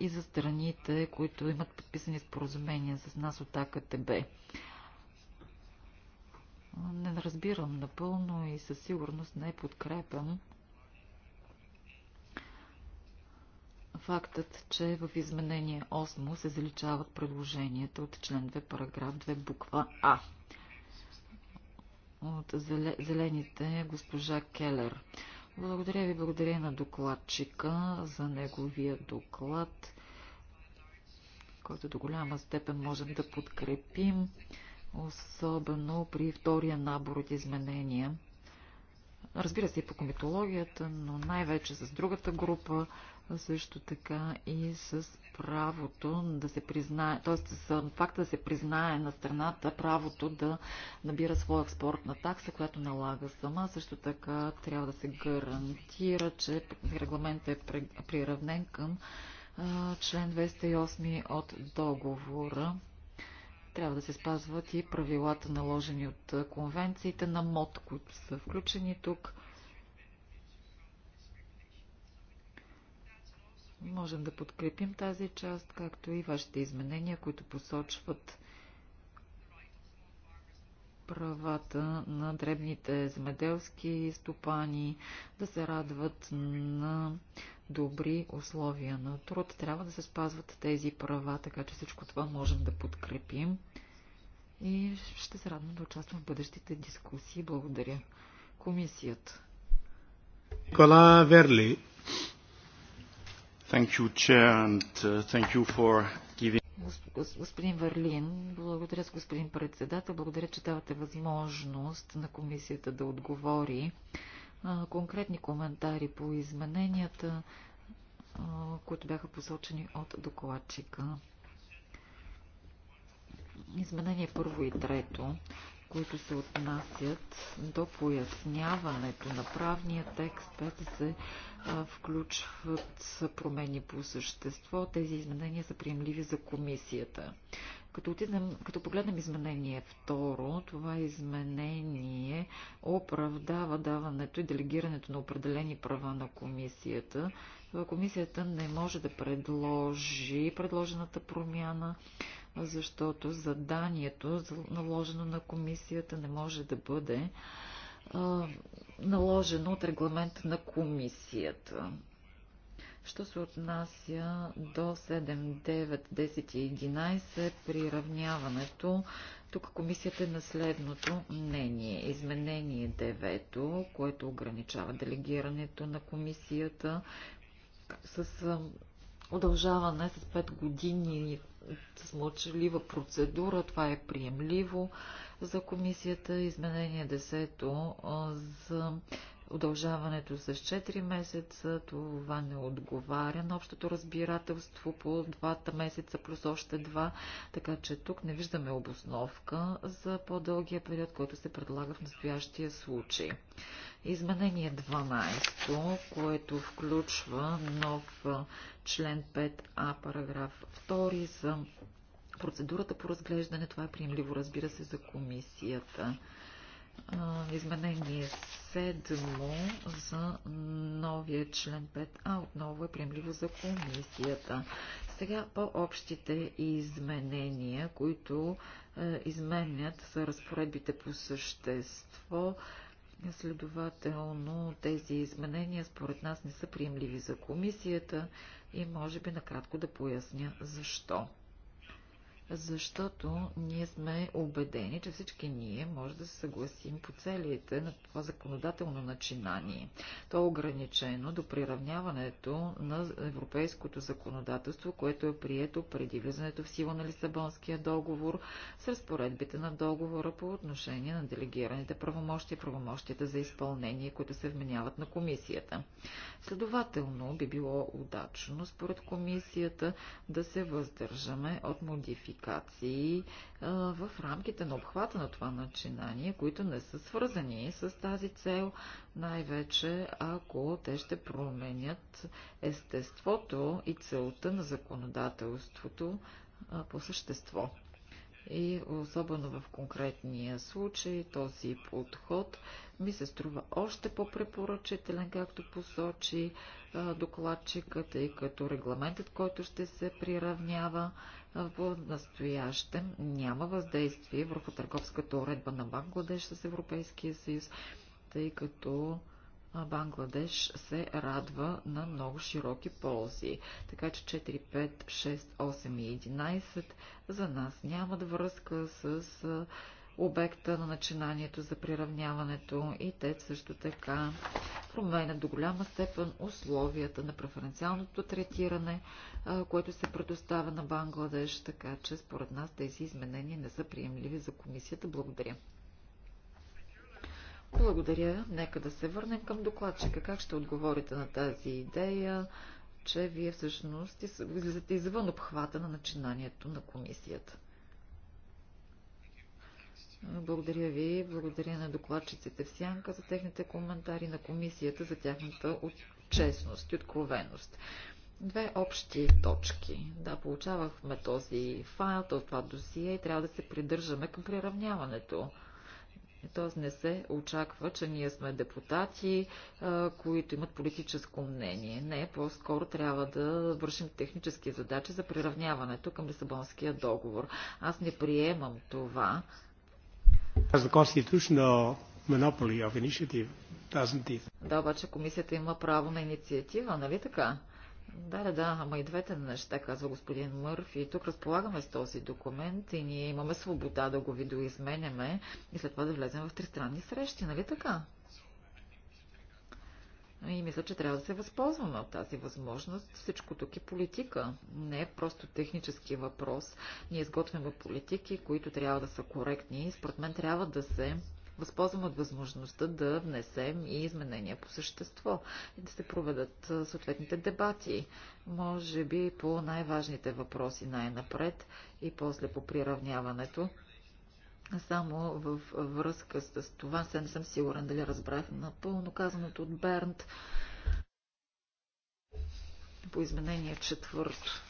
Speaker 2: и за страните, които имат подписани споразумения с нас от АКТБ. Не разбирам напълно и със сигурност не подкрепям фактът, че в изменение 8 се заличават предложенията от член 2, параграф 2, буква А. От зелените госпожа Келер. Благодаря ви, благодаря на докладчика за неговия доклад, който до голяма степен можем да подкрепим, особено при втория набор от изменения разбира се и по кометологията, но най-вече с другата група също така и с правото да се признае, т.е. с факта да се признае на страната правото да набира своя експортна такса, която налага сама. Също така трябва да се гарантира, че регламентът е приравнен към член 208 от договора трябва да се спазват и правилата наложени от конвенциите на МОД, които са включени тук. Можем да подкрепим тази част, както и вашите изменения, които посочват правата на дребните земеделски стопани да се радват на добри условия на труд. Трябва да се спазват тези права, така че всичко това можем да подкрепим. И ще се радвам да участвам в бъдещите дискусии. Благодаря. Комисията.
Speaker 1: Кола Верли. Uh,
Speaker 2: господин Варлин, благодаря с господин председател. Благодаря, че давате възможност на комисията да отговори конкретни коментари по измененията, които бяха посочени от докладчика. Изменение първо и трето които се отнасят до поясняването на правния текст, без да се включват промени по същество. Тези изменения са приемливи за комисията. Като, отидем, като погледнем изменение второ, това изменение оправдава даването и делегирането на определени права на комисията. Комисията не може да предложи предложената промяна, защото заданието, наложено на комисията, не може да бъде а, наложено от регламент на комисията. Що се отнася до 7, 9, 10 и 11 при равняването, тук комисията е на следното мнение. Изменение 9, което ограничава делегирането на комисията с удължаване с 5 години смълчалива процедура, това е приемливо за комисията. Изменение 10 за Удължаването с 4 месеца, това не отговаря на общото разбирателство по двата месеца плюс още два, така че тук не виждаме обосновка за по-дългия период, който се предлага в настоящия случай. Изменение 12, което включва нов член 5а, параграф 2 за процедурата по разглеждане. Това е приемливо, разбира се, за комисията изменение 7 за новия член 5а отново е приемливо за комисията. Сега по-общите изменения, които е, изменят са разпоредбите по същество. Следователно тези изменения според нас не са приемливи за комисията и може би накратко да поясня защо защото ние сме убедени, че всички ние може да се съгласим по целите на това законодателно начинание. То е ограничено до приравняването на европейското законодателство, което е прието преди влизането в сила на Лисабонския договор с разпоредбите на договора по отношение на делегираните правомощи и правомощията за изпълнение, които се вменяват на комисията. Следователно би било удачно според комисията да се въздържаме от модификация комуникации а, в рамките на обхвата на това начинание, които не са свързани с тази цел, най-вече ако те ще променят естеството и целта на законодателството а, по същество. И особено в конкретния случай този подход ми се струва още по-препоръчителен, както посочи докладчикът тъй като регламентът, който ще се приравнява по настоящем няма въздействие върху търговската уредба на Бангладеш с Европейския съюз, тъй като Бангладеш се радва на много широки ползи. Така че 4, 5, 6, 8 и 11 за нас нямат връзка с обекта на начинанието за приравняването и те също така променят до голяма степен условията на преференциалното третиране, което се предоставя на Бангладеш, така че според нас тези изменения не са приемливи за комисията. Благодаря. Благодаря. Нека да се върнем към докладчика. Как ще отговорите на тази идея, че вие всъщност излизате извън обхвата на начинанието на комисията? Благодаря ви, благодаря на докладчиците в Сянка за техните коментари на комисията за тяхната честност и откровеност. Две общи точки. Да, получавахме този файл, това досие и трябва да се придържаме към приравняването. Тоест не се очаква, че ние сме депутати, които имат политическо мнение. Не, по-скоро трябва да вършим технически задачи за приравняването към Лисабонския договор. Аз не приемам това да, обаче комисията има право на инициатива, нали така? Да, да, да, ама и двете неща, казва господин Мърф. И тук разполагаме с този документ и ние имаме свобода да го видоизменяме и след това да влезем в тристранни срещи, нали така? И мисля, че трябва да се възползваме от тази възможност. Всичко тук е политика. Не е просто технически въпрос. Ние изготвяме политики, които трябва да са коректни. според мен трябва да се възползваме от възможността да внесем и изменения по същество и да се проведат съответните дебати. Може би по най-важните въпроси най-напред и после по приравняването. Само в връзка с това, се не съм сигурен дали разбрах напълно казаното от Бернт по изменение четвърто.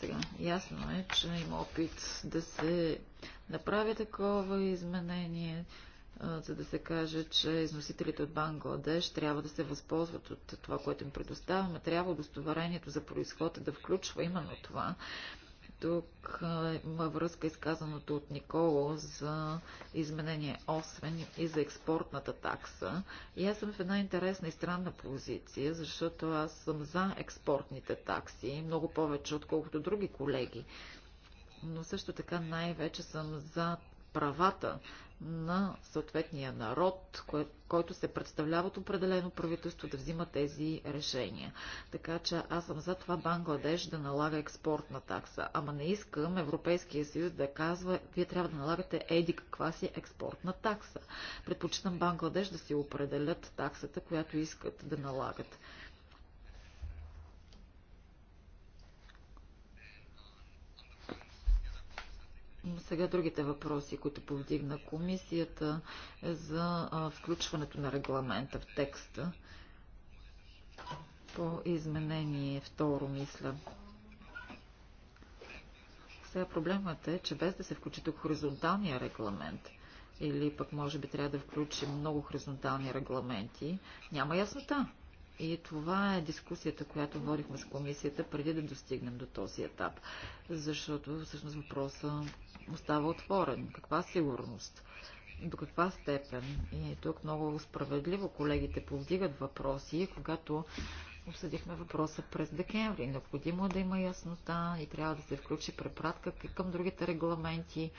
Speaker 2: Сега, ясно е, че има опит да се направи такова изменение, за да се каже, че износителите от Бангладеш трябва да се възползват от това, което им предоставяме. Трябва удостоверението за происход да включва именно това, тук във връзка изказаното от Николо за изменение 8 и за експортната такса. И аз съм в една интересна и странна позиция, защото аз съм за експортните такси, много повече отколкото други колеги. Но също така най-вече съм за правата на съответния народ, кой, който се представлява от определено правителство да взима тези решения. Така че аз съм за това Бангладеш да налага експортна такса. Ама не искам Европейския съюз да казва, вие трябва да налагате еди каква си експортна такса. Предпочитам Бангладеш да си определят таксата, която искат да налагат. Сега другите въпроси, които повдигна комисията е за включването на регламента в текста по изменение второ, мисля. Сега проблемът е, че без да се включи тук хоризонталния регламент, или пък може би трябва да включим много хоризонтални регламенти, няма яснота. И това е дискусията, която водихме с комисията преди да достигнем до този етап. Защото всъщност въпроса остава отворен. Каква сигурност? До каква степен? И тук много справедливо колегите повдигат въпроси, когато обсъдихме въпроса през декември. Необходимо е да има яснота и трябва да се включи препратка към другите регламенти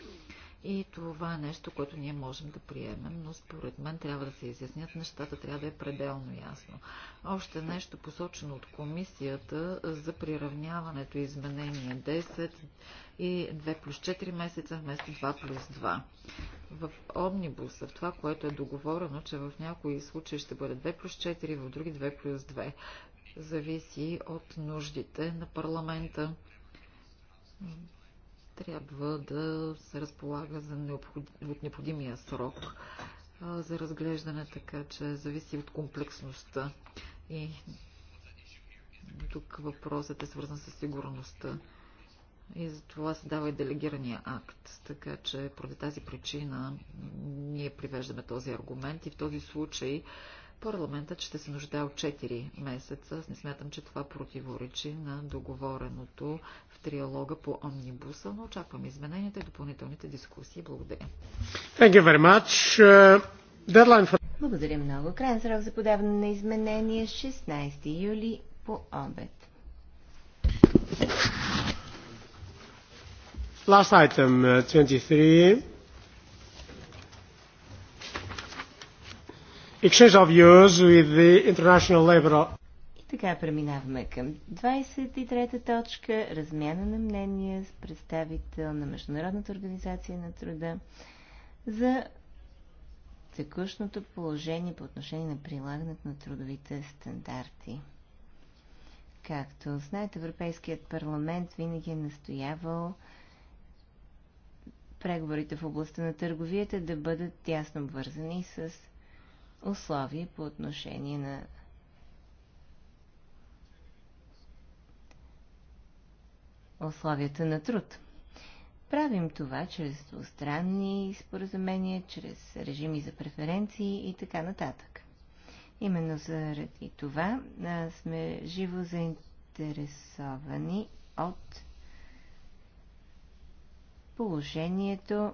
Speaker 2: и това е нещо, което ние можем да приемем, но според мен трябва да се изяснят нещата, трябва да е пределно ясно. Още нещо посочено от комисията за приравняването изменение 10 и 2 плюс 4 месеца вместо 2 плюс 2. В омнибуса, в това, което е договорено, че в някои случаи ще бъде 2 плюс 4, в други 2 плюс 2. Зависи от нуждите на парламента трябва да се разполага за необход... от необходимия срок а, за разглеждане, така че зависи от комплексността. И тук въпросът е свързан с сигурността. И за това се дава и делегирания акт. Така че поради тази причина ние привеждаме този аргумент и в този случай парламентът ще се нуждае от 4 месеца. не смятам, че това противоречи на договореното в триалога по омнибуса, но очаквам измененията и допълнителните дискусии. Благодаря.
Speaker 3: Thank you very much. Uh, deadline for... Благодаря много. Крайен срок за подаване на изменения 16 е юли по обед.
Speaker 1: Last item, 23. Uh, exchange of with the International Labour
Speaker 3: така преминаваме към 23-та точка – размяна на мнения с представител на Международната организация на труда за текущното положение по отношение на прилагането на трудовите стандарти. Както знаете, Европейският парламент винаги е настоявал преговорите в областта на търговията да бъдат тясно вързани с условия по отношение на условията на труд. Правим това чрез двустранни споразумения, чрез режими за преференции и така нататък. Именно заради това сме живо заинтересовани от положението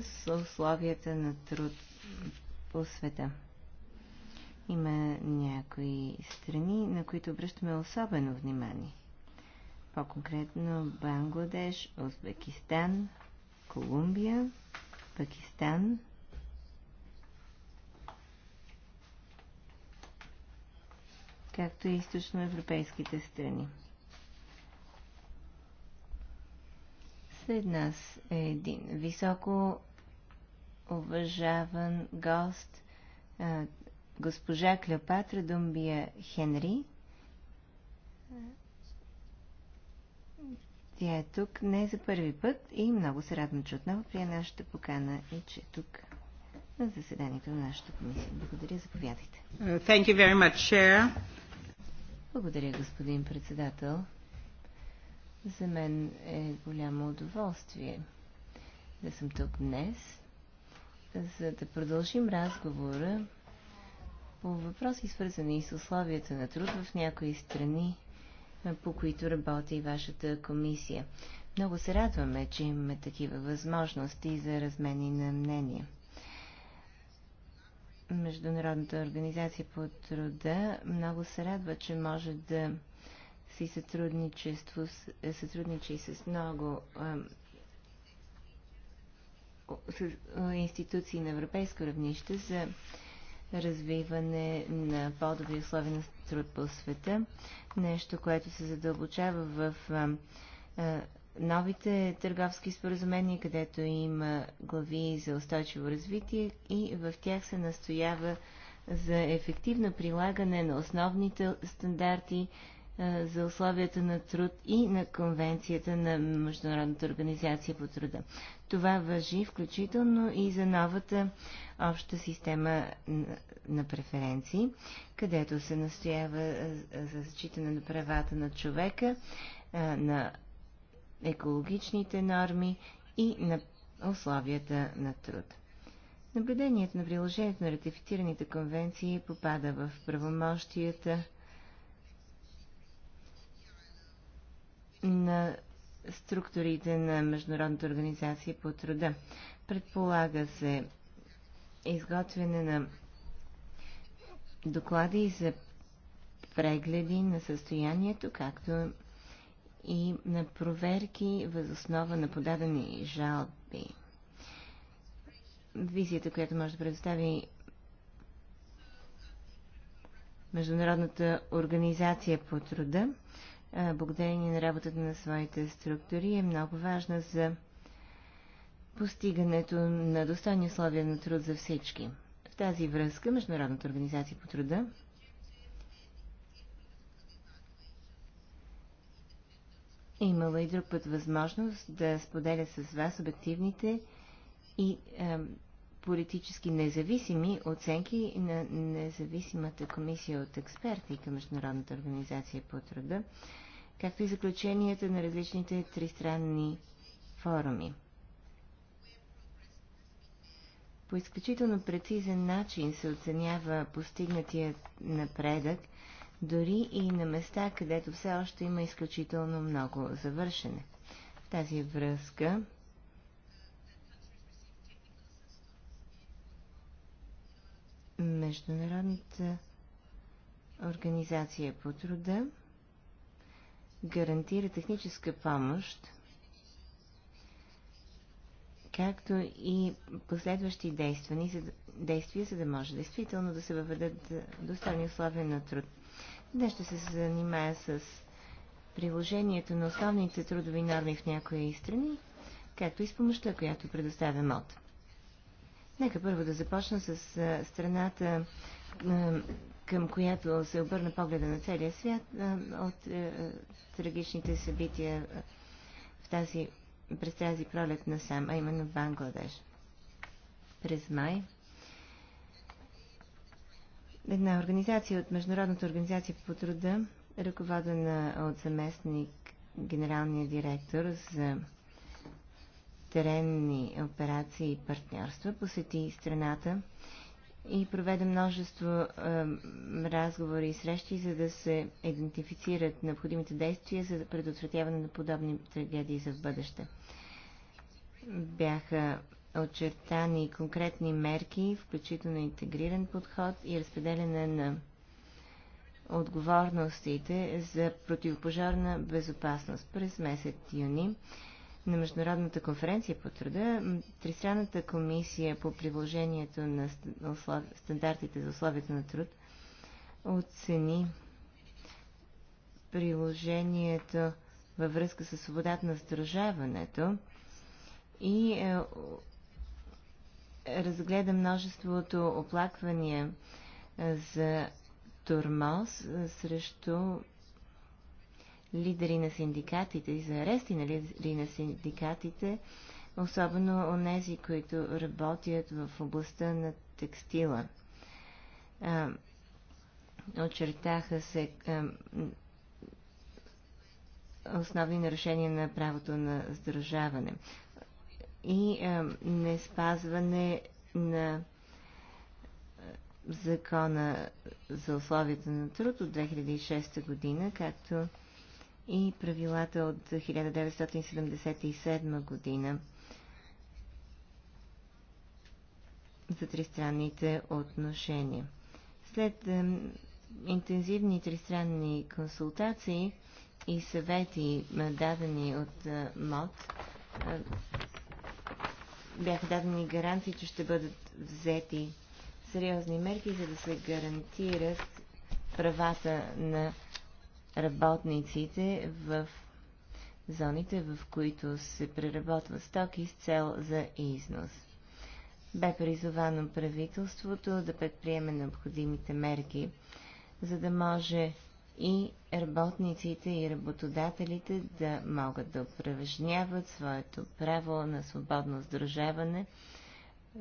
Speaker 3: с условията на труд по света. Има някои страни, на които обръщаме особено внимание. По-конкретно Бангладеш, Узбекистан, Колумбия, Пакистан, както и източноевропейските страни. След нас е един високо уважаван гост, госпожа Клеопатра Думбия Хенри. Тя е тук не за първи път и много се радвам, че отново прия нашата покана и че е тук на заседанието на нашата комисия. Благодаря, заповядайте. Uh, thank you very much, Благодаря, господин председател. За мен е голямо удоволствие да съм тук днес, за да продължим разговора по въпроси, свързани с условията на труд в някои страни, по които работи и вашата комисия. Много се радваме, че имаме такива възможности за размени на мнения. Международната организация по труда много се радва, че може да си сътрудничество, е, сътрудничи с много с институции на европейско равнище за развиване на по-добри условия на труд по света. Нещо, което се задълбочава в новите търговски споразумения, където има глави за устойчиво развитие и в тях се настоява за ефективно прилагане на основните стандарти за условията на труд и на Конвенцията на Международната организация по труда. Това въжи включително и за новата обща система на преференции, където се настоява за зачитане на правата на човека, на екологичните норми и на условията на труд. Наблюдението на приложението на ратифицираните конвенции попада в правомощията на структурите на Международната организация по труда. Предполага се изготвяне на доклади за прегледи на състоянието, както и на проверки възоснова на подадени жалби. Визията, която може да предостави Международната организация по труда, благодарение на работата на своите структури, е много важна за постигането на достойни условия на труд за всички. В тази връзка Международната организация по труда е имала и друг път възможност да споделя с вас обективните и е, политически независими оценки на независимата комисия от експерти към Международната организация по труда както и заключенията на различните тристранни форуми. По изключително прецизен начин се оценява постигнатия напредък, дори и на места, където все още има изключително много завършене. В тази връзка Международната организация по труда гарантира техническа помощ, както и последващи действия, за, действия, за да може действително да се въведат достойни условия на труд. Днес ще се занимая с приложението на основните трудови норми в някои страни, както и с помощта, която предоставя МОД. Нека първо да започна с страната, към която се обърна погледа на целия свят от е, трагичните събития в тази, през тази пролет насам, а именно в Бангладеш. През май една организация от Международната организация по труда, ръководена от заместник генералния директор за теренни операции и партньорства, посети страната и проведе множество е, разговори и срещи, за да се идентифицират необходимите действия за предотвратяване на подобни трагедии за в бъдеще. Бяха очертани конкретни мерки, включително интегриран подход и разпределяне на отговорностите за противопожарна безопасност. През месец юни на Международната конференция по труда, Тристранната комисия по приложението на стандартите за условията на труд оцени приложението във връзка с свободата на сдружаването и е, разгледа множеството оплаквания е, за тормоз е, срещу лидери на синдикатите и за арести на лидери на синдикатите, особено онези, които работят в областта на текстила. А, очертаха се а, основни нарушения на правото на сдружаване и а, не спазване на закона за условията на труд от 2006 година, както и правилата от 1977 година за тристранните отношения. След е, интензивни тристранни консултации и съвети, дадени от е, МОД, е, бяха дадени гаранции, че ще бъдат взети сериозни мерки, за да се гарантират правата на работниците в зоните, в които се преработват стоки с цел за износ. Бе призовано правителството да предприеме необходимите мерки, за да може и работниците и работодателите да могат да упражняват своето право на свободно сдружаване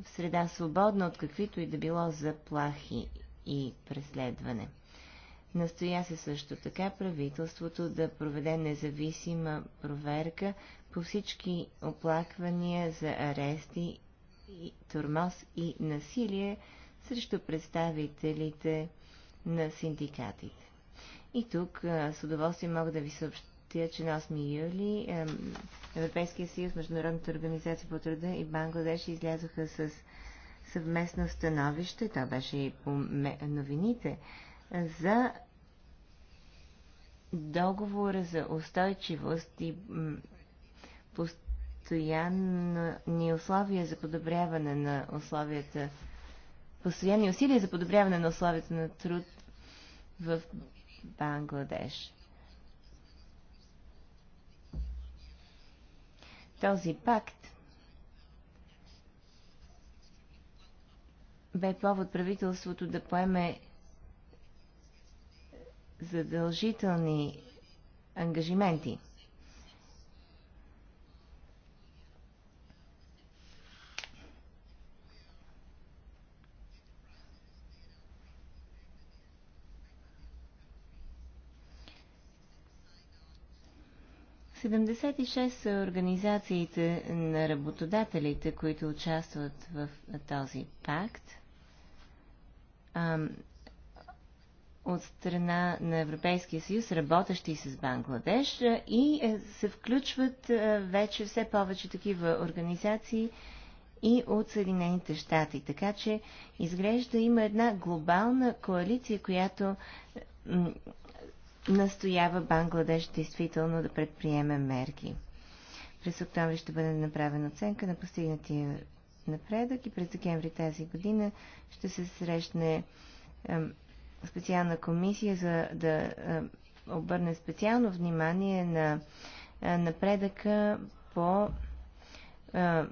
Speaker 3: в среда свободна от каквито и да било заплахи и преследване. Настоя се също така правителството да проведе независима проверка по всички оплаквания за арести, тормоз и насилие срещу представителите на синдикатите. И тук с удоволствие мога да ви съобщя, че на 8 юли Европейския съюз, Международната организация по труда и Бангладеш излязоха с съвместно становище, то беше и по новините, за договора за устойчивост и постоянни условия за подобряване на условията, постоянни усилия за подобряване на условията на труд в Бангладеш. Този пакт бе повод правителството да поеме задължителни ангажименти. Седемдесет и шест са организациите на работодателите, които участват в този пакт от страна на Европейския съюз, работещи с Бангладеш и е, се включват вече все повече такива организации и от Съединените щати. Така че изглежда има една глобална коалиция, която настоява Бангладеш действително да предприеме мерки. През октомври ще бъде направена оценка на постигнатия напредък и през декември тази година ще се срещне специална комисия, за да е, обърне специално внимание на е, напредъка по е,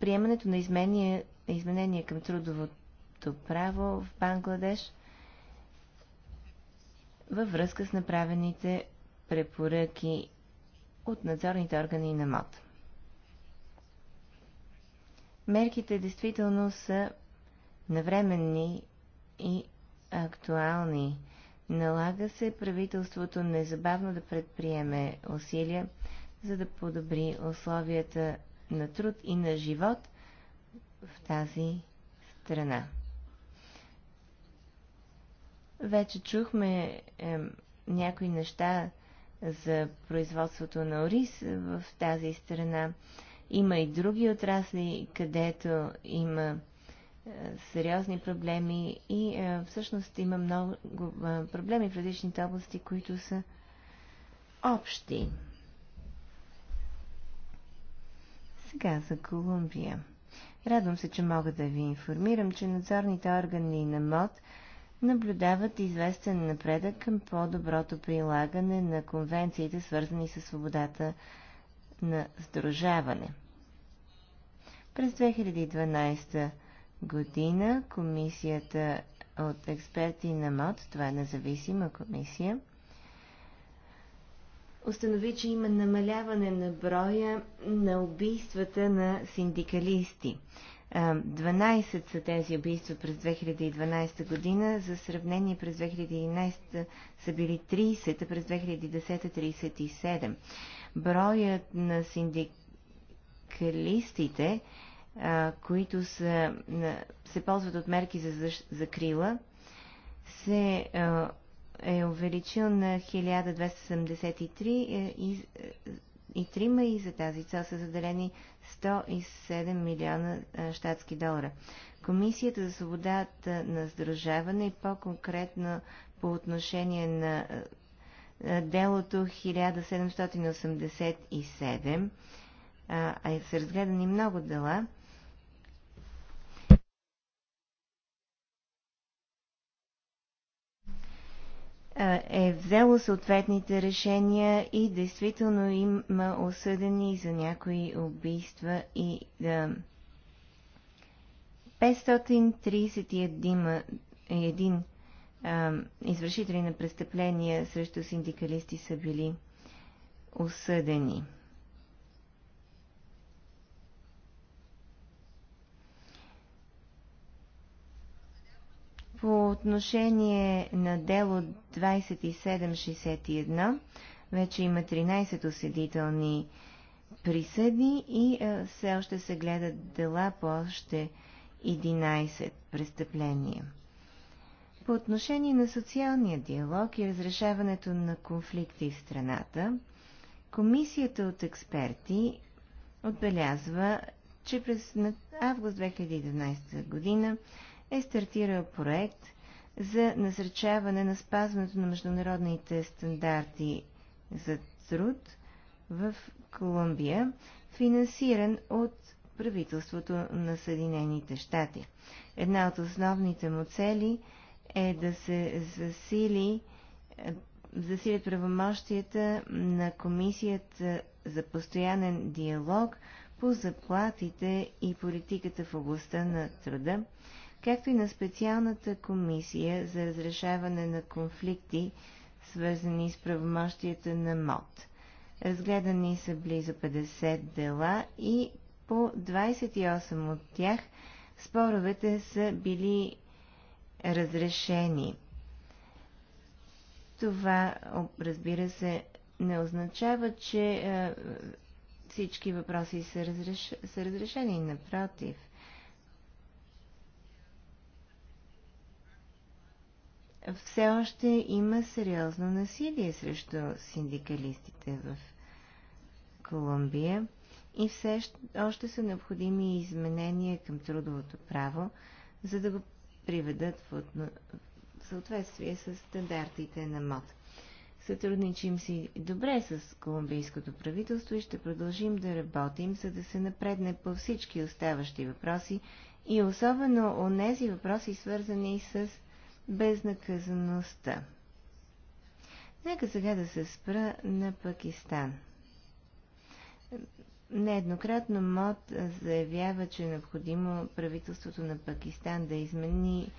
Speaker 3: приемането на изменение, изменение към трудовото право в Бангладеш във връзка с направените препоръки от надзорните органи на МОД. Мерките действително са навременни и актуални. Налага се правителството незабавно да предприеме усилия, за да подобри условията на труд и на живот в тази страна. Вече чухме е, някои неща за производството на ориз в тази страна. Има и други отрасли, където има е, сериозни проблеми и е, всъщност има много е, проблеми в различните области, които са общи. Сега за Колумбия. Радвам се, че мога да ви информирам, че надзорните органи на МОД наблюдават известен напредък към по-доброто прилагане на конвенциите, свързани с свободата на сдружаване. През 2012 година комисията от експерти на МОД, това е независима комисия, установи, че има намаляване на броя на убийствата на синдикалисти. 12 са тези убийства през 2012 година, за сравнение през 2011 са били 30, а през 2010 37. Броят на синдикалистите които са, се ползват от мерки за закрила, се е увеличил на 1273 и, е, е, и трима и за тази цел са заделени 107 милиона щатски долара. Комисията за свободата на сдружаване и по-конкретно по отношение на делото 1787, а, а са разгледани много дела, Е, е взело съответните решения и действително има осъдени за някои убийства и е, да, 531 е, извършители на престъпления срещу синдикалисти са били осъдени. По отношение на дело 2761, вече има 13 осъдителни присъди и все още се гледат дела по още 11 престъпления. По отношение на социалния диалог и разрешаването на конфликти в страната, комисията от експерти отбелязва, че през август 2011 година е стартирал проект за насречаване на спазването на международните стандарти за труд в Колумбия, финансиран от правителството на Съединените щати. Една от основните му цели е да се засили, засилят правомощията на Комисията за постоянен диалог по заплатите и политиката в областта на труда, както и на специалната комисия за разрешаване на конфликти, свързани с правомощията на МОД. Разгледани са близо 50 дела и по 28 от тях споровете са били разрешени. Това, разбира се, не означава, че е, всички въпроси са, разреш... са разрешени. Напротив, все още има сериозно насилие срещу синдикалистите в Колумбия и все още са необходими изменения към трудовото право, за да го приведат в, съответствие с стандартите на МОД. Сътрудничим си добре с колумбийското правителство и ще продължим да работим, за да се напредне по всички оставащи въпроси и особено онези въпроси, свързани с безнаказаността. Нека сега да се спра на Пакистан. Нееднократно МОД заявява, че е необходимо правителството на Пакистан да измени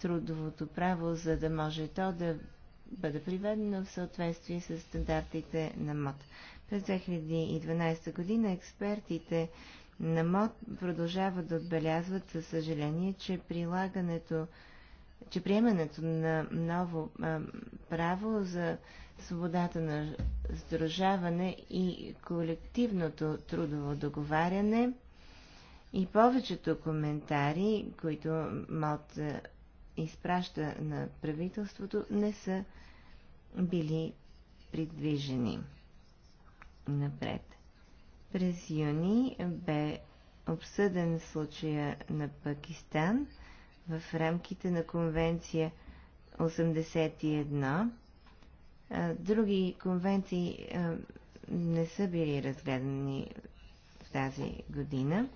Speaker 3: трудовото право, за да може то да бъде приведено в съответствие с стандартите на МОД. През 2012 година експертите на МОД продължават да отбелязват със съжаление, че прилагането че приемането на ново а, право за свободата на сдружаване и колективното трудово договаряне и повечето коментари, които МОД изпраща на правителството, не са били придвижени напред. През юни бе обсъден случая на Пакистан – в рамките на конвенция 81. Други конвенции не са били разгледани в тази година.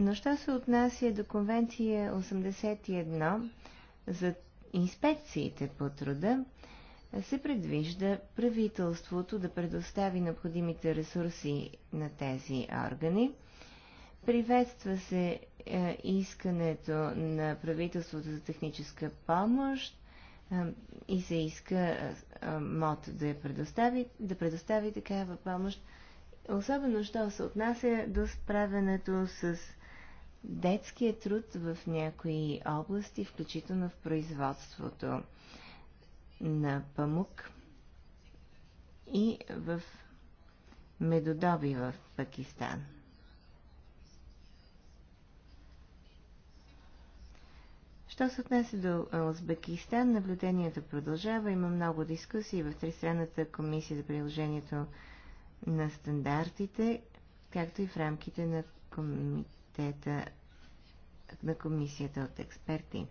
Speaker 3: Но що се отнася до конвенция 81 за инспекциите по труда, се предвижда правителството да предостави необходимите ресурси на тези органи – Приветства се е, искането на правителството за техническа помощ е, и се иска е, е МОД да, я предостави, да предостави такава помощ, особено що се отнася до справянето с детския труд в някои области, включително в производството на памук и в медодоби в Пакистан. Що се отнесе до Узбекистан, наблюдението продължава. Има много дискусии в Тристранната комисия за приложението на стандартите, както и в рамките на комитета на комисията от експерти.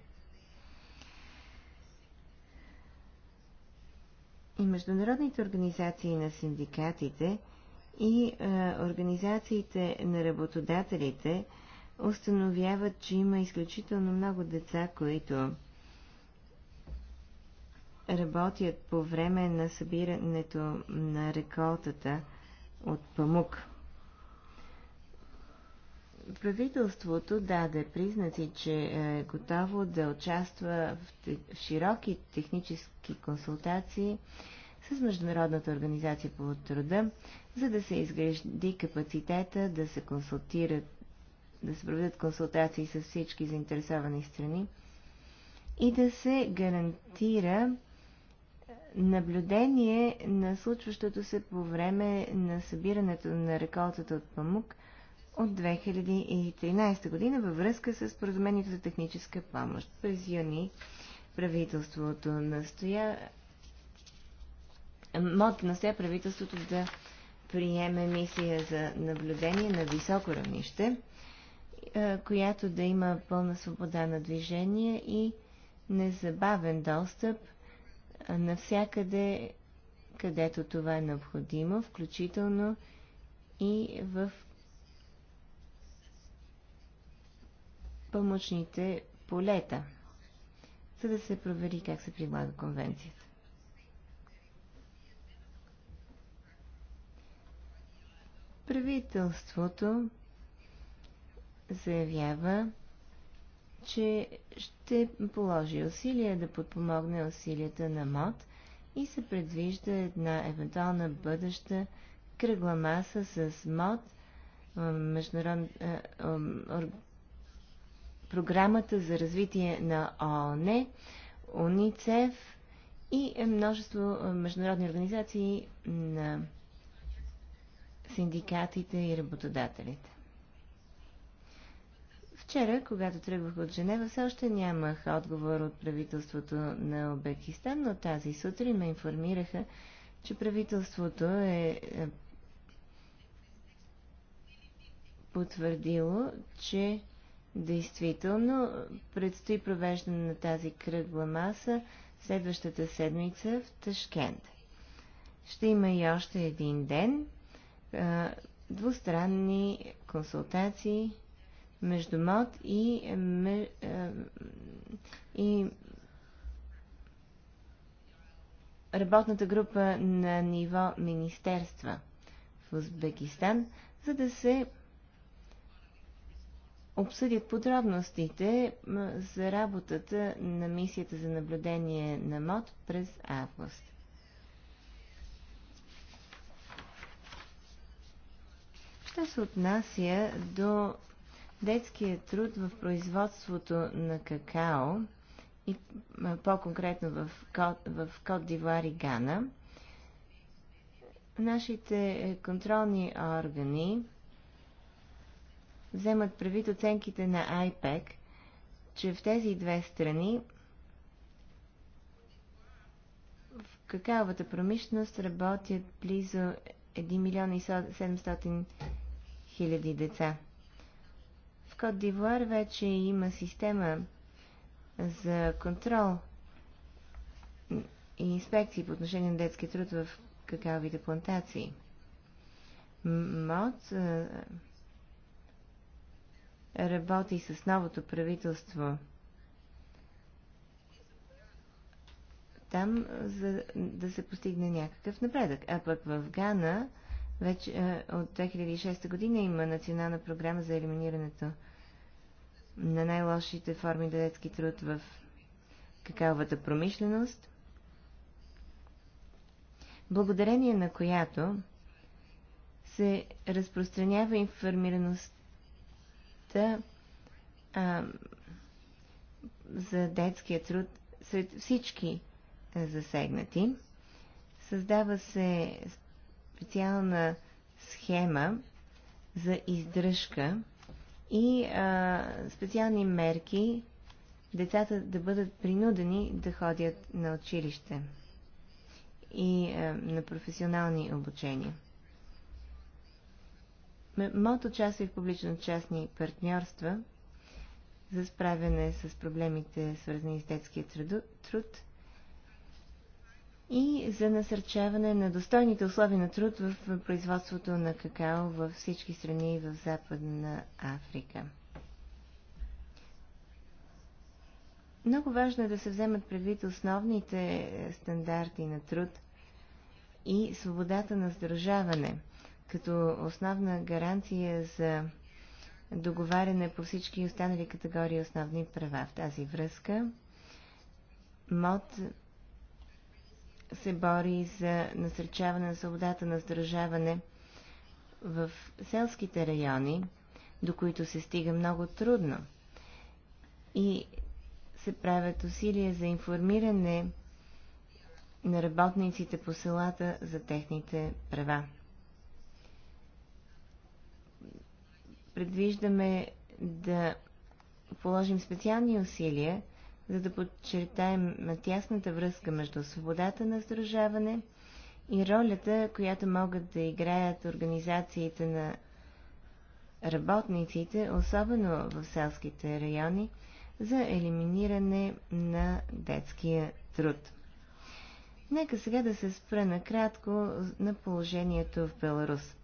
Speaker 3: И международните организации на синдикатите и е, организациите на работодателите – установяват, че има изключително много деца, които работят по време на събирането на реколтата от памук. Правителството даде признаци, че е готово да участва в, широки технически консултации с Международната организация по труда, за да се изгради капацитета да се консултират да се проведат консултации с всички заинтересовани страни и да се гарантира наблюдение на случващото се по време на събирането на реколтата от памук от 2013 година във връзка с поразумението за техническа помощ. През юни правителството настоя... МОД настоя правителството да приеме мисия за наблюдение на високо равнище – е, която да има пълна свобода на движение и незабавен достъп навсякъде, където това е необходимо, включително и в помощните полета, за да се провери как се прилага конвенцията. Правителството заявява, че ще положи усилия да подпомогне усилията на МОД и се предвижда една евентуална бъдеща кръгла маса с МОД, международ... програмата за развитие на ООН, УНИЦЕФ и множество международни организации на синдикатите и работодателите. Вчера, когато тръгвах от Женева, все още нямах отговор от правителството на Обекистан, но тази сутрин ме информираха, че правителството е, е потвърдило, че действително предстои провеждане на тази кръгла маса следващата седмица в Ташкент. Ще има и още един ден двустранни консултации между МОД и, е, е, и работната група на ниво министерства в Узбекистан, за да се обсъдят подробностите за работата на мисията за наблюдение на МОД през август. Що се отнася до Детският труд в производството на какао и по-конкретно в, Кот, Дивуар и Гана, нашите е, контролни органи вземат правит оценките на IPEC, че в тези две страни в какаовата промишленост работят близо 1 милион и 700 хиляди деца. Кот Дивуар вече има система за контрол и инспекции по отношение на детски труд в какаовите плантации. МОД работи с новото правителство там, за да се постигне някакъв напредък. А пък в Гана вече е, от 2006 година има национална програма за елиминирането на най-лошите форми на детски труд в какаовата промишленост, благодарение на която се разпространява информираността а, за детския труд сред всички засегнати. Създава се специална схема за издръжка и а, специални мерки децата да бъдат принудени да ходят на училище и а, на професионални обучения. Моето участие в публично-частни партньорства за справяне с проблемите, свързани с детския труд, и за насърчаване на достойните условия на труд в производството на какао във всички страни в Западна Африка. Много важно е да се вземат предвид основните стандарти на труд и свободата на сдружаване, като основна гаранция за договаряне по всички останали категории основни права. В тази връзка МОД се бори за насърчаване на свободата на сдружаване в селските райони, до които се стига много трудно. И се правят усилия за информиране на работниците по селата за техните права. Предвиждаме да положим специални усилия за да подчертаем тясната връзка между свободата на сдружаване и ролята, която могат да играят организациите на работниците, особено в селските райони, за елиминиране на детския труд. Нека сега да се спра накратко на положението в Беларус.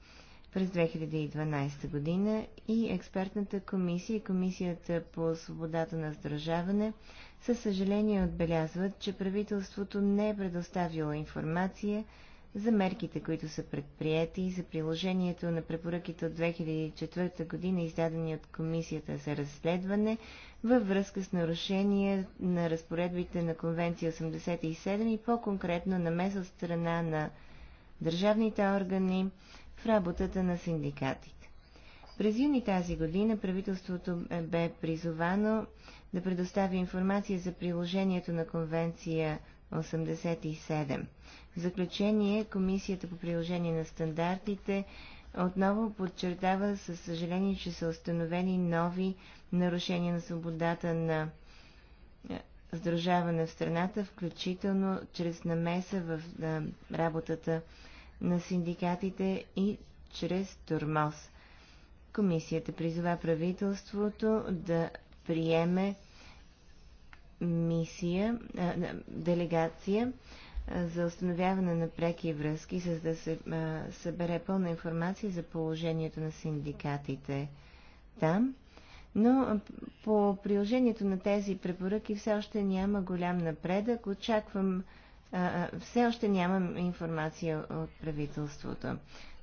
Speaker 3: През 2012 година и експертната комисия комисията по свободата на сдържаване със съжаление отбелязват, че правителството не е предоставило информация за мерките, които са предприяти и за приложението на препоръките от 2004 година, издадени от Комисията за разследване във връзка с нарушение на разпоредбите на Конвенция 87 и по-конкретно на от страна на държавните органи в работата на синдикати. През юни тази година правителството е, бе призовано да предостави информация за приложението на конвенция 87. В заключение, Комисията по приложение на стандартите отново подчертава със съжаление, че са установени нови нарушения на свободата на е, сдружаване в страната, включително чрез намеса в е, работата на синдикатите и чрез турмоз. Комисията призова правителството да приеме мисия, делегация за установяване на преки връзки, за да се събере пълна информация за положението на синдикатите там. Но по приложението на тези препоръки все още няма голям напредък. Очаквам, все още нямам информация от правителството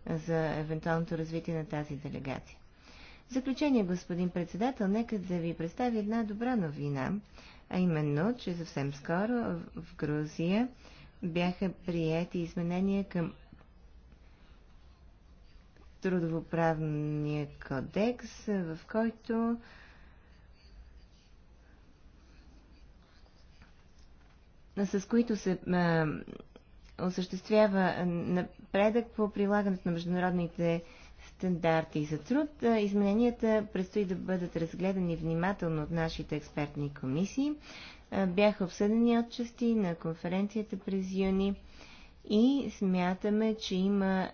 Speaker 3: за евентуалното развитие на тази делегация. В заключение, господин председател, нека да ви представя една добра новина, а именно, че съвсем скоро в Грузия бяха приети изменения към трудовоправния кодекс, в който с които се а, осъществява напредък по прилагането на международните стандарти за труд. Измененията предстои да бъдат разгледани внимателно от нашите експертни комисии. Бяха обсъдени отчасти на конференцията през юни и смятаме, че има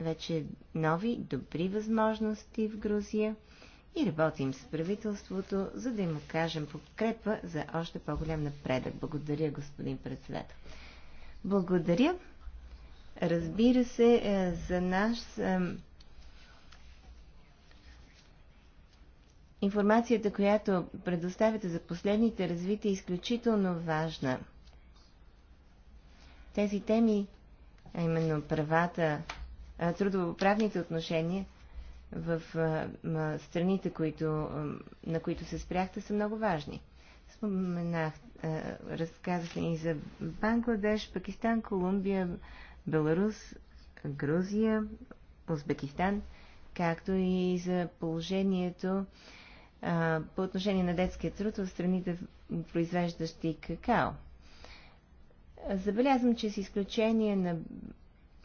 Speaker 3: вече нови, добри възможности в Грузия и работим с правителството, за да им окажем подкрепа за още по-голям напредък. Благодаря, господин председател. Благодаря. Разбира се, е, за нас е, информацията, която предоставяте за последните развития е изключително важна. Тези теми, а именно правата, трудовоправните отношения в страните, които, на които се спряхте, са много важни. Споменах, разказах и за Бангладеш, Пакистан, Колумбия, Беларус, Грузия, Узбекистан, както и за положението а, по отношение на детския труд в страните, произвеждащи какао. Забелязвам, че с изключение на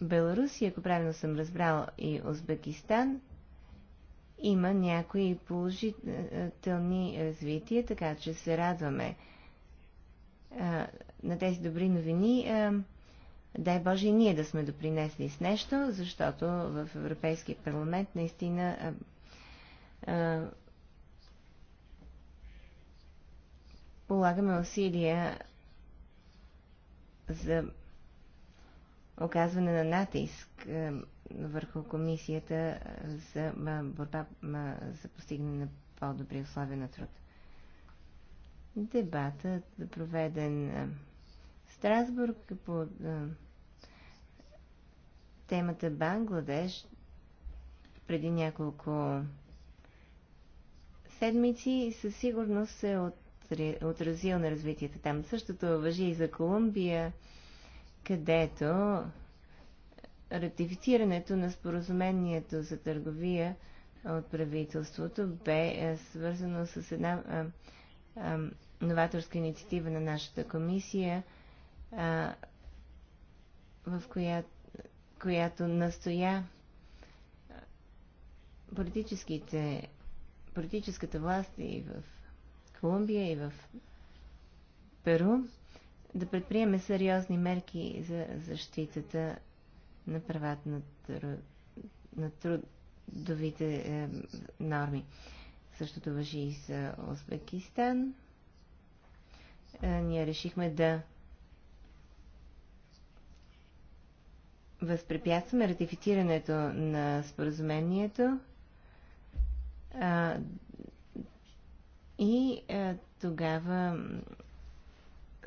Speaker 3: Беларус и, ако правилно съм разбрал, и Узбекистан, има някои положителни развития, така че се радваме а, на тези добри новини. А, дай Боже и ние да сме допринесли с нещо, защото в Европейския парламент наистина а, а, полагаме усилия за оказване на натиск а, върху комисията за а, борба а, за постигане на по-добри условия на труд. Дебатът, проведен в Страсбург по темата Бангладеш преди няколко седмици със сигурност се отразил на развитието там. Същото въжи и за Колумбия, където ратифицирането на споразумението за търговия от правителството бе е, свързано с една а, а, новаторска инициатива на нашата комисия, а, в която която настоя политическите, политическата власт и в Колумбия, и в Перу да предприеме сериозни мерки за защитата на правата на, тру... на трудовите е, норми. Същото въжи и за Узбекистан. Е, ние решихме да възпрепятстваме ратифицирането на споразумението а, и а, тогава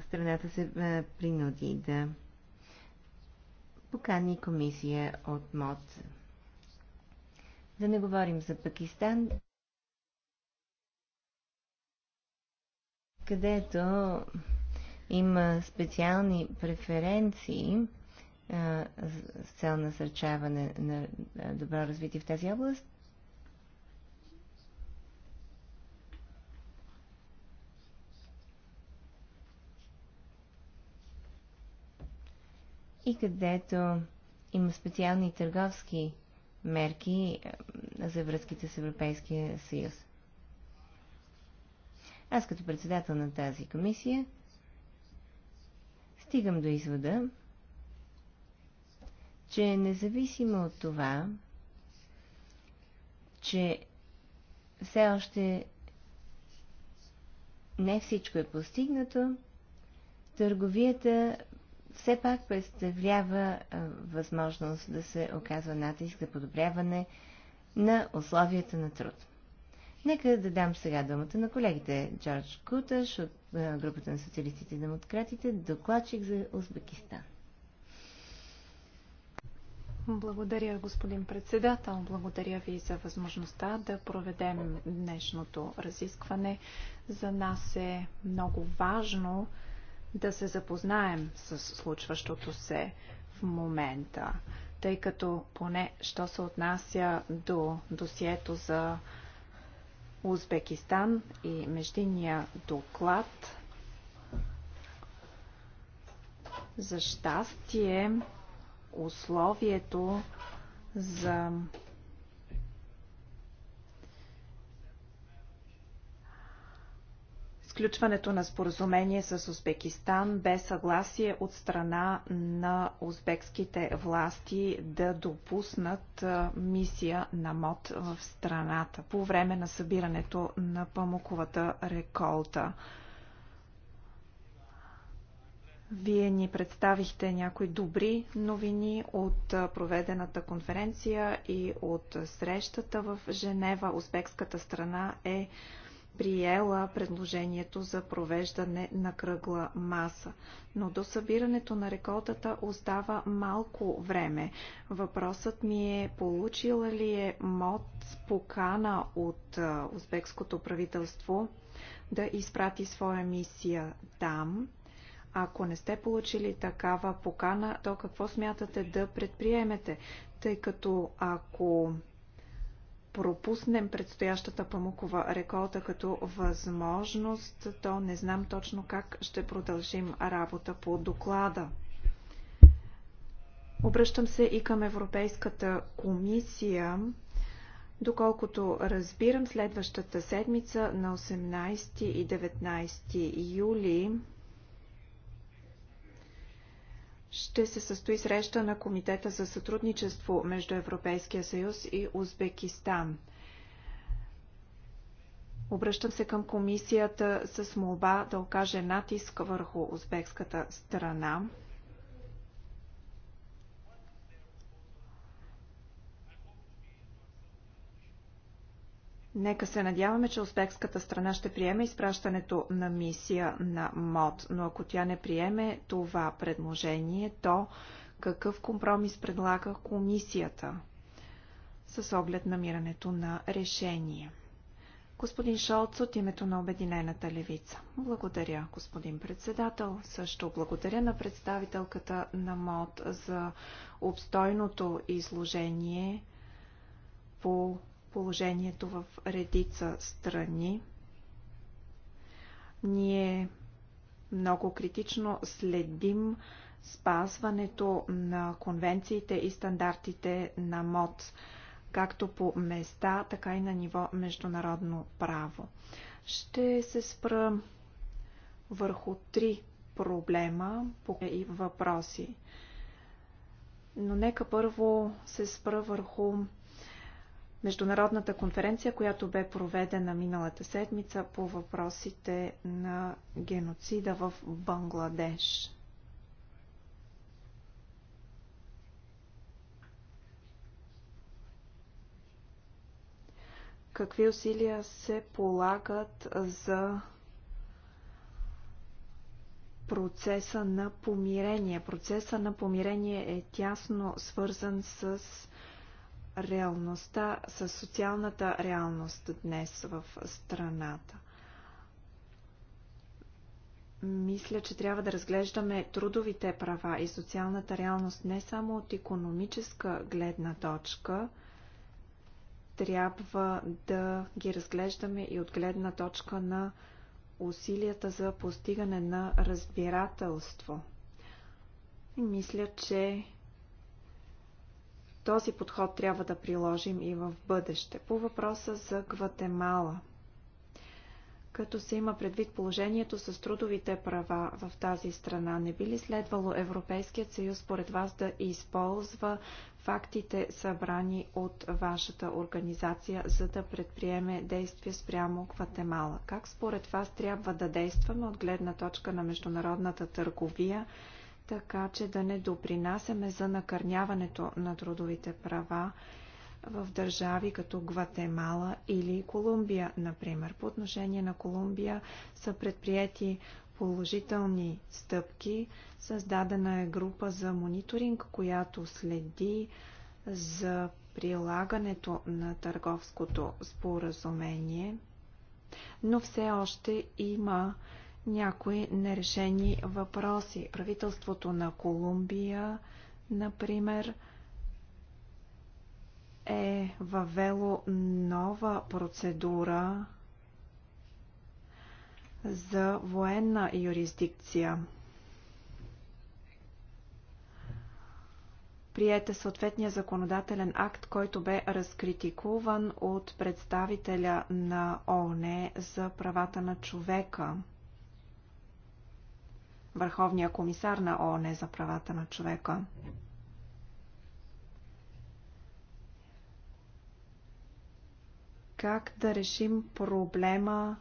Speaker 3: страната се а, принуди да покани комисия от МОД. Да не говорим за Пакистан, където има специални преференции с цел насърчаване на добро развитие в тази област. И където има специални търговски мерки за връзките с Европейския съюз. Аз като председател на тази комисия стигам до извода, че независимо от това, че все още не всичко е постигнато, търговията все пак представлява а, възможност да се оказва натиск за подобряване на условията на труд. Нека да дам сега думата на колегите Джордж Куташ от а, групата на социалистите и демократите, докладчик за Узбекистан.
Speaker 5: Благодаря, господин председател. Благодаря ви за възможността да проведем днешното разискване. За нас е много важно да се запознаем с случващото се в момента, тъй като поне, що се отнася до досието за Узбекистан и междинния доклад, за щастие, условието за сключването на споразумение с Узбекистан бе съгласие от страна на узбекските власти да допуснат мисия на МОД в страната по време на събирането на памуковата реколта. Вие ни представихте някои добри новини от проведената конференция и от срещата в Женева. Узбекската страна е приела предложението за провеждане на кръгла маса. Но до събирането на реколтата остава малко време. Въпросът ми е, получила ли е МОД покана от узбекското правителство да изпрати своя мисия там? Ако не сте получили такава покана, то какво смятате да предприемете? Тъй като ако пропуснем предстоящата памукова реколта като възможност, то не знам точно как ще продължим работа по доклада. Обръщам се и към Европейската комисия. Доколкото разбирам, следващата седмица на 18 и 19 юли ще се състои среща на Комитета за сътрудничество между Европейския съюз и Узбекистан. Обръщам се към комисията с молба да окаже натиск върху узбекската страна Нека се надяваме, че узбекската страна ще приеме изпращането на мисия на МОД, но ако тя не приеме това предложение, то какъв компромис предлага комисията с оглед намирането на решение? Господин Шолц от името на Обединената левица. Благодаря, господин председател. Също благодаря на представителката на МОД за обстойното изложение по положението в редица страни. Ние много критично следим спазването на конвенциите и стандартите на МОД, както по места, така и на ниво международно право. Ще се спра върху три проблема и въпроси. Но нека първо се спра върху международната конференция, която бе проведена миналата седмица по въпросите на геноцида в Бангладеш. Какви усилия се полагат за процеса на помирение? Процеса на помирение е тясно свързан с реалността, с социалната реалност днес в страната. Мисля, че трябва да разглеждаме трудовите права и социалната реалност не само от економическа гледна точка, трябва да ги разглеждаме и от гледна точка на усилията за постигане на разбирателство. И мисля, че този подход трябва да приложим и в бъдеще. По въпроса за Гватемала. Като се има предвид положението с трудовите права в тази страна, не би ли следвало Европейският съюз според вас да използва фактите събрани от вашата организация, за да предприеме действия спрямо Гватемала? Как според вас трябва да действаме от гледна точка на международната търговия така че да не допринасяме за накърняването на трудовите права в държави като Гватемала или Колумбия, например. По отношение на Колумбия са предприяти положителни стъпки. Създадена е група за мониторинг, която следи за прилагането на търговското споразумение, но все още има някои нерешени въпроси. Правителството на Колумбия, например, е въвело нова процедура за военна юрисдикция. Приете съответния законодателен акт, който бе разкритикуван от представителя на ООН за правата на човека – Върховния комисар на ООН за правата на човека. Как да решим проблема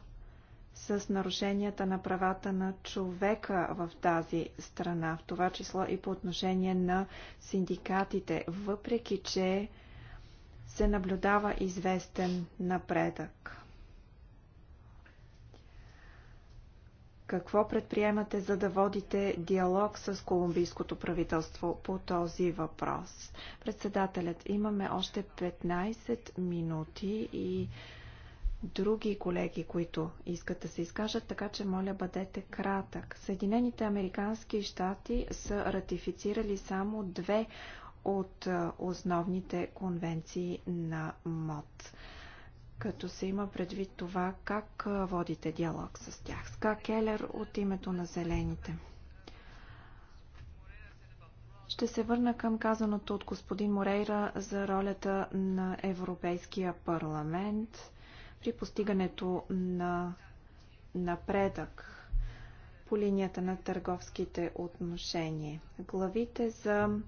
Speaker 5: с нарушенията на правата на човека в тази страна, в това число и по отношение на синдикатите, въпреки че се наблюдава известен напредък. Какво предприемате, за да водите диалог с колумбийското правителство по този въпрос? Председателят, имаме още 15 минути и други колеги, които искат да се изкажат, така че моля бъдете кратък. Съединените Американски щати са ратифицирали само две от основните конвенции на МОД като се има предвид това как водите диалог с тях. Ска Келер от името на Зелените. Ще се върна към казаното от господин Морейра за ролята на Европейския парламент при постигането на напредък по линията на търговските отношения. Главите за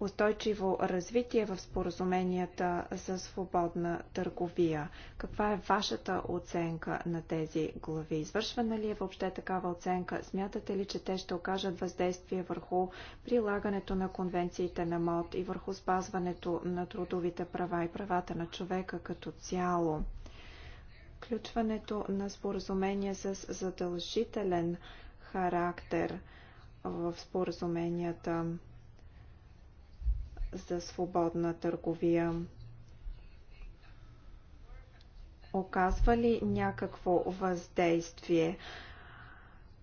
Speaker 5: устойчиво развитие в споразуменията за свободна търговия. Каква е вашата оценка на тези глави? Извършвана ли е въобще такава оценка? Смятате ли, че те ще окажат въздействие върху прилагането на конвенциите на МОД и върху спазването на трудовите права и правата на човека като цяло? Включването на споразумения с задължителен характер в споразуменията за свободна търговия? Оказва ли някакво въздействие?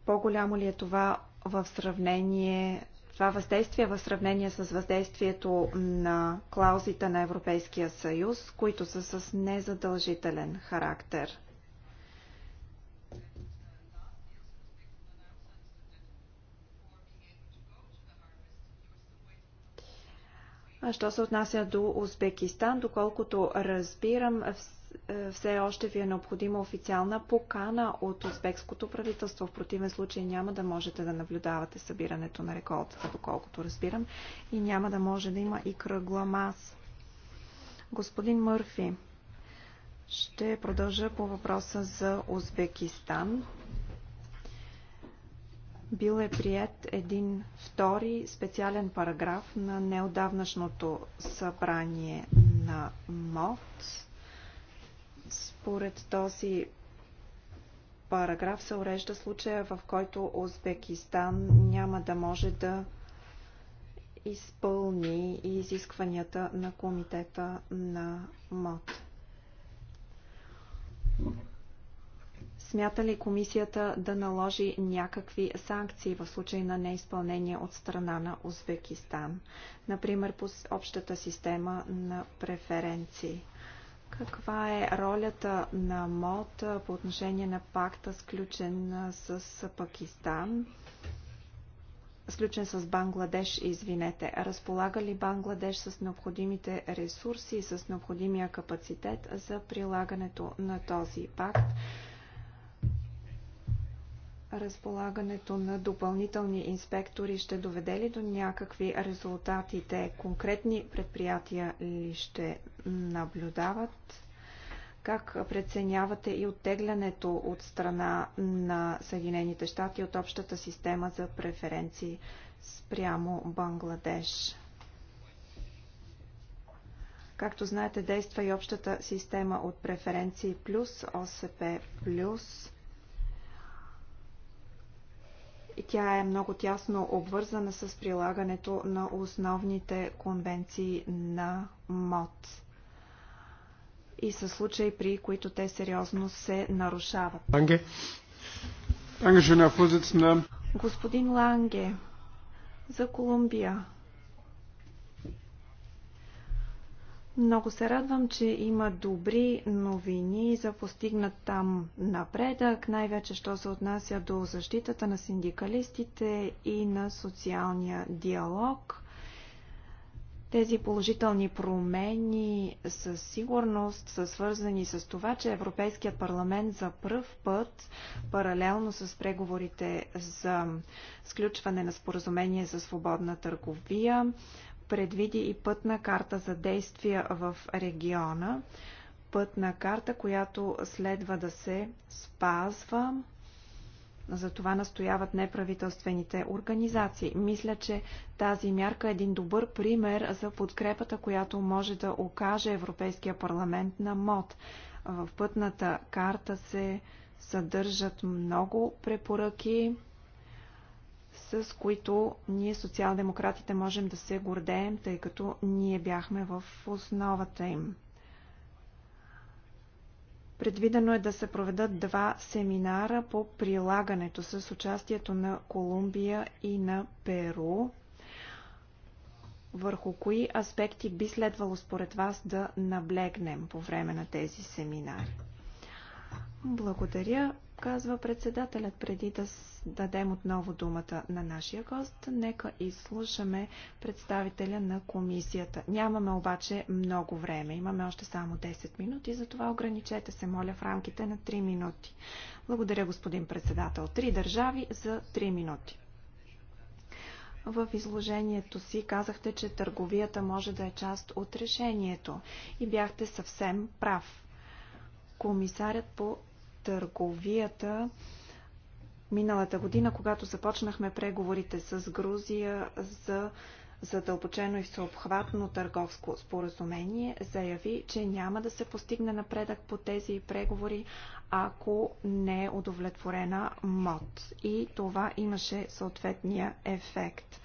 Speaker 5: По-голямо ли е това в сравнение това въздействие в сравнение с въздействието на клаузите на Европейския съюз, които са с незадължителен характер. що се отнася до Узбекистан, доколкото разбирам, е, все още ви е необходима официална покана от узбекското правителство. В противен случай няма да можете да наблюдавате събирането на реколтата, доколкото разбирам, и няма да може да има и кръгла мас. Господин Мърфи, ще продължа по въпроса за Узбекистан бил е прият един втори специален параграф на неодавнашното събрание на МОД. Според този параграф се урежда случая, в който Узбекистан няма да може да изпълни изискванията на комитета на МОД. Смята ли комисията да наложи някакви санкции в случай на неизпълнение от страна на Узбекистан? Например, по общата система на преференции. Каква е ролята на МОД по отношение на пакта, сключен с Пакистан? сключен с Бангладеш, извинете. Разполага ли Бангладеш с необходимите ресурси и с необходимия капацитет за прилагането на този пакт? разполагането на допълнителни инспектори ще доведе ли до някакви резултати? Те конкретни предприятия ли ще наблюдават? Как преценявате и оттеглянето от страна на Съединените щати от общата система за преференции спрямо Бангладеш? Както знаете, действа и общата система от преференции плюс, ОСП плюс тя е много тясно обвързана с прилагането на основните конвенции на МОД и са случаи, при които те сериозно се нарушават.
Speaker 1: Ланге. Ланге,
Speaker 5: Господин Ланге, за Колумбия. Много се радвам, че има добри новини за постигнат там напредък, най-вече що се отнася до защитата на синдикалистите и на социалния диалог. Тези положителни промени със сигурност са свързани с това, че Европейският парламент за пръв път, паралелно с преговорите за сключване на споразумение за свободна търговия, предвиди и пътна карта за действия в региона. Пътна карта, която следва да се спазва. За това настояват неправителствените организации. Мисля, че тази мярка е един добър пример за подкрепата, която може да окаже Европейския парламент на МОД. В пътната карта се съдържат много препоръки, с които ние социал-демократите можем да се гордеем, тъй като ние бяхме в основата им. Предвидено е да се проведат два семинара по прилагането с участието на Колумбия и на Перу. Върху кои аспекти би следвало според вас да наблегнем по време на тези семинари? Благодаря казва председателят. Преди да дадем отново думата на нашия гост, нека изслушаме представителя на комисията. Нямаме обаче много време. Имаме още само 10 минути, затова ограничете се, моля, в рамките на 3 минути. Благодаря, господин председател. Три държави за 3 минути. В изложението си казахте, че търговията може да е част от решението и бяхте съвсем прав. Комисарят по търговията. Миналата година, когато започнахме преговорите с Грузия за задълбочено и всеобхватно търговско споразумение, заяви, че няма да се постигне напредък по тези преговори, ако не е удовлетворена МОД. И това имаше съответния ефект.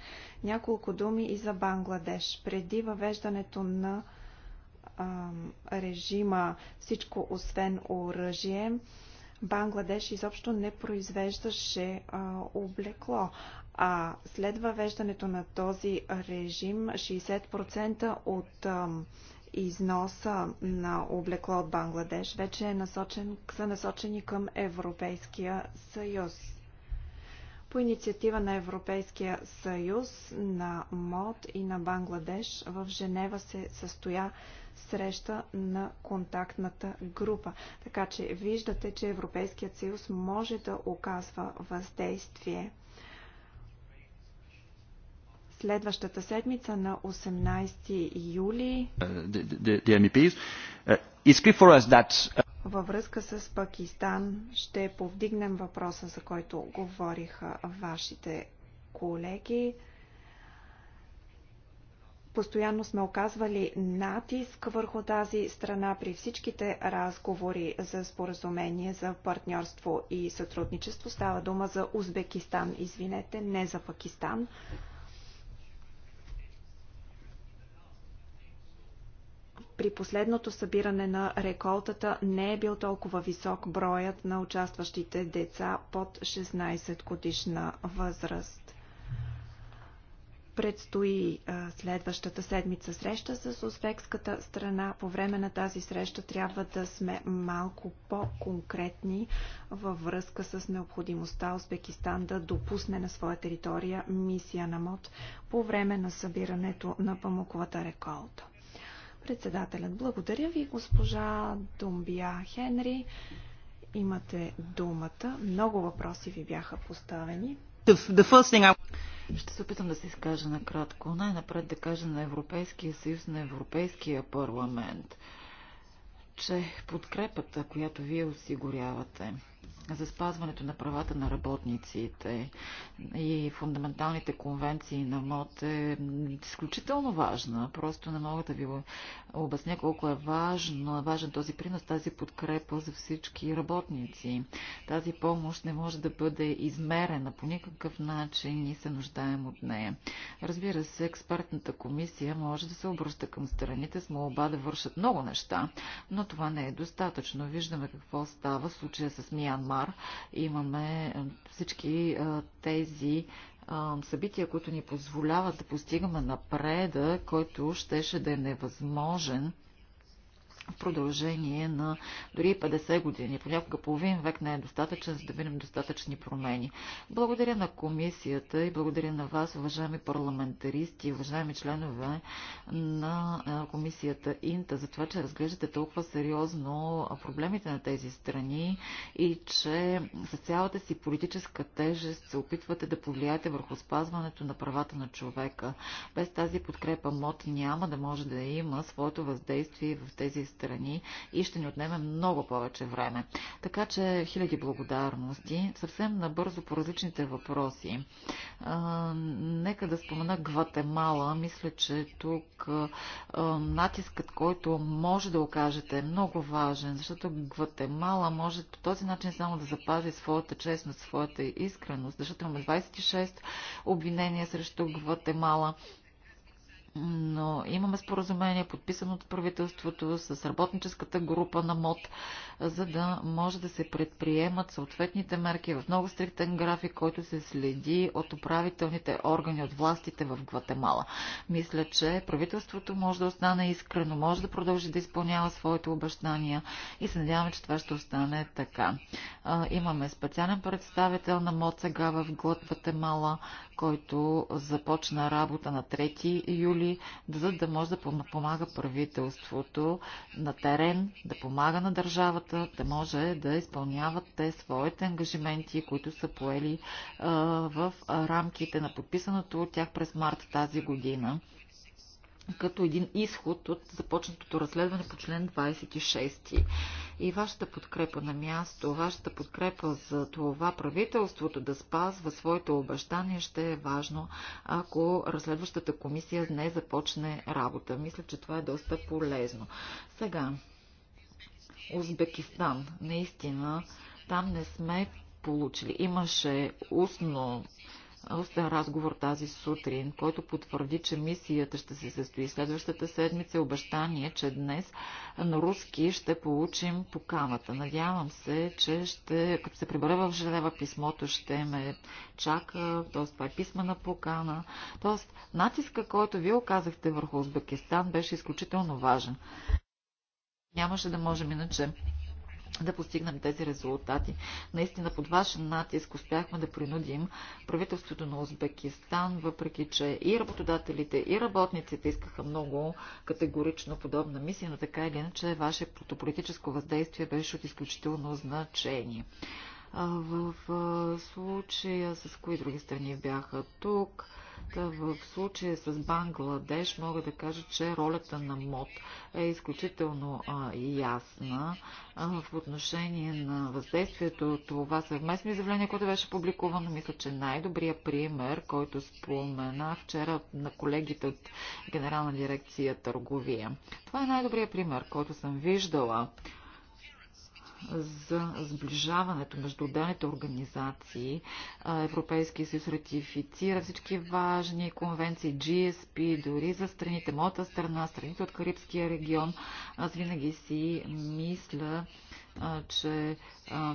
Speaker 5: Няколко думи и за Бангладеш. Преди въвеждането на режима всичко освен оръжие, Бангладеш изобщо не произвеждаше а, облекло. А след въвеждането на този режим 60% от а, износа на облекло от Бангладеш вече е насочен, са насочени към Европейския съюз по инициатива на Европейския съюз, на МОД и на Бангладеш в Женева се състоя среща на контактната група. Така че виждате, че Европейският съюз може да оказва въздействие. Следващата седмица на 18 юли. Uh, the, the, the MEPs. Uh, it's във връзка с Пакистан ще повдигнем въпроса, за който говориха вашите колеги. Постоянно сме оказвали натиск върху тази страна при всичките разговори за споразумение за партньорство и сътрудничество. Става дума за Узбекистан, извинете, не за Пакистан. при последното събиране на реколтата не е бил толкова висок броят на участващите деца под 16 годишна възраст. Предстои следващата седмица среща с узбекската страна. По време на тази среща трябва да сме малко по-конкретни във връзка с необходимостта Узбекистан да допусне на своя територия мисия на МОД по време на събирането на памуковата реколта. Председателят, благодаря ви, госпожа Думбия Хенри. Имате думата. Много въпроси ви бяха поставени.
Speaker 2: Ще се опитам да се изкажа накратко. Най-напред да кажа на Европейския съюз, на Европейския парламент, че подкрепата, която вие осигурявате, за спазването на правата на работниците и фундаменталните конвенции на МОД е изключително важна. Просто не мога да ви обясня колко е важно, важен този принос, тази подкрепа за всички работници. Тази помощ не може да бъде измерена по никакъв начин и се нуждаем от нея. Разбира се, експертната комисия може да се обръща към страните с молба да вършат много неща, но това не е достатъчно. Виждаме какво става в случая с Миянма пазар. Имаме всички тези събития, които ни позволяват да постигаме напреда, който щеше да е невъзможен в продължение на дори 50 години. Понякога половин век не е достатъчен, за да видим достатъчни промени. Благодаря на комисията и благодаря на вас, уважаеми парламентаристи, уважаеми членове на комисията Инта, за това, че разглеждате толкова сериозно проблемите на тези страни и че с цялата си политическа тежест се опитвате да повлияете върху спазването на правата на човека. Без тази подкрепа МОД няма да може да има своето въздействие в тези страни страни и ще ни отнеме много повече време. Така че хиляди благодарности. Съвсем набързо по различните въпроси. А, нека да спомена Гватемала. Мисля, че тук а, натискът, който може да окажете е много важен, защото Гватемала може по този начин само да запази своята честност, своята искреност, защото имаме 26 обвинения срещу Гватемала но имаме споразумение, подписано от правителството, с работническата група на МОД, за да може да се предприемат съответните мерки в много стриктен график, който се следи от управителните органи, от властите в Гватемала. Мисля, че правителството може да остане искрено, може да продължи да изпълнява своите обещания и се надяваме, че това ще остане така. Имаме специален представител на МОД сега в Гватемала, който започна работа на 3 юли ресурси дадат да може да помага правителството на терен, да помага на държавата, да може да изпълняват те своите ангажименти, които са поели а, в рамките на подписаното от тях през март тази година като един изход от започнатото разследване по член 26. И вашата подкрепа на място, вашата подкрепа за това правителството да спазва своите обещания ще е важно, ако разследващата комисия не започне работа. Мисля, че това е доста полезно. Сега, Узбекистан. Наистина, там не сме получили. Имаше устно устен разговор тази сутрин, който потвърди, че мисията ще се състои следващата седмица. Обещание, че днес на руски ще получим поканата. Надявам се, че ще, като се прибера в Женева, писмото ще ме чака, т.е. това е писмена покана. Тоест, натиска, който вие оказахте върху Узбекистан, беше изключително важен. Нямаше да можем иначе да постигнем тези резултати. Наистина под ваш натиск успяхме да принудим правителството на Узбекистан, въпреки че и работодателите, и работниците искаха много категорично подобна мисия, но така или иначе вашето политическо въздействие беше от изключително значение. В случая с кои други страни бяха тук? В случая с Бангладеш мога да кажа, че ролята на МОД е изключително а, ясна а, в отношение на въздействието от това съвместно изявление, което беше публикувано. Мисля, че най-добрият пример, който спомена вчера на колегите от Генерална дирекция търговия. Това е най-добрият пример, който съм виждала за сближаването между отделните организации. Европейския съюз ратифицира всички важни конвенции, GSP, дори за страните, моята страна, страните от Карибския регион. Аз винаги си мисля, че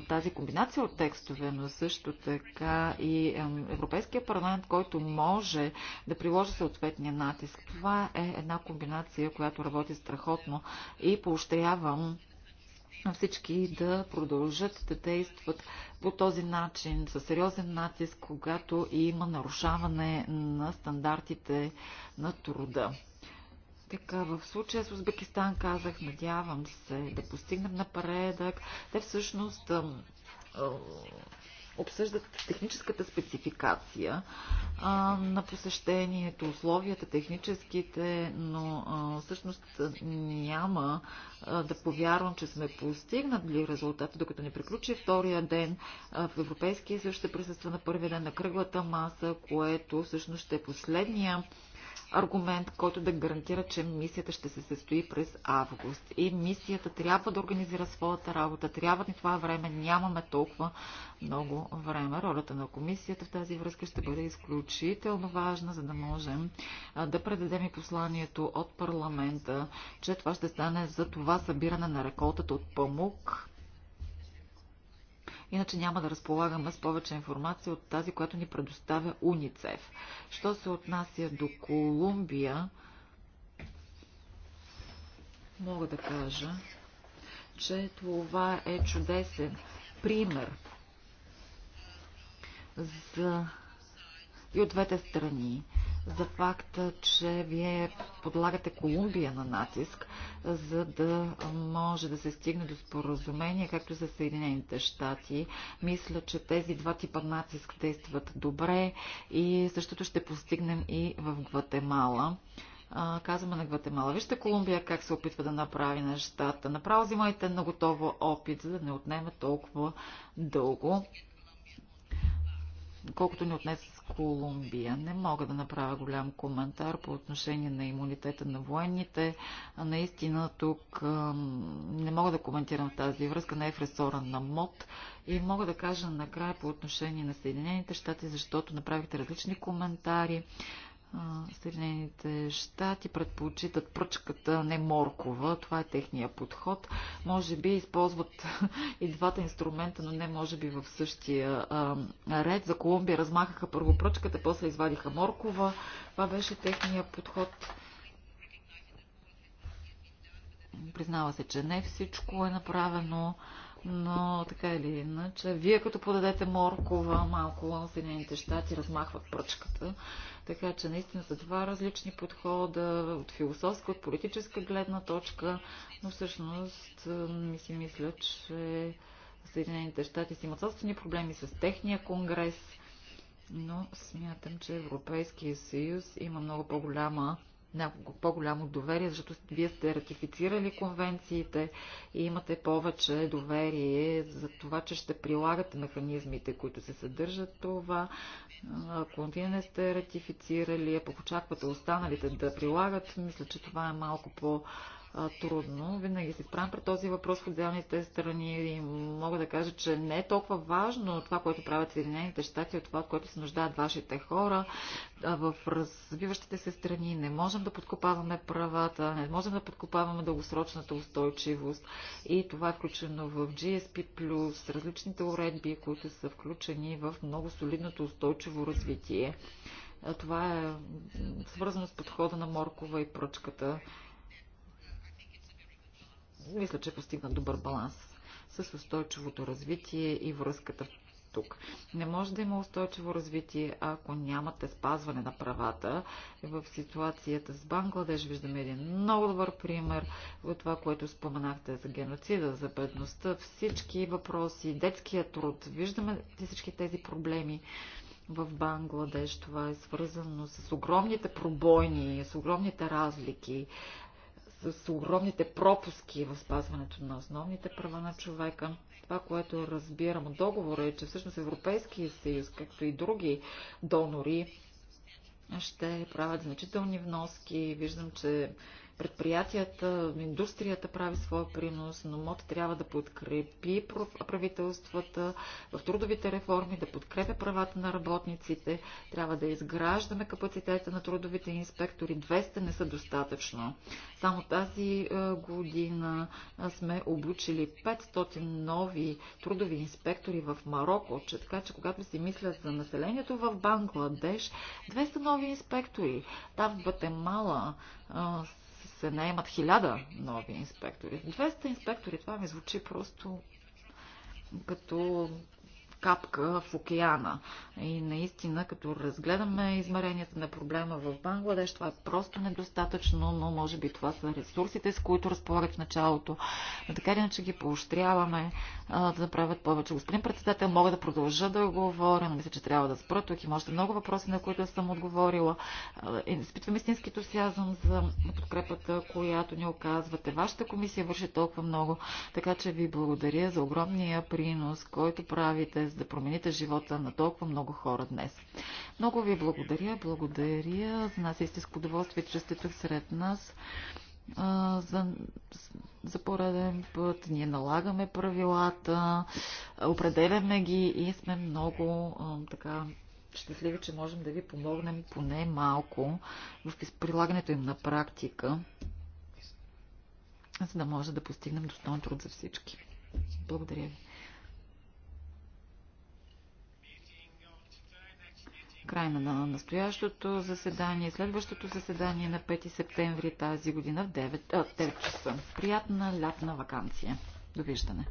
Speaker 2: тази комбинация от текстове, но също така и Европейския парламент, който може да приложи съответния натиск. Това е една комбинация, която работи страхотно и поощрявам на всички да продължат да действат по този начин, със сериозен натиск, когато има нарушаване на стандартите на труда. Така, в случая с Узбекистан казах, надявам се да постигнем напредък. Те всъщност обсъждат техническата спецификация а, на посещението, условията, техническите, но а, всъщност няма а, да повярвам, че сме постигнали резултата, докато не приключи втория ден а, в Европейския съюз ще присъства на първия ден на кръглата маса, което всъщност ще е последния аргумент, който да гарантира, че мисията ще се състои през август. И мисията трябва да организира своята работа, трябва ни това време, нямаме толкова много време. Ролята на комисията в тази връзка ще бъде изключително важна, за да можем да предадем и посланието от парламента, че това ще стане за това събиране на реколтата от памук, Иначе няма да разполагаме с повече информация от тази, която ни предоставя УНИЦЕФ. Що се отнася до Колумбия, мога да кажа, че това е чудесен пример за и от двете страни за факта, че вие подлагате Колумбия на натиск, за да може да се стигне до споразумение, както за Съединените щати. Мисля, че тези два типа натиск действат добре и същото ще постигнем и в Гватемала казваме на Гватемала. Вижте Колумбия как се опитва да направи нещата. Направо взимайте на готово опит, за да не отнеме толкова дълго колкото ни отнес с Колумбия. Не мога да направя голям коментар по отношение на имунитета на военните. Наистина тук не мога да коментирам тази връзка, не е в ресора на МОД. И мога да кажа накрая по отношение на Съединените щати, защото направихте различни коментари. Съединените щати предпочитат пръчката, не моркова. Това е техния подход. Може би използват и двата инструмента, но не може би в същия а, ред. За Колумбия размахаха първо пръчката, после извадиха моркова. Това беше техния подход. Признава се, че не всичко е направено. Но така или иначе, вие като подадете моркова малко, Съединените щати размахват пръчката така че наистина са два различни подхода от философска, от политическа гледна точка, но всъщност ми си мисля, че Съединените щати си имат собствени проблеми с техния конгрес, но смятам, че Европейския съюз има много по-голяма някакво по-голямо доверие, защото вие сте ратифицирали конвенциите и имате повече доверие за това, че ще прилагате механизмите, които се съдържат това. Ако вие не сте ратифицирали, ако очаквате останалите да прилагат, мисля, че това е малко по- а, трудно. Винаги се изправям пред този въпрос в отделните страни и мога да кажа, че не е толкова важно това, което правят Съединените щати, от това, от което се нуждаят вашите хора. А, в развиващите се страни не можем да подкопаваме правата, не можем да подкопаваме дългосрочната устойчивост. И това е включено в GSP+, различните уредби, които са включени в много солидното устойчиво развитие. Това е свързано с подхода на моркова и пръчката мисля, че е постигна добър баланс с устойчивото развитие и връзката тук. Не може да има устойчиво развитие, ако нямате спазване на правата. В ситуацията с Бангладеш виждаме един много добър пример от това, което споменахте за геноцида, за бедността, всички въпроси, детския труд. Виждаме всички тези проблеми в Бангладеш. Това е свързано с огромните пробойни, с огромните разлики с огромните пропуски в спазването на основните права на човека. Това, което разбирам от договора е, че всъщност Европейския съюз, както и други донори, ще правят значителни вноски. Виждам, че предприятията, индустрията прави своя принос, но МОД трябва да подкрепи правителствата в трудовите реформи, да подкрепя правата на работниците, трябва да изграждаме капацитета на трудовите инспектори. 200 не са достатъчно. Само тази е, година сме обучили 500 нови трудови инспектори в Марокко, че така, че когато си мислят за населението в Бангладеш, 200 нови инспектори. Та в е Батемала се наемат хиляда нови инспектори. 200 инспектори, това ми звучи просто като капка в океана. И наистина, като разгледаме измеренията на проблема в Бангладеш, това е просто недостатъчно, но може би това са ресурсите, с които разполагат в началото. Но така или иначе ги поощряваме а, да направят повече. Господин председател, мога да продължа да говоря, но мисля, че трябва да спра тук. Има още много въпроси, на които съм отговорила. Изпитвам истински ентусиазъм за подкрепата, която ни оказвате. Вашата комисия върши толкова много, така че ви благодаря за огромния принос, който правите, за да промените живота на толкова много много хора днес. Много ви благодаря. Благодаря. За нас е истинско удоволствие, че сте тук сред нас. За, за пореден път ние налагаме правилата, определяме ги и сме много така щастливи, че можем да ви помогнем поне малко в прилагането им на практика, за да може да постигнем достоен труд за всички. Благодаря ви. край на настоящото заседание, следващото заседание на 5 септември тази година в 9, 9 часа. Приятна лятна вакансия. Довиждане.